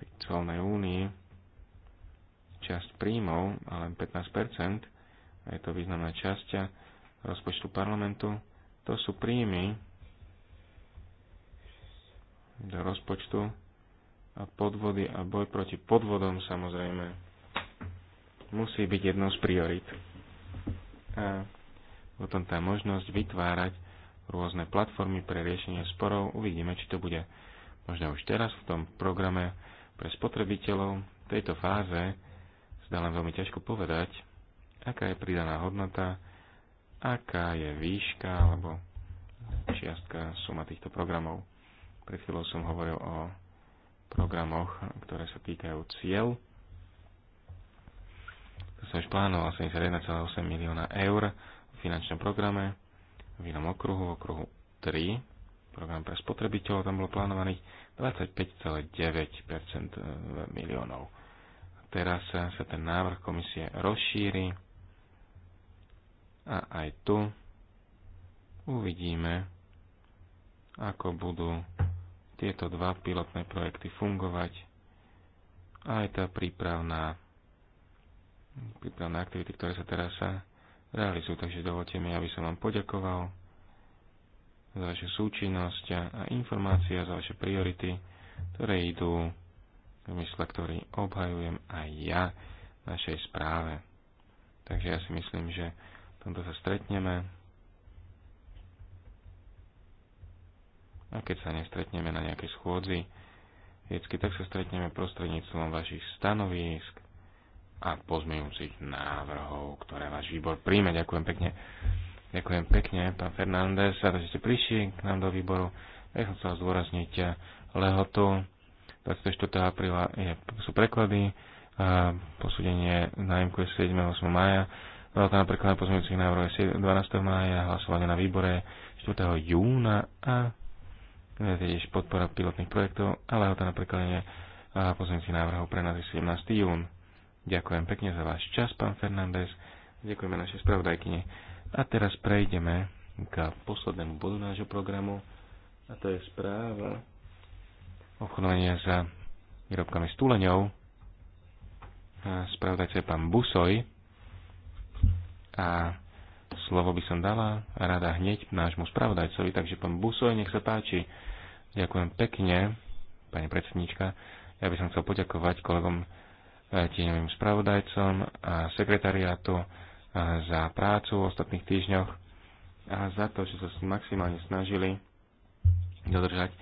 Speaker 3: tej celnej únii časť príjmov, ale 15%, a je to významná časť rozpočtu parlamentu, to sú príjmy do rozpočtu a podvody a boj proti podvodom samozrejme musí byť jednou z priorit. A potom tá možnosť vytvárať rôzne platformy pre riešenie sporov. Uvidíme, či to bude možno už teraz v tom programe pre spotrebiteľov. V tejto fáze zdá len veľmi ťažko povedať, aká je pridaná hodnota, aká je výška alebo čiastka suma týchto programov. Pred chvíľou som hovoril o programoch, ktoré sa týkajú cieľ. To som už plánoval 71,8 milióna eur v finančnom programe v inom okruhu, v okruhu 3, program pre spotrebiteľov, tam bolo plánovaných 25,9 e, miliónov. Teraz sa, ten návrh komisie rozšíri a aj tu uvidíme, ako budú tieto dva pilotné projekty fungovať. Aj tá prípravná, prípravná aktivity, ktoré sa teraz sa realizu. Takže dovolte mi, aby som vám poďakoval za vašu súčinnosť a informácia, za vaše priority, ktoré idú v mysle, ktorý obhajujem aj ja v našej správe. Takže ja si myslím, že v tomto sa stretneme. A keď sa nestretneme na nejakej schôdzi, vždycky tak sa stretneme prostredníctvom vašich stanovísk, a pozmejúcich návrhov, ktoré váš výbor príjme. Ďakujem pekne. Ďakujem pekne, pán Fernández, za to, že ste prišli k nám do výboru. Ja som chcel zdôrazniť lehotu. 24. apríla je, sú preklady, a posúdenie nájimku je 7. 8. mája, veľká na preklade pozmeňujúcich návrhov je 12. mája, hlasovanie na výbore 4. júna a tiež podpora pilotných projektov, ale lehota na prekladenie pozmeňujúcich návrhov pre nás je 17. jún. Ďakujem pekne za váš čas, pán Fernández. Ďakujeme našej spravodajkyne. A teraz prejdeme k poslednému bodu nášho programu, a to je správa obchodovania za výrobkami stúleňov. túleňou. Spravodajca je pán Busoj. A slovo by som dala rada hneď nášmu spravodajcovi, takže pán Busoj, nech sa páči. Ďakujem pekne, pani predsednička. Ja by som chcel poďakovať kolegom E, tieňovým spravodajcom a sekretariátu e, za prácu v ostatných týždňoch a za to, že sa maximálne snažili dodržať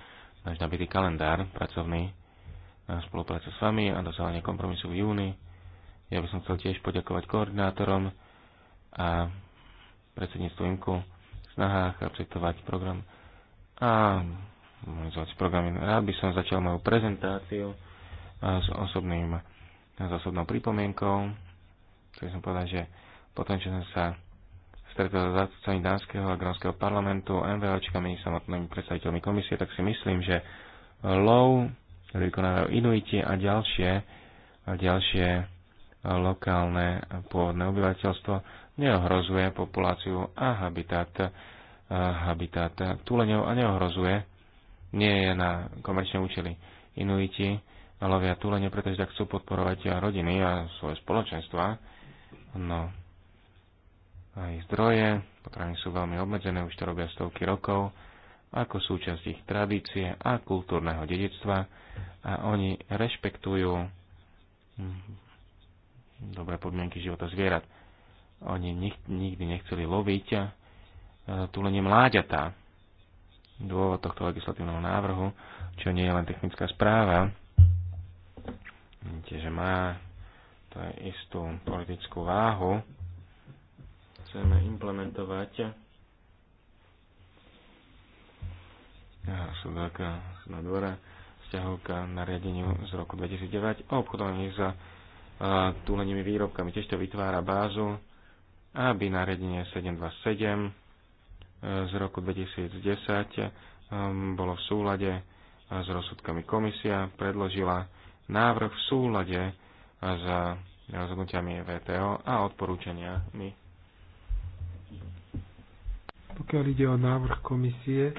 Speaker 3: náš nabitý kalendár pracovný e, spolupráce s vami a dosávanie kompromisu v júni. Ja by som chcel tiež poďakovať koordinátorom a predsedníctvu Inku v snahách akceptovať program a monitorovať programy. Rád by som začal moju prezentáciu s osobným s osobnou pripomienkou. Chcel som povedať, že potom, čo som sa stretol s zástupcami Dánskeho a Grónskeho parlamentu, MVOčkami, samotnými predstaviteľmi komisie, tak si myslím, že LOW, ktorý vykonávajú Inuiti a ďalšie, a ďalšie lokálne pôvodné obyvateľstvo, neohrozuje populáciu a habitat, habitat tuleňov a neohrozuje, nie je na komerčné účely. Inuiti lovia túlenie, pretože tak chcú podporovať a rodiny a svoje spoločenstva. No, a ich zdroje, potraviny sú veľmi obmedzené, už to robia stovky rokov, ako súčasť ich tradície a kultúrneho dedictva a oni rešpektujú hm, dobré podmienky života zvierat. Oni nikdy nechceli loviť e, túlenie mláďatá. Dôvod tohto legislatívneho návrhu, čo nie je len technická správa, Vidíte, že má to je istú politickú váhu. Chceme implementovať súdok na dvora vzťahov k nariadeniu z roku 2009 o obchodovaní s túlenými výrobkami. Tiež to vytvára bázu, aby nariadenie 727 e, z roku 2010 e, bolo v súlade e, s rozsudkami komisia, predložila návrh v súlade s rozhodnutiami VTO a odporúčaniami.
Speaker 2: Pokiaľ ide o návrh komisie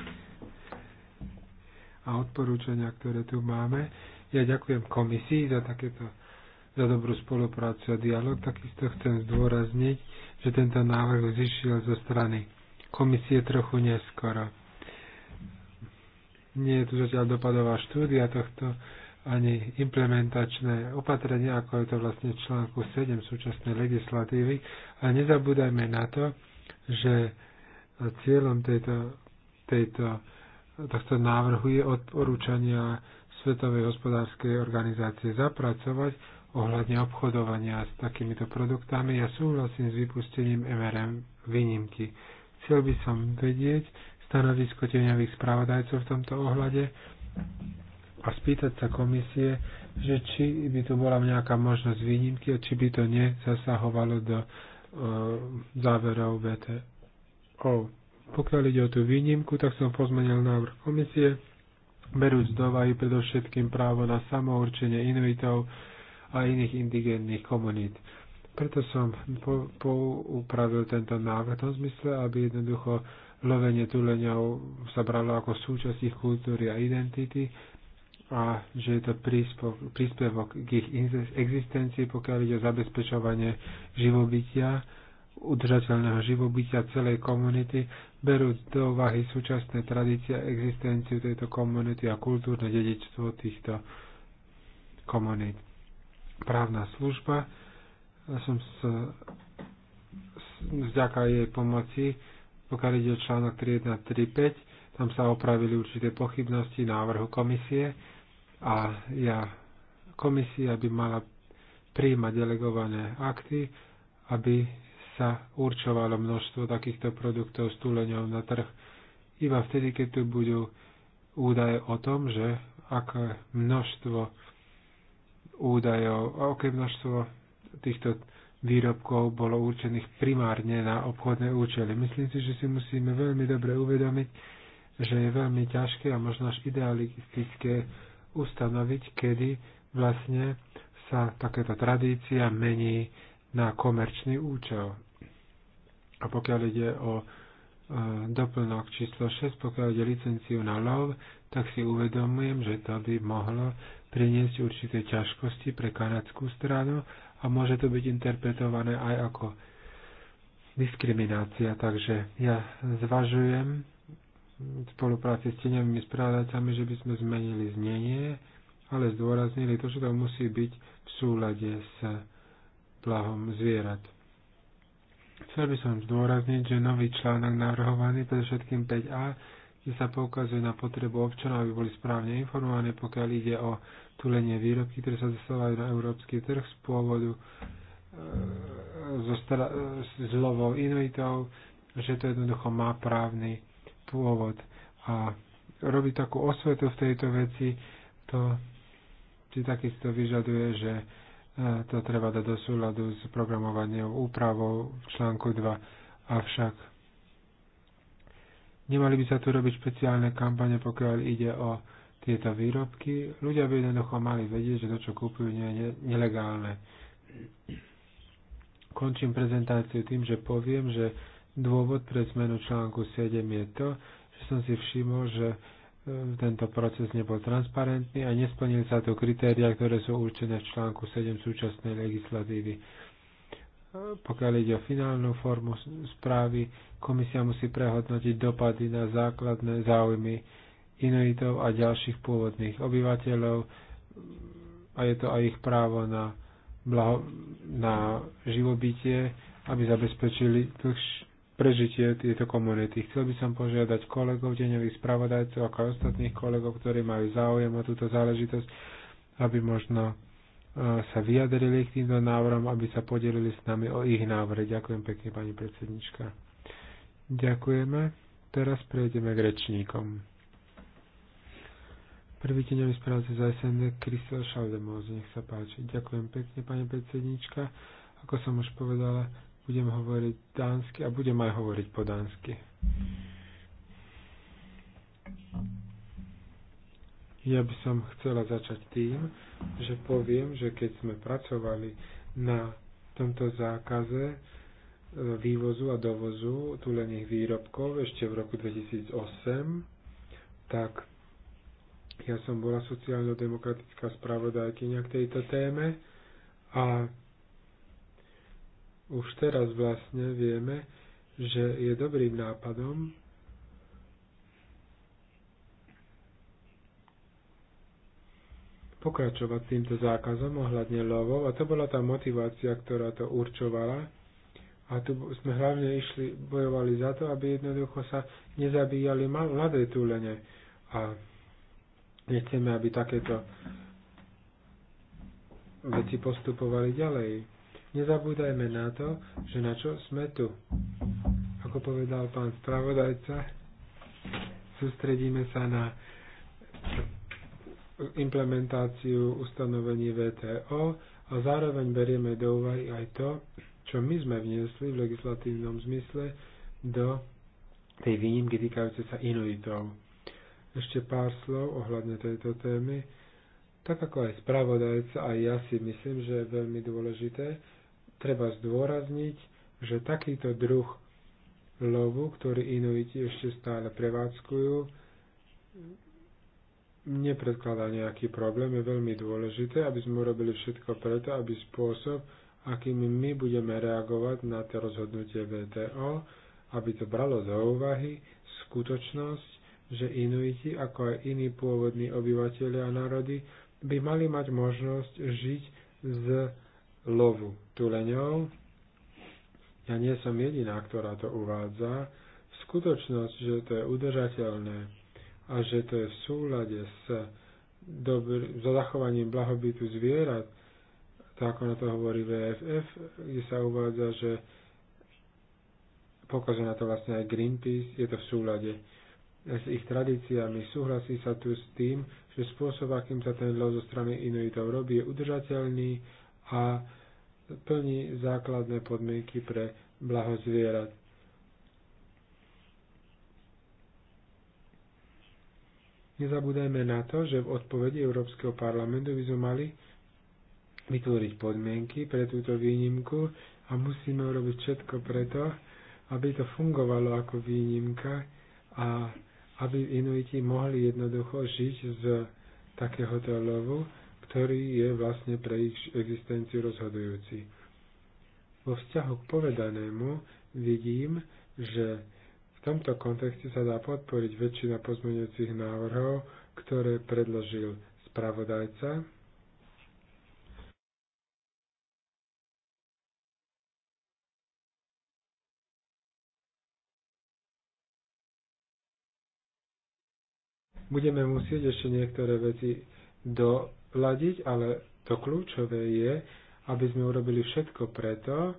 Speaker 2: a odporúčania, ktoré tu máme, ja ďakujem komisii za takéto za dobrú spoluprácu a dialog. Takisto chcem zdôrazniť, že tento návrh zišiel zo strany komisie trochu neskoro. Nie je tu zatiaľ dopadová štúdia tohto ani implementačné opatrenia, ako je to vlastne v článku 7 súčasnej legislatívy. A nezabúdajme na to, že cieľom tejto, tejto, tohto návrhu je odporúčania Svetovej hospodárskej organizácie zapracovať ohľadne obchodovania s takýmito produktami. Ja súhlasím s vypustením MRM výnimky. Chcel by som vedieť stanovisko tieňových spravodajcov v tomto ohľade a spýtať sa komisie, že či by tu bola nejaká možnosť výnimky a či by to nezasahovalo do e, záverov VTO. Pokiaľ ide o tú výnimku, tak som pozmenil návrh komisie, berúc do váhy predovšetkým právo na samourčenie inuitov a iných indigenných komunít. Preto som po, poupravil tento návrh v tom zmysle, aby jednoducho lovenie tuleňov sa bralo ako súčasť ich kultúry a identity, a že je to príspevok k ich existencii, pokiaľ ide o zabezpečovanie živobytia, udržateľného živobytia celej komunity, berúc do úvahy súčasné tradície, existenciu tejto komunity a kultúrne dedičstvo týchto komunít. Právna služba, ja som s, vďaka jej pomoci, pokiaľ ide o článok 3135, tam sa opravili určité pochybnosti návrhu komisie, a ja, komisia by mala príjmať delegované akty, aby sa určovalo množstvo takýchto produktov s tuleňou na trh iba vtedy, keď tu budú údaje o tom, že aké množstvo údajov, aké množstvo týchto výrobkov bolo určených primárne na obchodné účely. Myslím si, že si musíme veľmi dobre uvedomiť, že je veľmi ťažké a možno až idealistické ustanoviť, kedy vlastne sa takéto tradícia mení na komerčný účel. A pokiaľ ide o e, doplnok číslo 6, pokiaľ ide licenciu na lov, tak si uvedomujem, že to by mohlo priniesť určité ťažkosti pre kanadskú stranu a môže to byť interpretované aj ako diskriminácia. Takže ja zvažujem v spolupráci s tenevými správacami, že by sme zmenili znenie, ale zdôraznili to, že to musí byť v súlade s blahom zvierat. Chcel by som zdôrazniť, že nový článok navrhovaný, pre všetkým 5a, kde sa poukazuje na potrebu občanov, aby boli správne informovaní, pokiaľ ide o tulenie výrobky, ktoré sa dostávajú na európsky trh z pôvodu e, zo stra- e, lovou inuitov, že to jednoducho má právny pôvod. A robiť takú osvetu v tejto veci, to si takisto vyžaduje, že e, to treba dať do súľadu s programovaním úpravou v článku 2. Avšak nemali by sa tu robiť špeciálne kampane, pokiaľ ide o tieto výrobky. Ľudia by jednoducho mali vedieť, že to, čo kúpujú, nie je nelegálne. Končím prezentáciu tým, že poviem, že Dôvod pre zmenu článku 7 je to, že som si všimol, že e, tento proces nebol transparentný a nesplnil sa tu kritéria, ktoré sú určené v článku 7 súčasnej legislatívy. E, pokiaľ ide o finálnu formu správy, komisia musí prehodnotiť dopady na základné záujmy Inuitov a ďalších pôvodných obyvateľov a je to aj ich právo na, blaho, na živobytie, aby zabezpečili dlhš, prežitie tejto komunity. Chcel by som požiadať kolegov, deňových spravodajcov, ako aj ostatných kolegov, ktorí majú záujem o túto záležitosť, aby možno e, sa vyjadrili k týmto návrhom, aby sa podelili s nami o ich návrhy. Ďakujem pekne, pani predsednička. Ďakujeme. Teraz prejdeme k rečníkom. Prvý deňový správca za SND, Kristel Šaldemóz, nech sa páči. Ďakujem pekne, pani predsednička. Ako som už povedala, budem hovoriť dánsky a budem aj hovoriť po dánsky. Ja by som chcela začať tým, že poviem, že keď sme pracovali na tomto zákaze e, vývozu a dovozu tulených výrobkov ešte v roku 2008, tak ja som bola sociálno-demokratická spravodajkynia k tejto téme a už teraz vlastne vieme, že je dobrým nápadom pokračovať týmto zákazom ohľadne lovov a to bola tá motivácia, ktorá to určovala. A tu sme hlavne išli, bojovali za to, aby jednoducho sa nezabíjali mladé túlene. A nechceme, aby takéto veci postupovali ďalej. Nezabúdajme na to, že na čo sme tu. Ako povedal pán spravodajca, sústredíme sa na implementáciu ustanovení VTO a zároveň berieme do úvahy aj to, čo my sme vniesli v legislatívnom zmysle do tej výnimky týkajúce sa Inuitov. Ešte pár slov ohľadne tejto témy. Tak ako aj spravodajca, aj ja si myslím, že je veľmi dôležité, treba zdôrazniť, že takýto druh lovu, ktorý inuiti ešte stále prevádzkujú, nepredkladá nejaký problém. Je veľmi dôležité, aby sme urobili všetko preto, aby spôsob, akým my budeme reagovať na to rozhodnutie VTO, aby to bralo do úvahy skutočnosť, že Inuiti, ako aj iní pôvodní obyvateľia a národy, by mali mať možnosť žiť z lovu tuleňov. Ja nie som jediná, ktorá to uvádza. Skutočnosť, že to je udržateľné a že to je v súlade s dobr- so zachovaním blahobytu zvierat, tak ako na to hovorí VFF, kde sa uvádza, že pokazuje na to vlastne aj Greenpeace, je to v súlade s ich tradíciami. Súhlasí sa tu s tým, že spôsob, akým sa ten lov zo strany Inuitov robí, je udržateľný a plní základné podmienky pre blaho zvierat. Nezabúdajme na to, že v odpovedi Európskeho parlamentu by sme mali vytvoriť podmienky pre túto výnimku a musíme urobiť všetko preto, aby to fungovalo ako výnimka a aby Inuiti mohli jednoducho žiť z takéhoto lovu ktorý je vlastne pre ich existenciu rozhodujúci. Vo vzťahu k povedanému vidím, že v tomto kontexte sa dá podporiť väčšina pozmeňujúcich návrhov, ktoré predložil spravodajca. Budeme musieť ešte niektoré veci do ladiť, ale to kľúčové je, aby sme urobili všetko preto,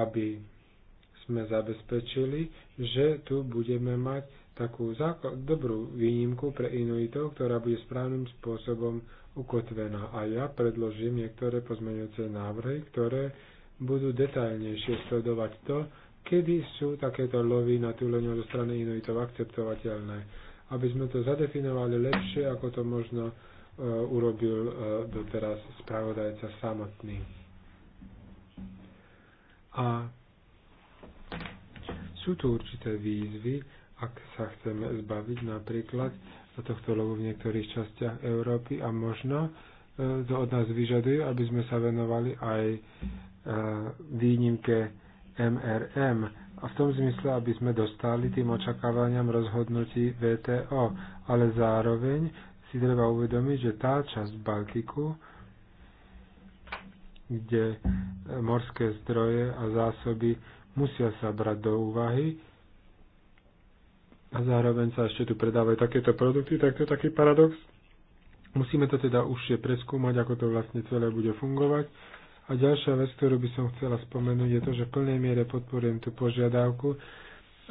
Speaker 2: aby sme zabezpečili, že tu budeme mať takú dobrú výnimku pre Inuitov, ktorá bude správnym spôsobom ukotvená. A ja predložím niektoré pozmeňujúce návrhy, ktoré budú detailnejšie sledovať to, kedy sú takéto lovy na túleniu zo strany Inuitov akceptovateľné, aby sme to zadefinovali lepšie, ako to možno Eh, urobil eh, doteraz spravodajca samotný. A sú tu určité výzvy, ak sa chceme zbaviť napríklad tohto lovu v niektorých častiach Európy a možno eh, to od nás vyžaduje, aby sme sa venovali aj výnimke MRM a v tom zmysle, aby sme dostali tým očakávaniam rozhodnutí VTO, ale zároveň, si treba uvedomiť, že tá časť Baltiku, kde e, morské zdroje a zásoby musia sa brať do úvahy a zároveň sa ešte tu predávajú takéto produkty, tak to je taký paradox. Musíme to teda užšie preskúmať, ako to vlastne celé bude fungovať. A ďalšia vec, ktorú by som chcela spomenúť, je to, že v plnej miere podporujem tú požiadavku,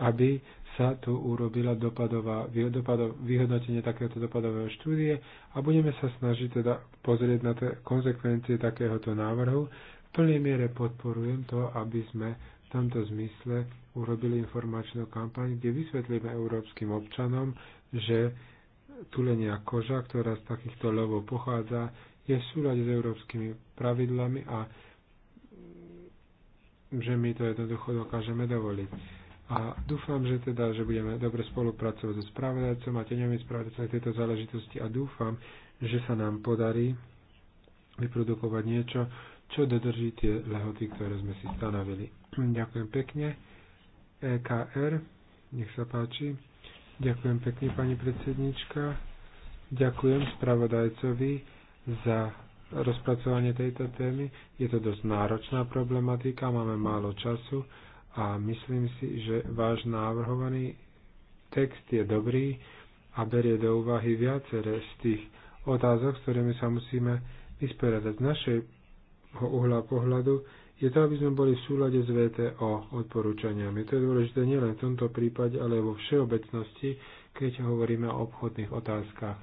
Speaker 2: aby sa tu urobila dopadová, dopadov, vyhodnotenie takéhoto dopadového štúdie a budeme sa snažiť teda pozrieť na te konsekvencie takéhoto návrhu. V plnej miere podporujem to, aby sme v tomto zmysle urobili informačnú kampaň, kde vysvetlíme európskym občanom, že tulenia koža, ktorá z takýchto lovov pochádza, je v súľade s európskymi pravidlami a že my to jednoducho dokážeme dovoliť. A dúfam, že teda, že budeme dobre spolupracovať so spravodajcom a teňovým spravodajcom aj tejto záležitosti a dúfam, že sa nám podarí vyprodukovať niečo, čo dodrží tie lehoty, ktoré sme si stanovili. <clears throat> Ďakujem pekne. EKR, nech sa páči. Ďakujem pekne, pani predsednička. Ďakujem spravodajcovi za rozpracovanie tejto témy. Je to dosť náročná problematika, máme málo času a myslím si, že váš návrhovaný text je dobrý a berie do úvahy viaceré z tých otázok, s ktorými sa musíme vysporiadať. Z našeho uhla pohľadu je to, aby sme boli v súlade s VTO odporúčaniami. To je dôležité nielen v tomto prípade, ale vo všeobecnosti, keď hovoríme o obchodných otázkach.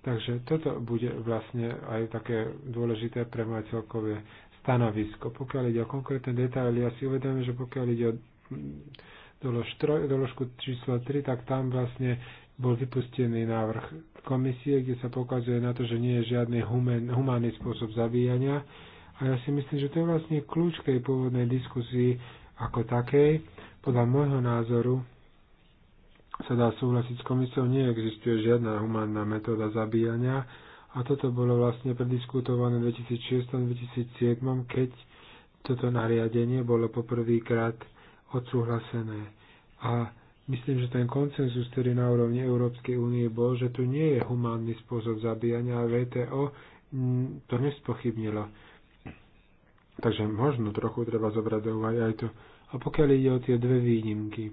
Speaker 2: Takže toto bude vlastne aj také dôležité pre moje celkové stanovisko. Pokiaľ ide o konkrétne detaily, ja si uvedomím, že pokiaľ ide o mm, doložku číslo 3, tak tam vlastne bol vypustený návrh komisie, kde sa pokazuje na to, že nie je žiadny humen, humánny spôsob zabíjania. A ja si myslím, že to je vlastne kľúč k tej pôvodnej diskusii ako takej. Podľa môjho názoru sa dá súhlasiť s komisiou, neexistuje žiadna humánna metóda zabíjania, a toto bolo vlastne prediskutované v 2006-2007, keď toto nariadenie bolo poprvýkrát odsúhlasené. A myslím, že ten koncenzus, ktorý na úrovni Európskej únie bol, že tu nie je humánny spôsob zabíjania a VTO to nespochybnilo. Takže možno trochu treba zobrať do úvahy aj to. A pokiaľ ide o tie dve výnimky,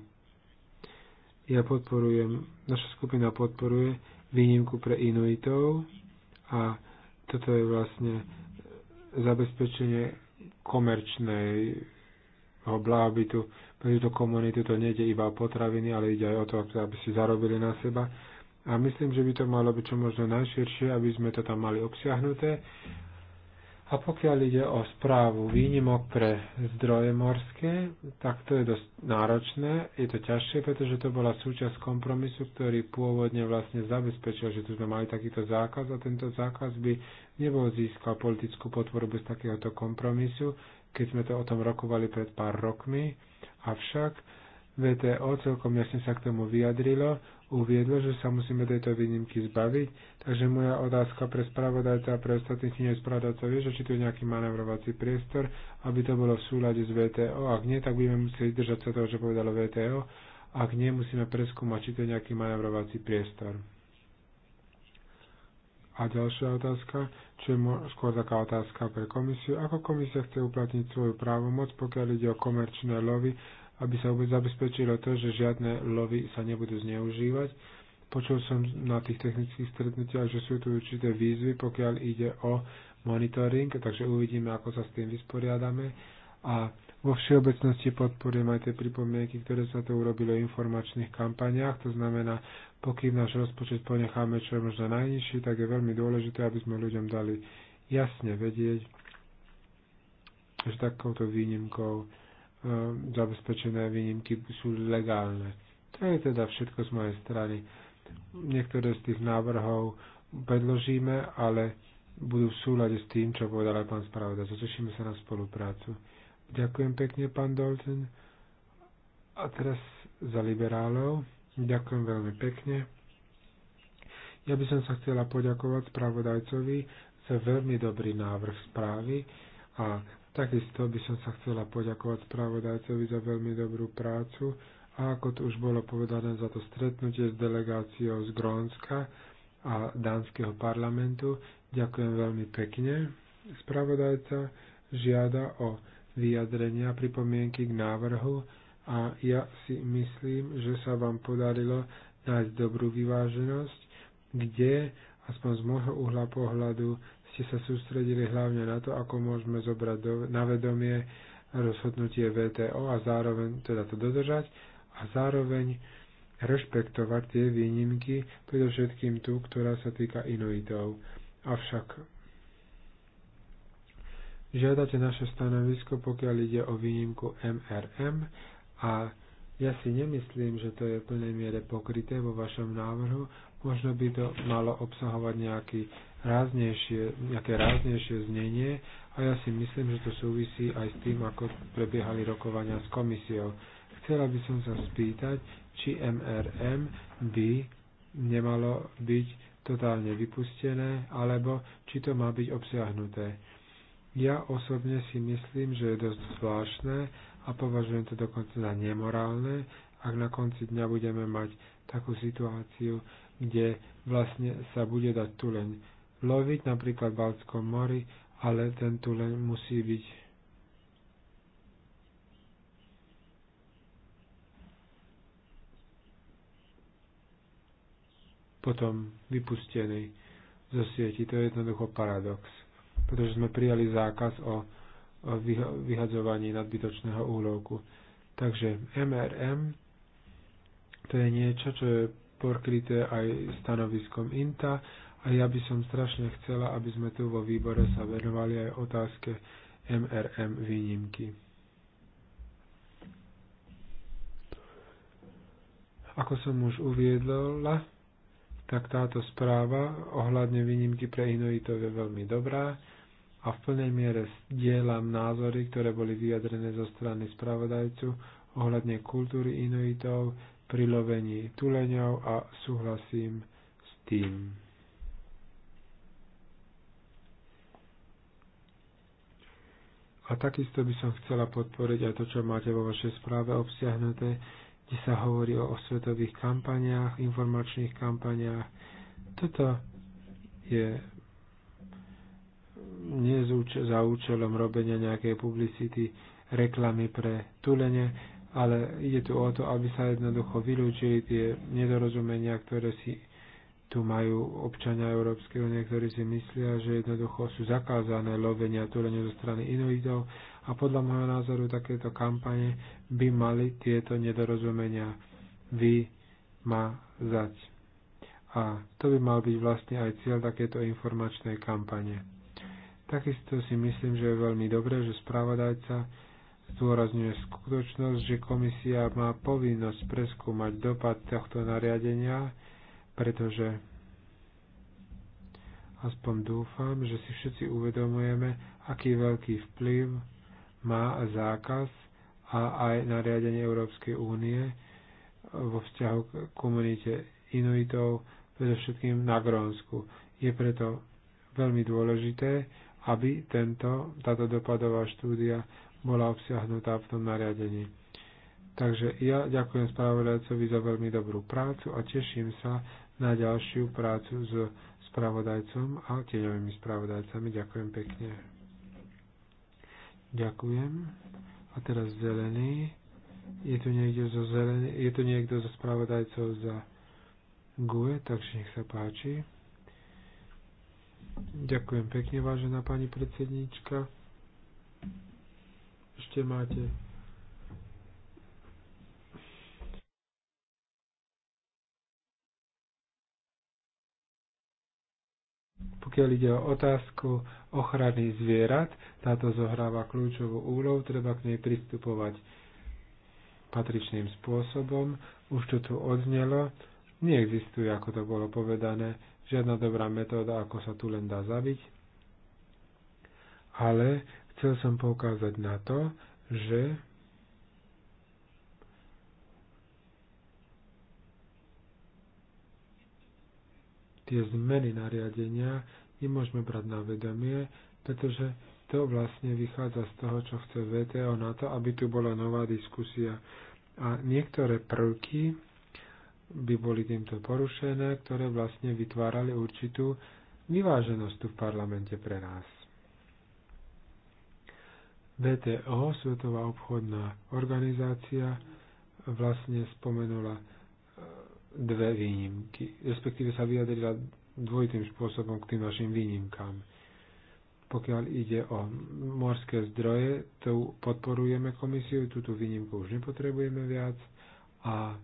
Speaker 2: ja podporujem, naša skupina podporuje výnimku pre Inuitov, a toto je vlastne zabezpečenie komerčnej blahobytu pre túto komunitu. To nejde iba o potraviny, ale ide aj o to, aby si zarobili na seba. A myslím, že by to malo byť čo možno najširšie, aby sme to tam mali obsiahnuté. A pokiaľ ide o správu výnimok pre zdroje morské, tak to je dosť náročné, je to ťažšie, pretože to bola súčasť kompromisu, ktorý pôvodne vlastne zabezpečil, že tu sme mali takýto zákaz a tento zákaz by nebol získal politickú podporu bez takéhoto kompromisu, keď sme to o tom rokovali pred pár rokmi. Avšak VTO celkom jasne sa k tomu vyjadrilo uviedlo, že sa musíme tejto výnimky zbaviť. Takže moja otázka pre spravodajca a pre ostatných tieňov je, že či tu je nejaký manevrovací priestor, aby to bolo v súľade s VTO. Ak nie, tak budeme musieť držať sa toho, čo povedalo VTO. Ak nie, musíme preskúmať, či to je nejaký manevrovací priestor. A ďalšia otázka, čo je skôr taká otázka pre komisiu. Ako komisia chce uplatniť svoju právomoc, pokiaľ ide o komerčné lovy aby sa vôbec zabezpečilo to, že žiadne lovy sa nebudú zneužívať. Počul som na tých technických stretnutiach, že sú tu určité výzvy, pokiaľ ide o monitoring, takže uvidíme, ako sa s tým vysporiadame. A vo všeobecnosti podporujem aj tie pripomienky, ktoré sa to urobilo v informačných kampaniách. To znamená, pokým náš rozpočet ponecháme čo je možno najnižší, tak je veľmi dôležité, aby sme ľuďom dali jasne vedieť, že takouto výnimkou Ehm, zabezpečené výnimky sú legálne. To je teda všetko z mojej strany. Niektoré z tých návrhov predložíme, ale budú v súlade s tým, čo povedal aj pán spravodajca. Zatešíme sa na spoluprácu. Ďakujem pekne, pán Dolten. A teraz za liberálov. Ďakujem veľmi pekne. Ja by som sa chcela poďakovať spravodajcovi za veľmi dobrý návrh správy a Takisto by som sa chcela poďakovať správodajcovi za veľmi dobrú prácu a ako to už bolo povedané za to stretnutie s delegáciou z Grónska a Dánskeho parlamentu. Ďakujem veľmi pekne. Spravodajca žiada o vyjadrenia, pripomienky k návrhu a ja si myslím, že sa vám podarilo nájsť dobrú vyváženosť, kde, aspoň z môjho uhla pohľadu, ste sa sústredili hlavne na to, ako môžeme zobrať do, na vedomie rozhodnutie VTO a zároveň teda to dodržať a zároveň rešpektovať tie výnimky, predovšetkým tú, ktorá sa týka Inuitov. Avšak žiadate naše stanovisko, pokiaľ ide o výnimku MRM a ja si nemyslím, že to je v plnej miere pokryté vo vašom návrhu. Možno by to malo obsahovať nejaký ráznejšie, nejaké ráznejšie znenie a ja si myslím, že to súvisí aj s tým, ako prebiehali rokovania s komisiou. Chcela by som sa spýtať, či MRM by nemalo byť totálne vypustené, alebo či to má byť obsiahnuté. Ja osobne si myslím, že je dosť zvláštne a považujem to dokonca za nemorálne, ak na konci dňa budeme mať takú situáciu, kde vlastne sa bude dať tu len loviť, napríklad v Balckom mori, ale ten len musí byť potom vypustený zo sieti. To je jednoducho paradox, pretože sme prijali zákaz o, o vyhadzovaní nadbytočného úlovku. Takže MRM to je niečo, čo je pokryté aj stanoviskom INTA a ja by som strašne chcela, aby sme tu vo výbore sa venovali aj otázke MRM výnimky. Ako som už uviedla, tak táto správa ohľadne výnimky pre Inuitov je veľmi dobrá a v plnej miere dielam názory, ktoré boli vyjadrené zo strany spravodajcu ohľadne kultúry Inuitov, prilovení tuleňov a súhlasím s tým. A takisto by som chcela podporiť aj to, čo máte vo vašej správe obsiahnuté, kde sa hovorí o osvetových kampaniách, informačných kampaniách. Toto je nie za účelom robenia nejakej publicity, reklamy pre tulene, ale ide tu o to, aby sa jednoducho vylúčili tie nedorozumenia, ktoré si tu majú občania Európskej únie, ktorí si myslia, že jednoducho sú zakázané lovenia tulenia zo strany Inuitov a podľa môjho názoru takéto kampane by mali tieto nedorozumenia vymazať. A to by mal byť vlastne aj cieľ takéto informačnej kampane. Takisto si myslím, že je veľmi dobré, že spravodajca zdôrazňuje skutočnosť, že komisia má povinnosť preskúmať dopad tohto nariadenia, pretože Aspoň dúfam, že si všetci uvedomujeme, aký veľký vplyv má zákaz a aj nariadenie Európskej únie vo vzťahu k komunite Inuitov, predovšetkým na Grónsku. Je preto veľmi dôležité, aby tento, táto dopadová štúdia bola obsiahnutá v tom nariadení. Takže ja ďakujem spravodajcovi za veľmi dobrú prácu a teším sa na ďalšiu prácu s spravodajcom a tieňovými spravodajcami. Ďakujem pekne. Ďakujem. A teraz zelený. Je tu niekto zo, zelený, je tu niekto zo spravodajcov za GUE, takže nech sa páči. Ďakujem pekne, vážená pani predsedníčka. Ešte máte Pokiaľ ide o otázku ochrany zvierat, táto zohráva kľúčovú úlohu, treba k nej pristupovať patričným spôsobom. Už to tu odznelo, neexistuje, ako to bolo povedané, žiadna dobrá metóda, ako sa tu len dá zabiť. Ale chcel som poukázať na to, že tie zmeny nariadenia nemôžeme brať na vedomie, pretože to vlastne vychádza z toho, čo chce VTO na to, aby tu bola nová diskusia. A niektoré prvky by boli týmto porušené, ktoré vlastne vytvárali určitú vyváženosť tu v parlamente pre nás. VTO, Svetová obchodná organizácia, vlastne spomenula eh, dve výnimky, respektíve sa vyjadrila dvojitým spôsobom k tým našim výnimkám. Pokiaľ ide o morské zdroje, tu podporujeme komisiu, túto výnimku už nepotrebujeme viac a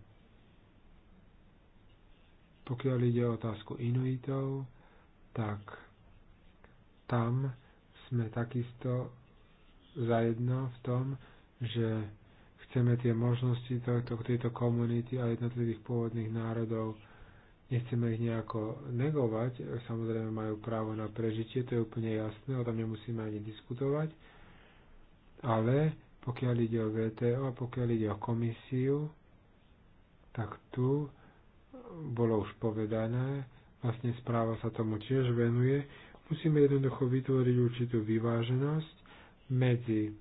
Speaker 2: pokiaľ ide o otázku Inuitov, tak tam sme takisto zajedno v tom, že chceme tie možnosti tohto, tejto komunity a jednotlivých pôvodných národov Nechceme ich nejako negovať, samozrejme majú právo na prežitie, to je úplne jasné, o tom nemusíme ani diskutovať, ale pokiaľ ide o VTO a pokiaľ ide o komisiu, tak tu bolo už povedané, vlastne správa sa tomu tiež venuje, musíme jednoducho vytvoriť určitú vyváženosť medzi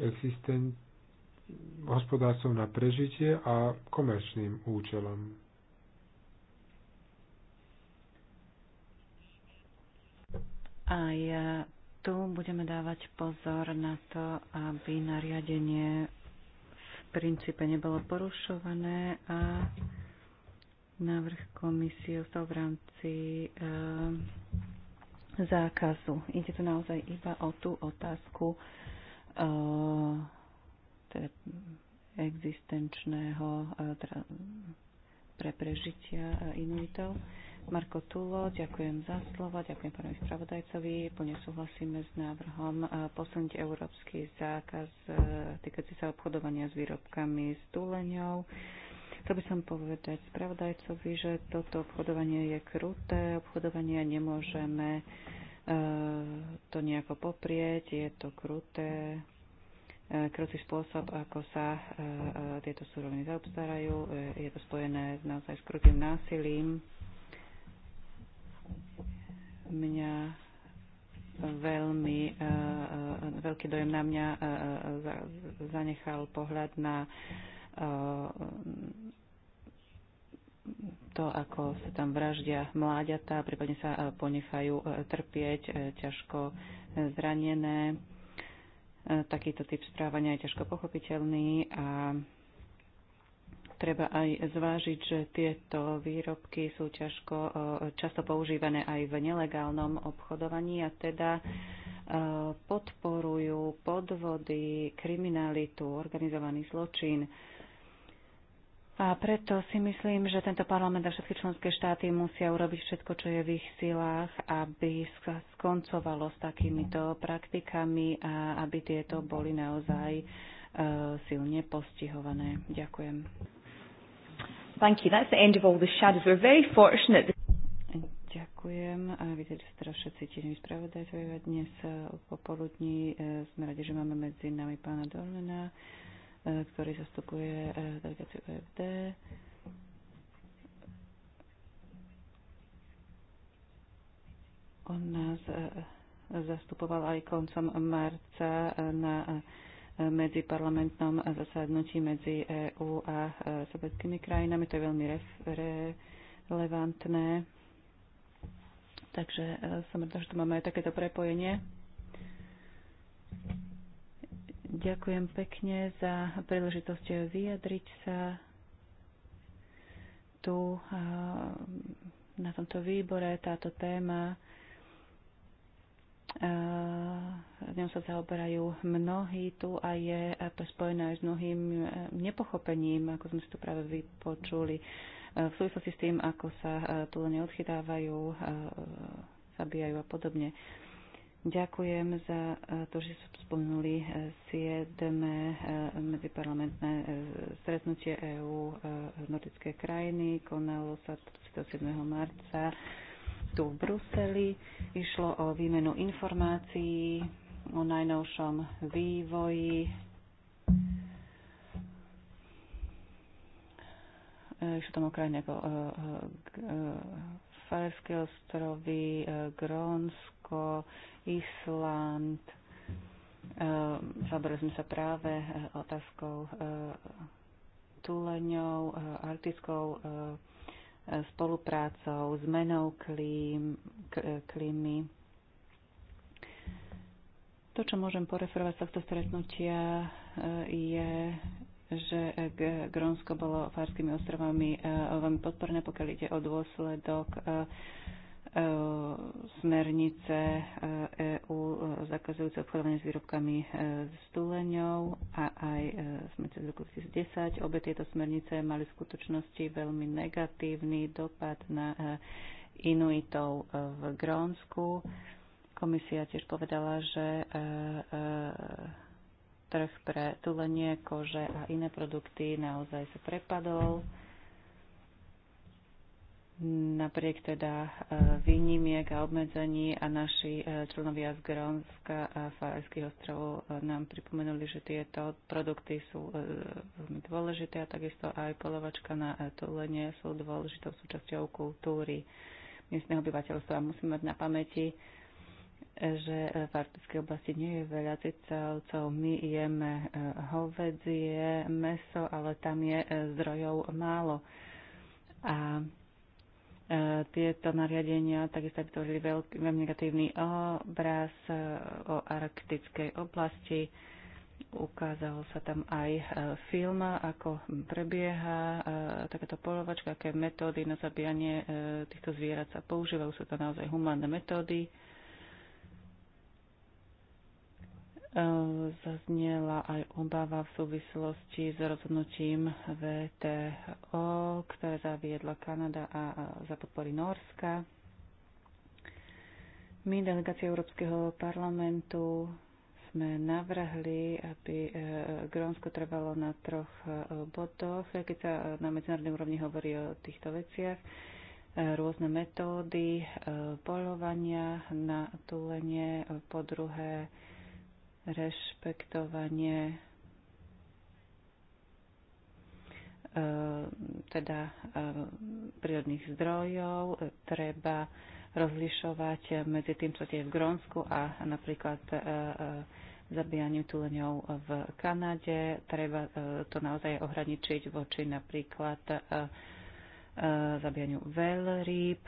Speaker 2: existent hospodárstvom na prežitie a komerčným účelom.
Speaker 4: Aj tu budeme dávať pozor na to, aby nariadenie v princípe nebolo porušované a návrh komisie ostal v rámci e, zákazu. Ide tu naozaj iba o tú otázku e, teda existenčného e, teda pre prežitia inuitov. E, Marko Tulo, ďakujem za slova, ďakujem pánovi spravodajcovi. Plne súhlasíme s návrhom eh, posunúť európsky zákaz eh, týkajúci sa obchodovania s výrobkami s túleňou. Chcel by som povedať spravodajcovi, že toto obchodovanie je kruté, obchodovanie nemôžeme eh, to nejako poprieť, je to kruté, krutý spôsob, ako sa tieto súroviny zaobstarajú. Je to spojené naozaj s krutým násilím mňa veľmi eh, eh, veľký dojem na mňa eh, zanechal pohľad na to, ako sa tam vraždia mláďatá, prípadne sa ponechajú trpieť, ťažko zranené. Takýto typ správania je ťažko pochopiteľný a treba aj zvážiť, že tieto výrobky sú ťažko e, často používané aj v nelegálnom obchodovaní a teda e, podporujú podvody, kriminalitu, organizovaný zločin. A preto si myslím, že tento parlament a všetky členské štáty musia urobiť všetko, čo je v ich silách, aby sa skoncovalo s takýmito praktikami a aby tieto boli naozaj e, silne postihované. Ďakujem. Thank you. That's the end of all the shadows. We're very fortunate. That... Ďakujem. A videli ste teraz všetci tieňoví spravodajcovia. Dnes e, popoludní e, sme radi, že máme medzi nami pána Dolmena, e, ktorý zastupuje delegáciu EFD. On nás zastupoval aj koncom marca na medzi parlamentnom zasadnutí medzi EÚ a e, sovietskými krajinami. To je veľmi relevantné. Takže e, som rada, že tu máme aj takéto prepojenie. Ďakujem pekne za príležitosť vyjadriť sa tu e, na tomto výbore. Táto téma Eh, v ňom sa zaoberajú mnohí tu a je to spojené aj s mnohým eh, nepochopením, ako sme si tu práve vypočuli, eh, v súvislosti s tým, ako sa tu neodchytávajú, zabíjajú a podobne. Ďakujem za to, že ste spomenuli 7. medziparlamentné stretnutie EÚ nordické krajiny. Konalo sa 7. marca tu v Bruseli. Išlo o výmenu informácií o najnovšom vývoji. Išlo tam okrajne ako e, e, e, Fajerské ostrovy, Grónsko, Island. Zabrali sme sa práve otázkou tuleňov, arktickou spoluprácou, zmenou klím, klímy. To, čo môžem poreferovať z tohto stretnutia, e, je, že Grónsko bolo Farskými ostrovami e, veľmi podporné, pokiaľ ide o dôsledok e, E, smernice EÚ e e, zakazujúce obchodovanie s výrobkami s tuleňou a aj smernice z roku 2010. Obe tieto smernice mali v skutočnosti veľmi negatívny dopad na Inuitov v Grónsku. Komisia tiež povedala, že trh pre tulenie, kože a iné produkty naozaj sa prepadol napriek teda e, výnimiek a obmedzení a naši e, členovia z Grónska a Farajských ostrovov e, nám pripomenuli, že tieto produkty sú veľmi dôležité a takisto aj polovačka na tulenie sú dôležitou súčasťou kultúry miestneho obyvateľstva. Musíme mať na pamäti, že v arktickej oblasti nie je veľa cicavcov. My jeme hovedzie, meso, ale tam je zdrojov málo. A tieto nariadenia takisto vytvorili veľký, veľmi negatívny obraz e, o arktickej oblasti. Ukázal sa tam aj e, film, ako prebieha e, takáto polovačka, aké metódy na zabíjanie týchto zvierat sa používajú. Sú to naozaj humánne metódy. Eh, zaznela aj obava v súvislosti s rozhodnutím VTO, ktoré zaviedla Kanada a za podpory Norska. My, delegácia Európskeho parlamentu, sme navrhli, aby eh, Grónsko trvalo na troch eh, bodoch, keď sa na medzinárodnej úrovni hovorí o týchto veciach. Rôzne metódy polovania na tulenie, po druhé rešpektovanie e, teda e, prírodných zdrojov treba rozlišovať medzi tým, čo tie je v Grónsku a napríklad e, zabíjaniu tuleňov v Kanade. Treba to naozaj ohraničiť voči napríklad zabíjaniu veľrýb.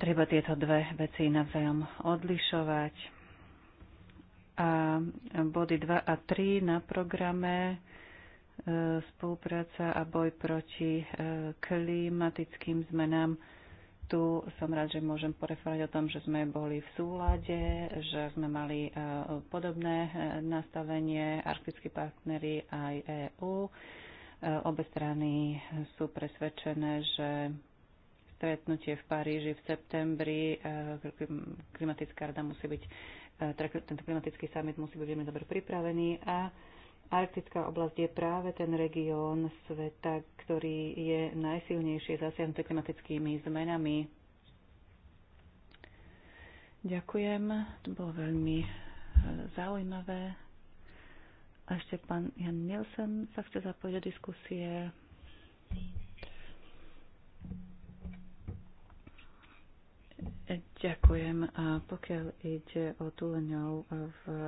Speaker 4: Treba tieto dve veci navzájom odlišovať a body 2 a 3 na programe e, spolupráca a boj proti e, klimatickým zmenám. Tu som rád, že môžem poreferovať o tom, že sme boli v súlade, že sme mali e, podobné nastavenie, arktickí partnery aj EÚ. Obe strany sú presvedčené, že stretnutie v Paríži v septembri klimatická rada musí byť E, tento klimatický summit musí byť veľmi dobre pripravený a Arktická oblasť je práve ten región sveta, ktorý je najsilnejšie zasiahnutý klimatickými zmenami. Ďakujem, to bolo veľmi e, zaujímavé. A ešte pán Jan Nielsen sa chce zapojiť do diskusie. Ďakujem. A pokiaľ ide o tuleňov v e, e,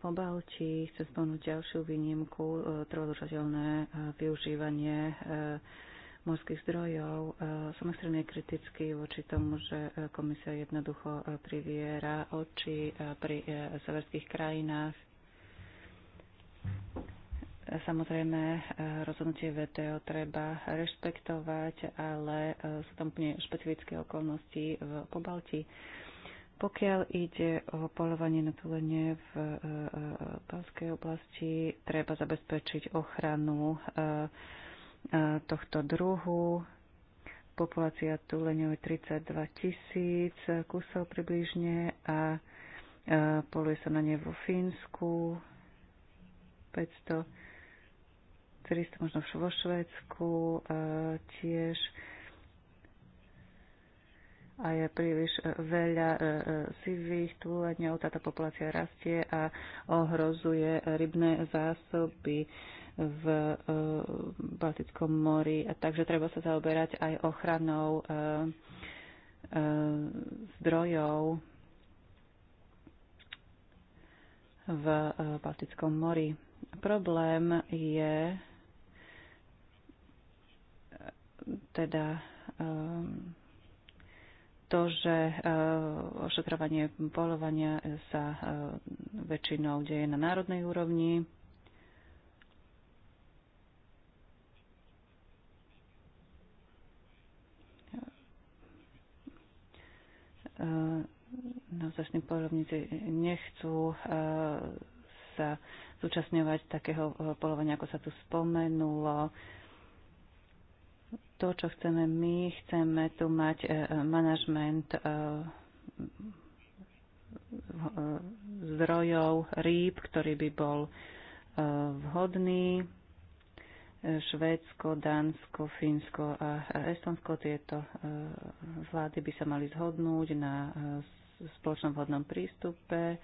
Speaker 4: po Balti chce spomenúť ďalšiu výnimku, e, trvalúžateľné využívanie morských zdrojov. Som extrémne kritický voči tomu, že komisia jednoducho priviera oči pri severských krajinách Samozrejme, e, rozhodnutie VTO treba rešpektovať, ale e, sú tam úplne špecifické okolnosti v Pobalti. Pokiaľ ide o polovanie na tulenie v e, Balskej oblasti, treba zabezpečiť ochranu tohto druhu. Populácia tuleňov je 32 tisíc kusov približne a poluje sa na ne vo Fínsku 500 300 možno vo Švedsku e, tiež a je príliš e, veľa e, sivých túľadňov. Táto populácia rastie a ohrozuje rybné zásoby v Baltickom mori. A takže treba sa zaoberať aj ochranou zdrojov v Baltickom mori. Problém je teda ehm, to, že eh, ošetrovanie polovania sa eh, väčšinou deje na národnej úrovni. Eh, naozajstní polovníci nechcú sa zúčastňovať takého polovania, ako sa tu spomenulo to, čo chceme my. Chceme tu mať e, e, manažment e, zdrojov rýb, ktorý by bol vhodný. Švédsko, Dánsko, Fínsko a Estonsko, tieto vlády by sa mali zhodnúť na spoločnom vhodnom prístupe.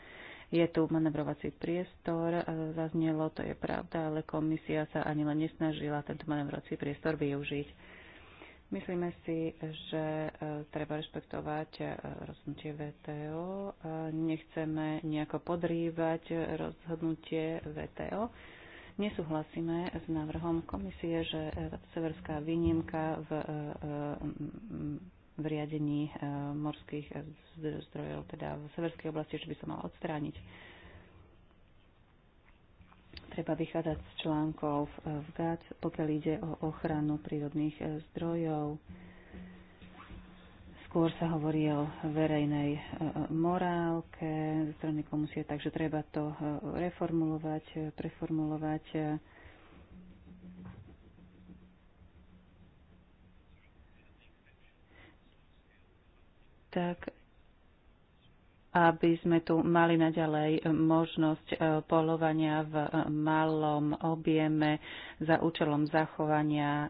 Speaker 4: Je tu manevrovací priestor, zaznelo, to je pravda, ale komisia sa ani len nesnažila tento manevrovací priestor využiť. Myslíme si, že e, treba rešpektovať e, rozhodnutie VTO. E, nechceme nejako podrývať rozhodnutie VTO. Nesúhlasíme s návrhom komisie, že severská výnimka v, v riadení morských zdrojov, teda v severskej oblasti, že by sa mala odstrániť treba vychádzať z článkov v GATS, pokiaľ ide o ochranu prírodných e, zdrojov. Skôr sa hovorí o verejnej e, morálke zo strany komisie, takže treba to e, reformulovať, preformulovať. tak, aby sme tu mali naďalej možnosť e, polovania v e, malom objeme za účelom zachovania e,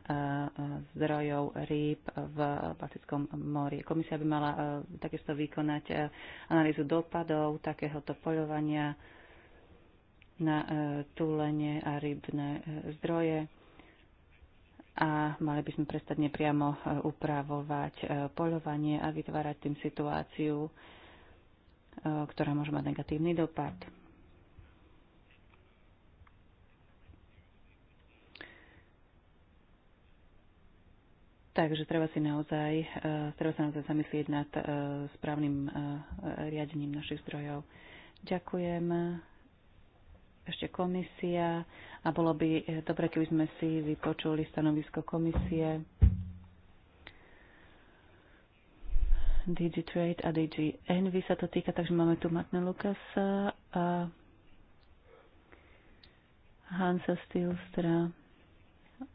Speaker 4: zdrojov rýb v Baltickom mori. Komisia by mala takisto vykonať analýzu dopadov takéhoto poľovania na túlenie a rybné zdroje a mali by sme prestať nepriamo upravovať poľovanie a vytvárať tým situáciu, Eh, ktorá môže mať negatívny dopad. Takže treba si naozaj, eh, treba sa naozaj zamyslieť nad eh, správnym riadením našich zdrojov. Ďakujem ešte komisia a bolo by dobre, keby sme si vypočuli stanovisko komisie. DigiTrade a DG Envy sa to týka, takže máme tu Matne Lukasa a Hansa Stilstra. Teda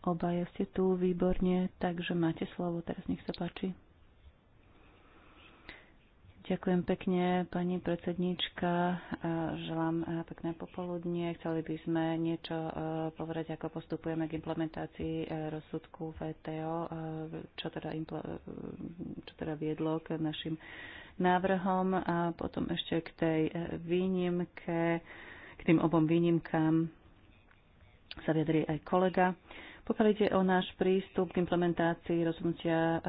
Speaker 4: obaja ste tu výborne, takže máte slovo, teraz nech sa páči. Ďakujem pekne, pani predsednička. Želám e, pekné popoludnie. Chceli by sme niečo e, povedať, ako postupujeme k implementácii e, rozsudku VTO, čo teda, čo teda viedlo k našim návrhom a potom ešte k tej výnimke, k tým obom výnimkám sa vyjadrí aj kolega. Pokiaľ ide o náš prístup k implementácii rozhodnutia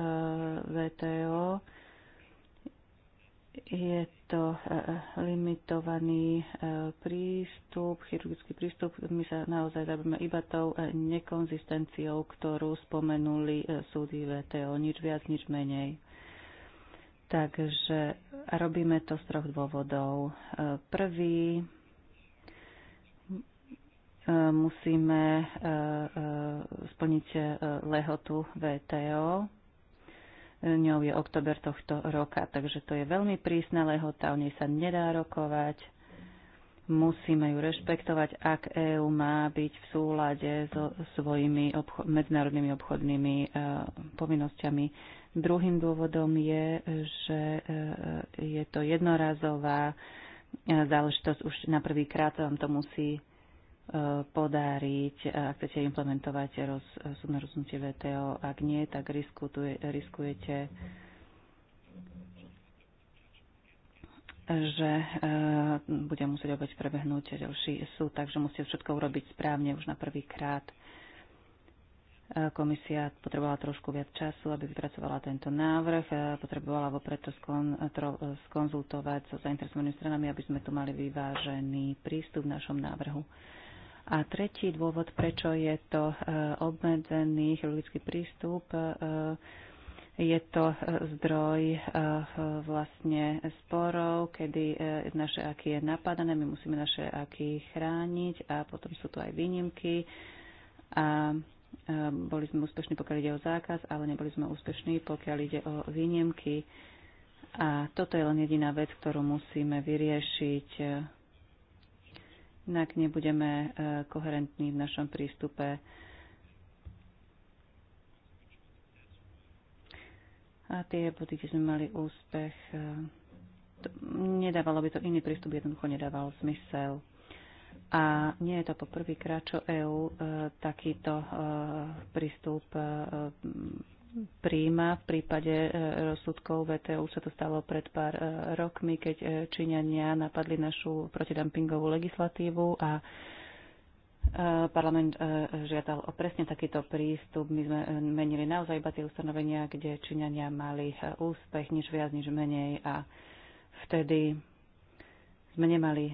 Speaker 4: VTO, je to e, e, limitovaný e, prístup, chirurgický prístup. My sa naozaj zabývame iba tou nekonzistenciou, ktorú spomenuli súdy VTO, nič viac, nič menej. Takže robíme to z troch dôvodov. Prvý, musíme splniť lehotu VTO ňou je oktober tohto roka, takže to je veľmi prísna lehota, o nej sa nedá rokovať. Musíme ju rešpektovať, ak EÚ má byť v súlade so svojimi obcho- medzinárodnými obchodnými e, povinnosťami. Druhým dôvodom je, že e, je to jednorazová e, záležitosť, už na prvý krát vám to musí podariť, ak chcete implementovať roz, súdne rozhodnutie VTO. Ak nie, tak riskutuje, riskujete, že e, bude musieť opäť prebehnúť ďalší súd, takže musíte všetko urobiť správne už na prvý krát. E, komisia potrebovala trošku viac času, aby vypracovala tento návrh. E, potrebovala vopred to skonzultovať so zainteresovanými stranami, aby sme tu mali vyvážený prístup v našom návrhu. A tretí dôvod, prečo je to e, obmedzený chirurgický prístup, e, je to e, zdroj vlastne sporov, kedy naše aky je napadané, my musíme naše aky chrániť a potom sú tu aj výnimky. A boli sme úspešní, pokiaľ ide o zákaz, ale neboli sme úspešní, pokiaľ ide o výnimky. A toto je len jediná vec, ktorú musíme vyriešiť inak nebudeme e, koherentní v našom prístupe. A tie body, kde sme mali úspech, e, nedávalo by to iný prístup, jednoducho nedával zmysel. A nie je to poprvýkrát, čo EÚ e, takýto prístup príjma. V prípade e, rozsudkov VTU sa to stalo pred pár e, rokmi, keď e, Číňania napadli našu protidumpingovú legislatívu a parlament žiadal o presne takýto prístup. My sme menili naozaj iba tie ustanovenia, kde Číňania mali úspech, nič viac, nič menej a vtedy sme nemali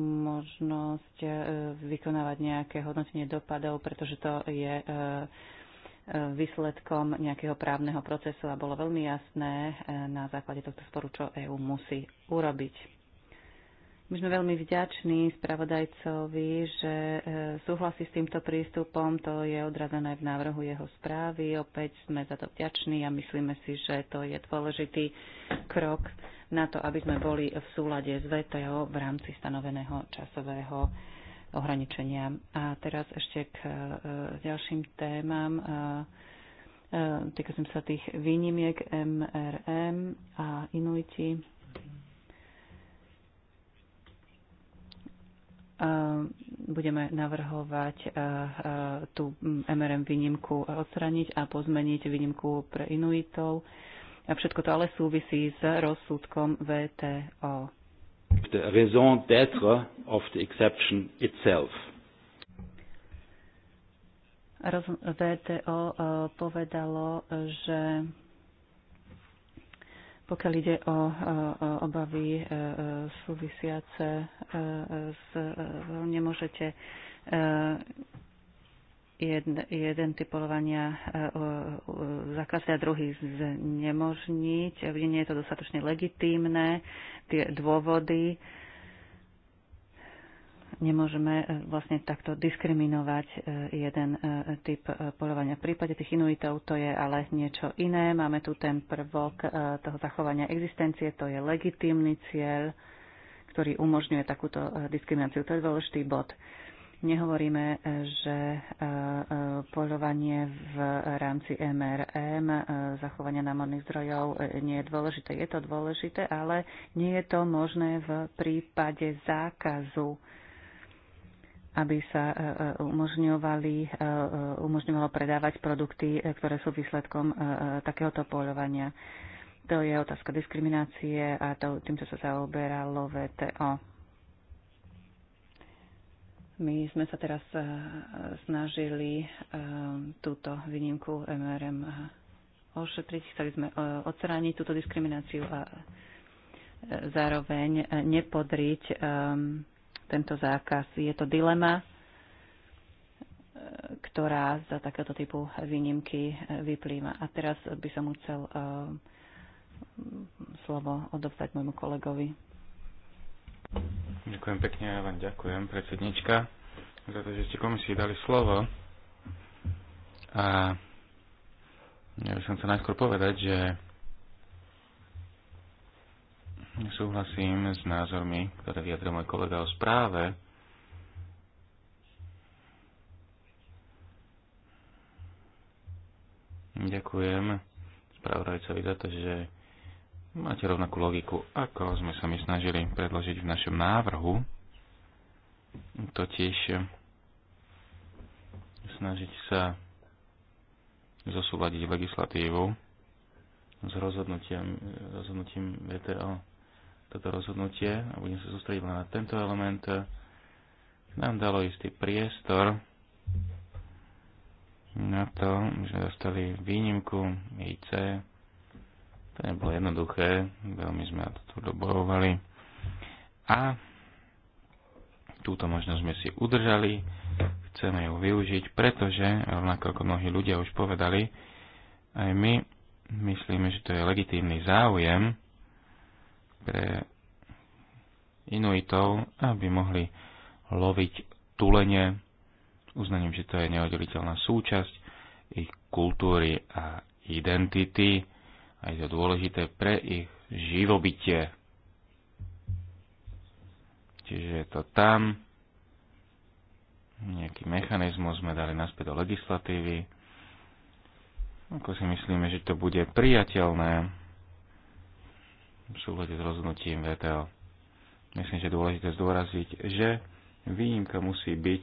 Speaker 4: možnosť vykonávať nejaké hodnotenie dopadov, pretože to je výsledkom nejakého právneho procesu a bolo veľmi jasné e, na základe tohto sporu, čo EÚ musí urobiť. My sme veľmi vďační spravodajcovi, že e, súhlasí s týmto prístupom, to je odrazené v návrhu jeho správy. Opäť sme za to vďační a myslíme si, že to je dôležitý krok na to, aby sme boli v súlade s VTO v rámci stanoveného časového ohraničenia. A teraz ešte k e, ďalším témam. E, e, Týka som sa tých výnimiek MRM a Inuiti. budeme navrhovať tú MRM výnimku odstraniť a pozmeniť výnimku pre Inuitov. A všetko to ale súvisí s rozsudkom VTO.
Speaker 2: The raison d'être of the exception itself.
Speaker 4: VTO eh, povedalo, že pokiaľ ide o eh, obavy eh, súvisiace s nemôžete jeden, jeden typolovania e, e, e, zakázať a druhý znemožniť. Nie je to dostatočne legitímne, tie dôvody. Nemôžeme vlastne takto diskriminovať jeden typ polovania. V prípade tých inuitov to je ale niečo iné. Máme tu ten prvok toho zachovania existencie, to je legitímny cieľ, ktorý umožňuje takúto diskrimináciu. To je dôležitý bod. Nehovoríme, e, že e, e, poľovanie v rámci MRM, zachovania námorných zdrojov nie je dôležité. Je to dôležité, ale nie je to možné v prípade zákazu aby sa umožňovali, umožňovalo predávať produkty, ktoré sú výsledkom takéhoto poľovania. To je otázka diskriminácie a to, týmto sa zaoberalo VTO. My sme sa teraz eh, snažili eh, túto výnimku MRM eh, ošetriť, chceli sme odstrániť túto diskrimináciu a zároveň nepodriť tento zákaz. Je to dilema, ktorá za takéto typu výnimky vyplýva. A teraz by som chcel slovo odovzdať môjmu kolegovi.
Speaker 3: Ďakujem pekne, ja vám ďakujem, predsednička, za to, že ste komisii dali slovo. A ja by som chcel najskôr povedať, že súhlasím s názormi, ktoré vyjadril môj kolega o správe. Ďakujem spravodajcovi za to, že máte rovnakú logiku, ako sme sa my snažili predložiť v našom návrhu, totiž eh, snažiť sa zosúľadiť legislatívu s rozhodnutím, rozhodnutím VTO. Toto rozhodnutie, a budem sa sústrediť len na tento element, nám dalo istý priestor na to, že dostali výnimku IC to nebolo jednoduché, veľmi sme na tu dobojovali. A túto možnosť sme si udržali, chceme ju využiť, pretože, rovnako ako mnohí ľudia už povedali, aj my myslíme, že to je legitímny záujem pre Inuitov, aby mohli loviť tulene, uznaním, že to je neoddeliteľná súčasť ich kultúry a identity a je to dôležité pre ich živobytie. Čiže je to tam, nejaký mechanizmus sme dali naspäť do legislatívy, ako si myslíme, že to bude priateľné v súhľade s rozhodnutím VTO. Myslím, že je dôležité zdôraziť, že výnimka musí byť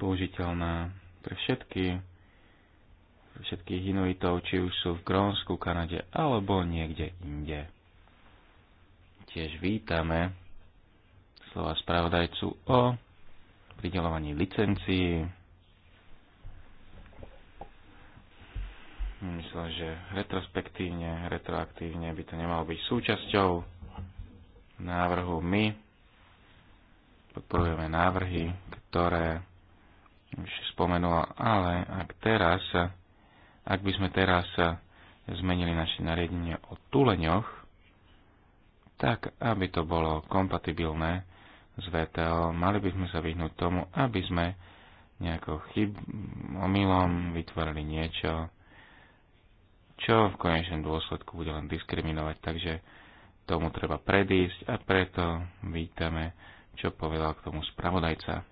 Speaker 3: použiteľná pre všetky všetkých Inuitov, či už sú v Grónsku, Kanade alebo niekde inde. Tiež vítame slova spravodajcu o pridelovaní licencií. Myslím, že retrospektívne, retroaktívne by to nemalo byť súčasťou návrhu. My podporujeme návrhy, ktoré už spomenula, ale ak teraz sa ak by sme teraz e, zmenili naše nariadenie o tuleňoch, tak aby to bolo kompatibilné s VTO, mali by sme sa vyhnúť tomu, aby sme nejakou chyb, omylom vytvorili niečo, čo v konečnom dôsledku bude len diskriminovať. Takže tomu treba predísť a preto vítame, čo povedal k tomu spravodajca.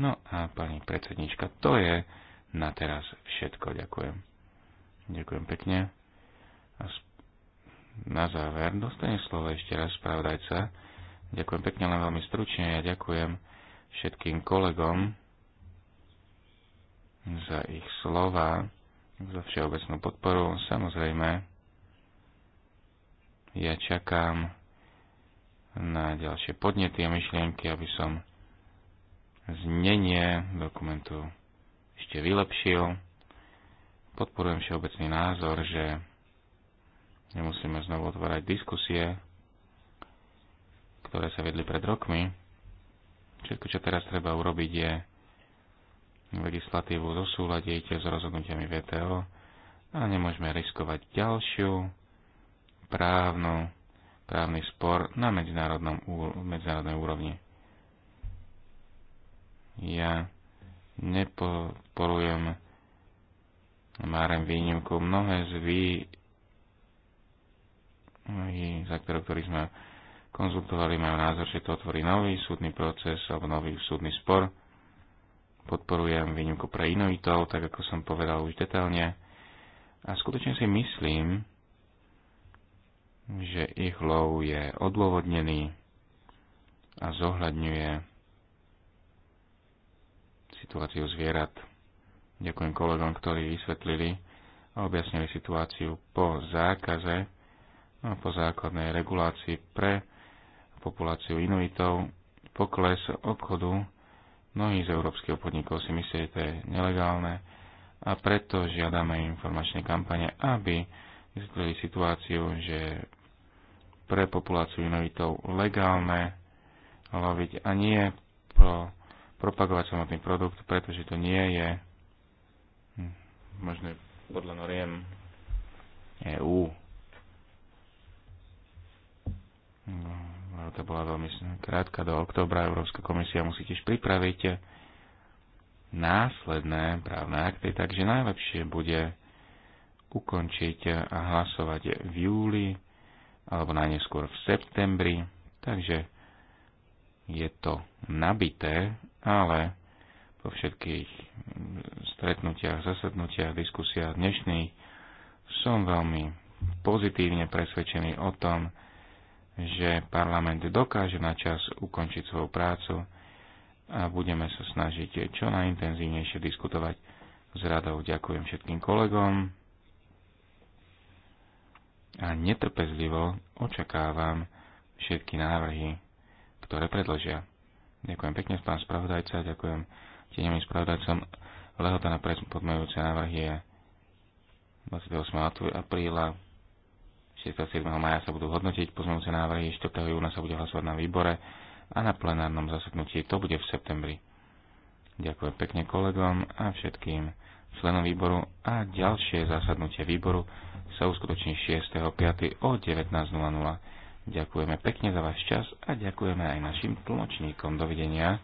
Speaker 3: No a pani predsednička, to je na teraz všetko. Ďakujem. Ďakujem pekne. A na záver dostane slovo ešte raz spravodajca. Ďakujem pekne, len veľmi stručne. Ja ďakujem všetkým kolegom za ich slova, za všeobecnú podporu. Samozrejme, ja čakám na ďalšie podnety a myšlienky, aby som znenie dokumentu ešte vylepšil podporujem všeobecný názor, že nemusíme znovu otvárať diskusie, ktoré sa vedli pred rokmi. Všetko, čo teraz treba urobiť, je legislatívu zosúľadiť s rozhodnutiami VTO a nemôžeme riskovať ďalšiu právnu, právny spor na medzinárodnom, medzinárodnej úrovni. Ja nepodporujem Márem výnimku. Mnohé z vy, za ktoré, ktorý sme konzultovali, majú názor, že to otvorí nový súdny proces alebo nový súdny spor. Podporujem výnimku pre inovitov, tak ako som povedal už detailne. A skutočne si myslím, že ich lov je odôvodnený a zohľadňuje situáciu zvierat Ďakujem kolegom, ktorí vysvetlili a objasnili situáciu po zákaze, a po základnej regulácii pre populáciu Inuitov, pokles obchodu. Mnohí z európskeho podnikov si myslí, že to je nelegálne a preto žiadame informačné kampane, aby vysvetlili situáciu, že pre populáciu inuitov legálne loviť a nie pro, propagovať samotný produkt, pretože to nie je možno podľa noriem e No, To bola veľmi krátka. Do oktobra Európska komisia musí tiež pripraviť následné právne akty, takže najlepšie bude ukončiť a hlasovať v júli alebo najneskôr v septembri. Takže je to nabité, ale vo všetkých stretnutiach, zasadnutiach, diskusiách dnešných som veľmi pozitívne presvedčený o tom, že parlament dokáže na čas ukončiť svoju prácu a budeme sa snažiť čo najintenzívnejšie diskutovať s radou. Ďakujem všetkým kolegom a netrpezlivo očakávam všetky návrhy, ktoré predložia. Ďakujem pekne, pán spravodajca, ďakujem tieňovým spravodajcom. Lehota na predpodmajúce návrhy je 28. apríla, 67. maja sa budú hodnotiť pozmajúce návrhy, 4. júna sa bude hlasovať na výbore a na plenárnom zasadnutí to bude v septembri. Ďakujem pekne kolegom a všetkým členom výboru a ďalšie zasadnutie výboru sa uskutoční 6.5. o 19.00. Ďakujeme pekne za váš čas a ďakujeme aj našim tlmočníkom. Dovidenia.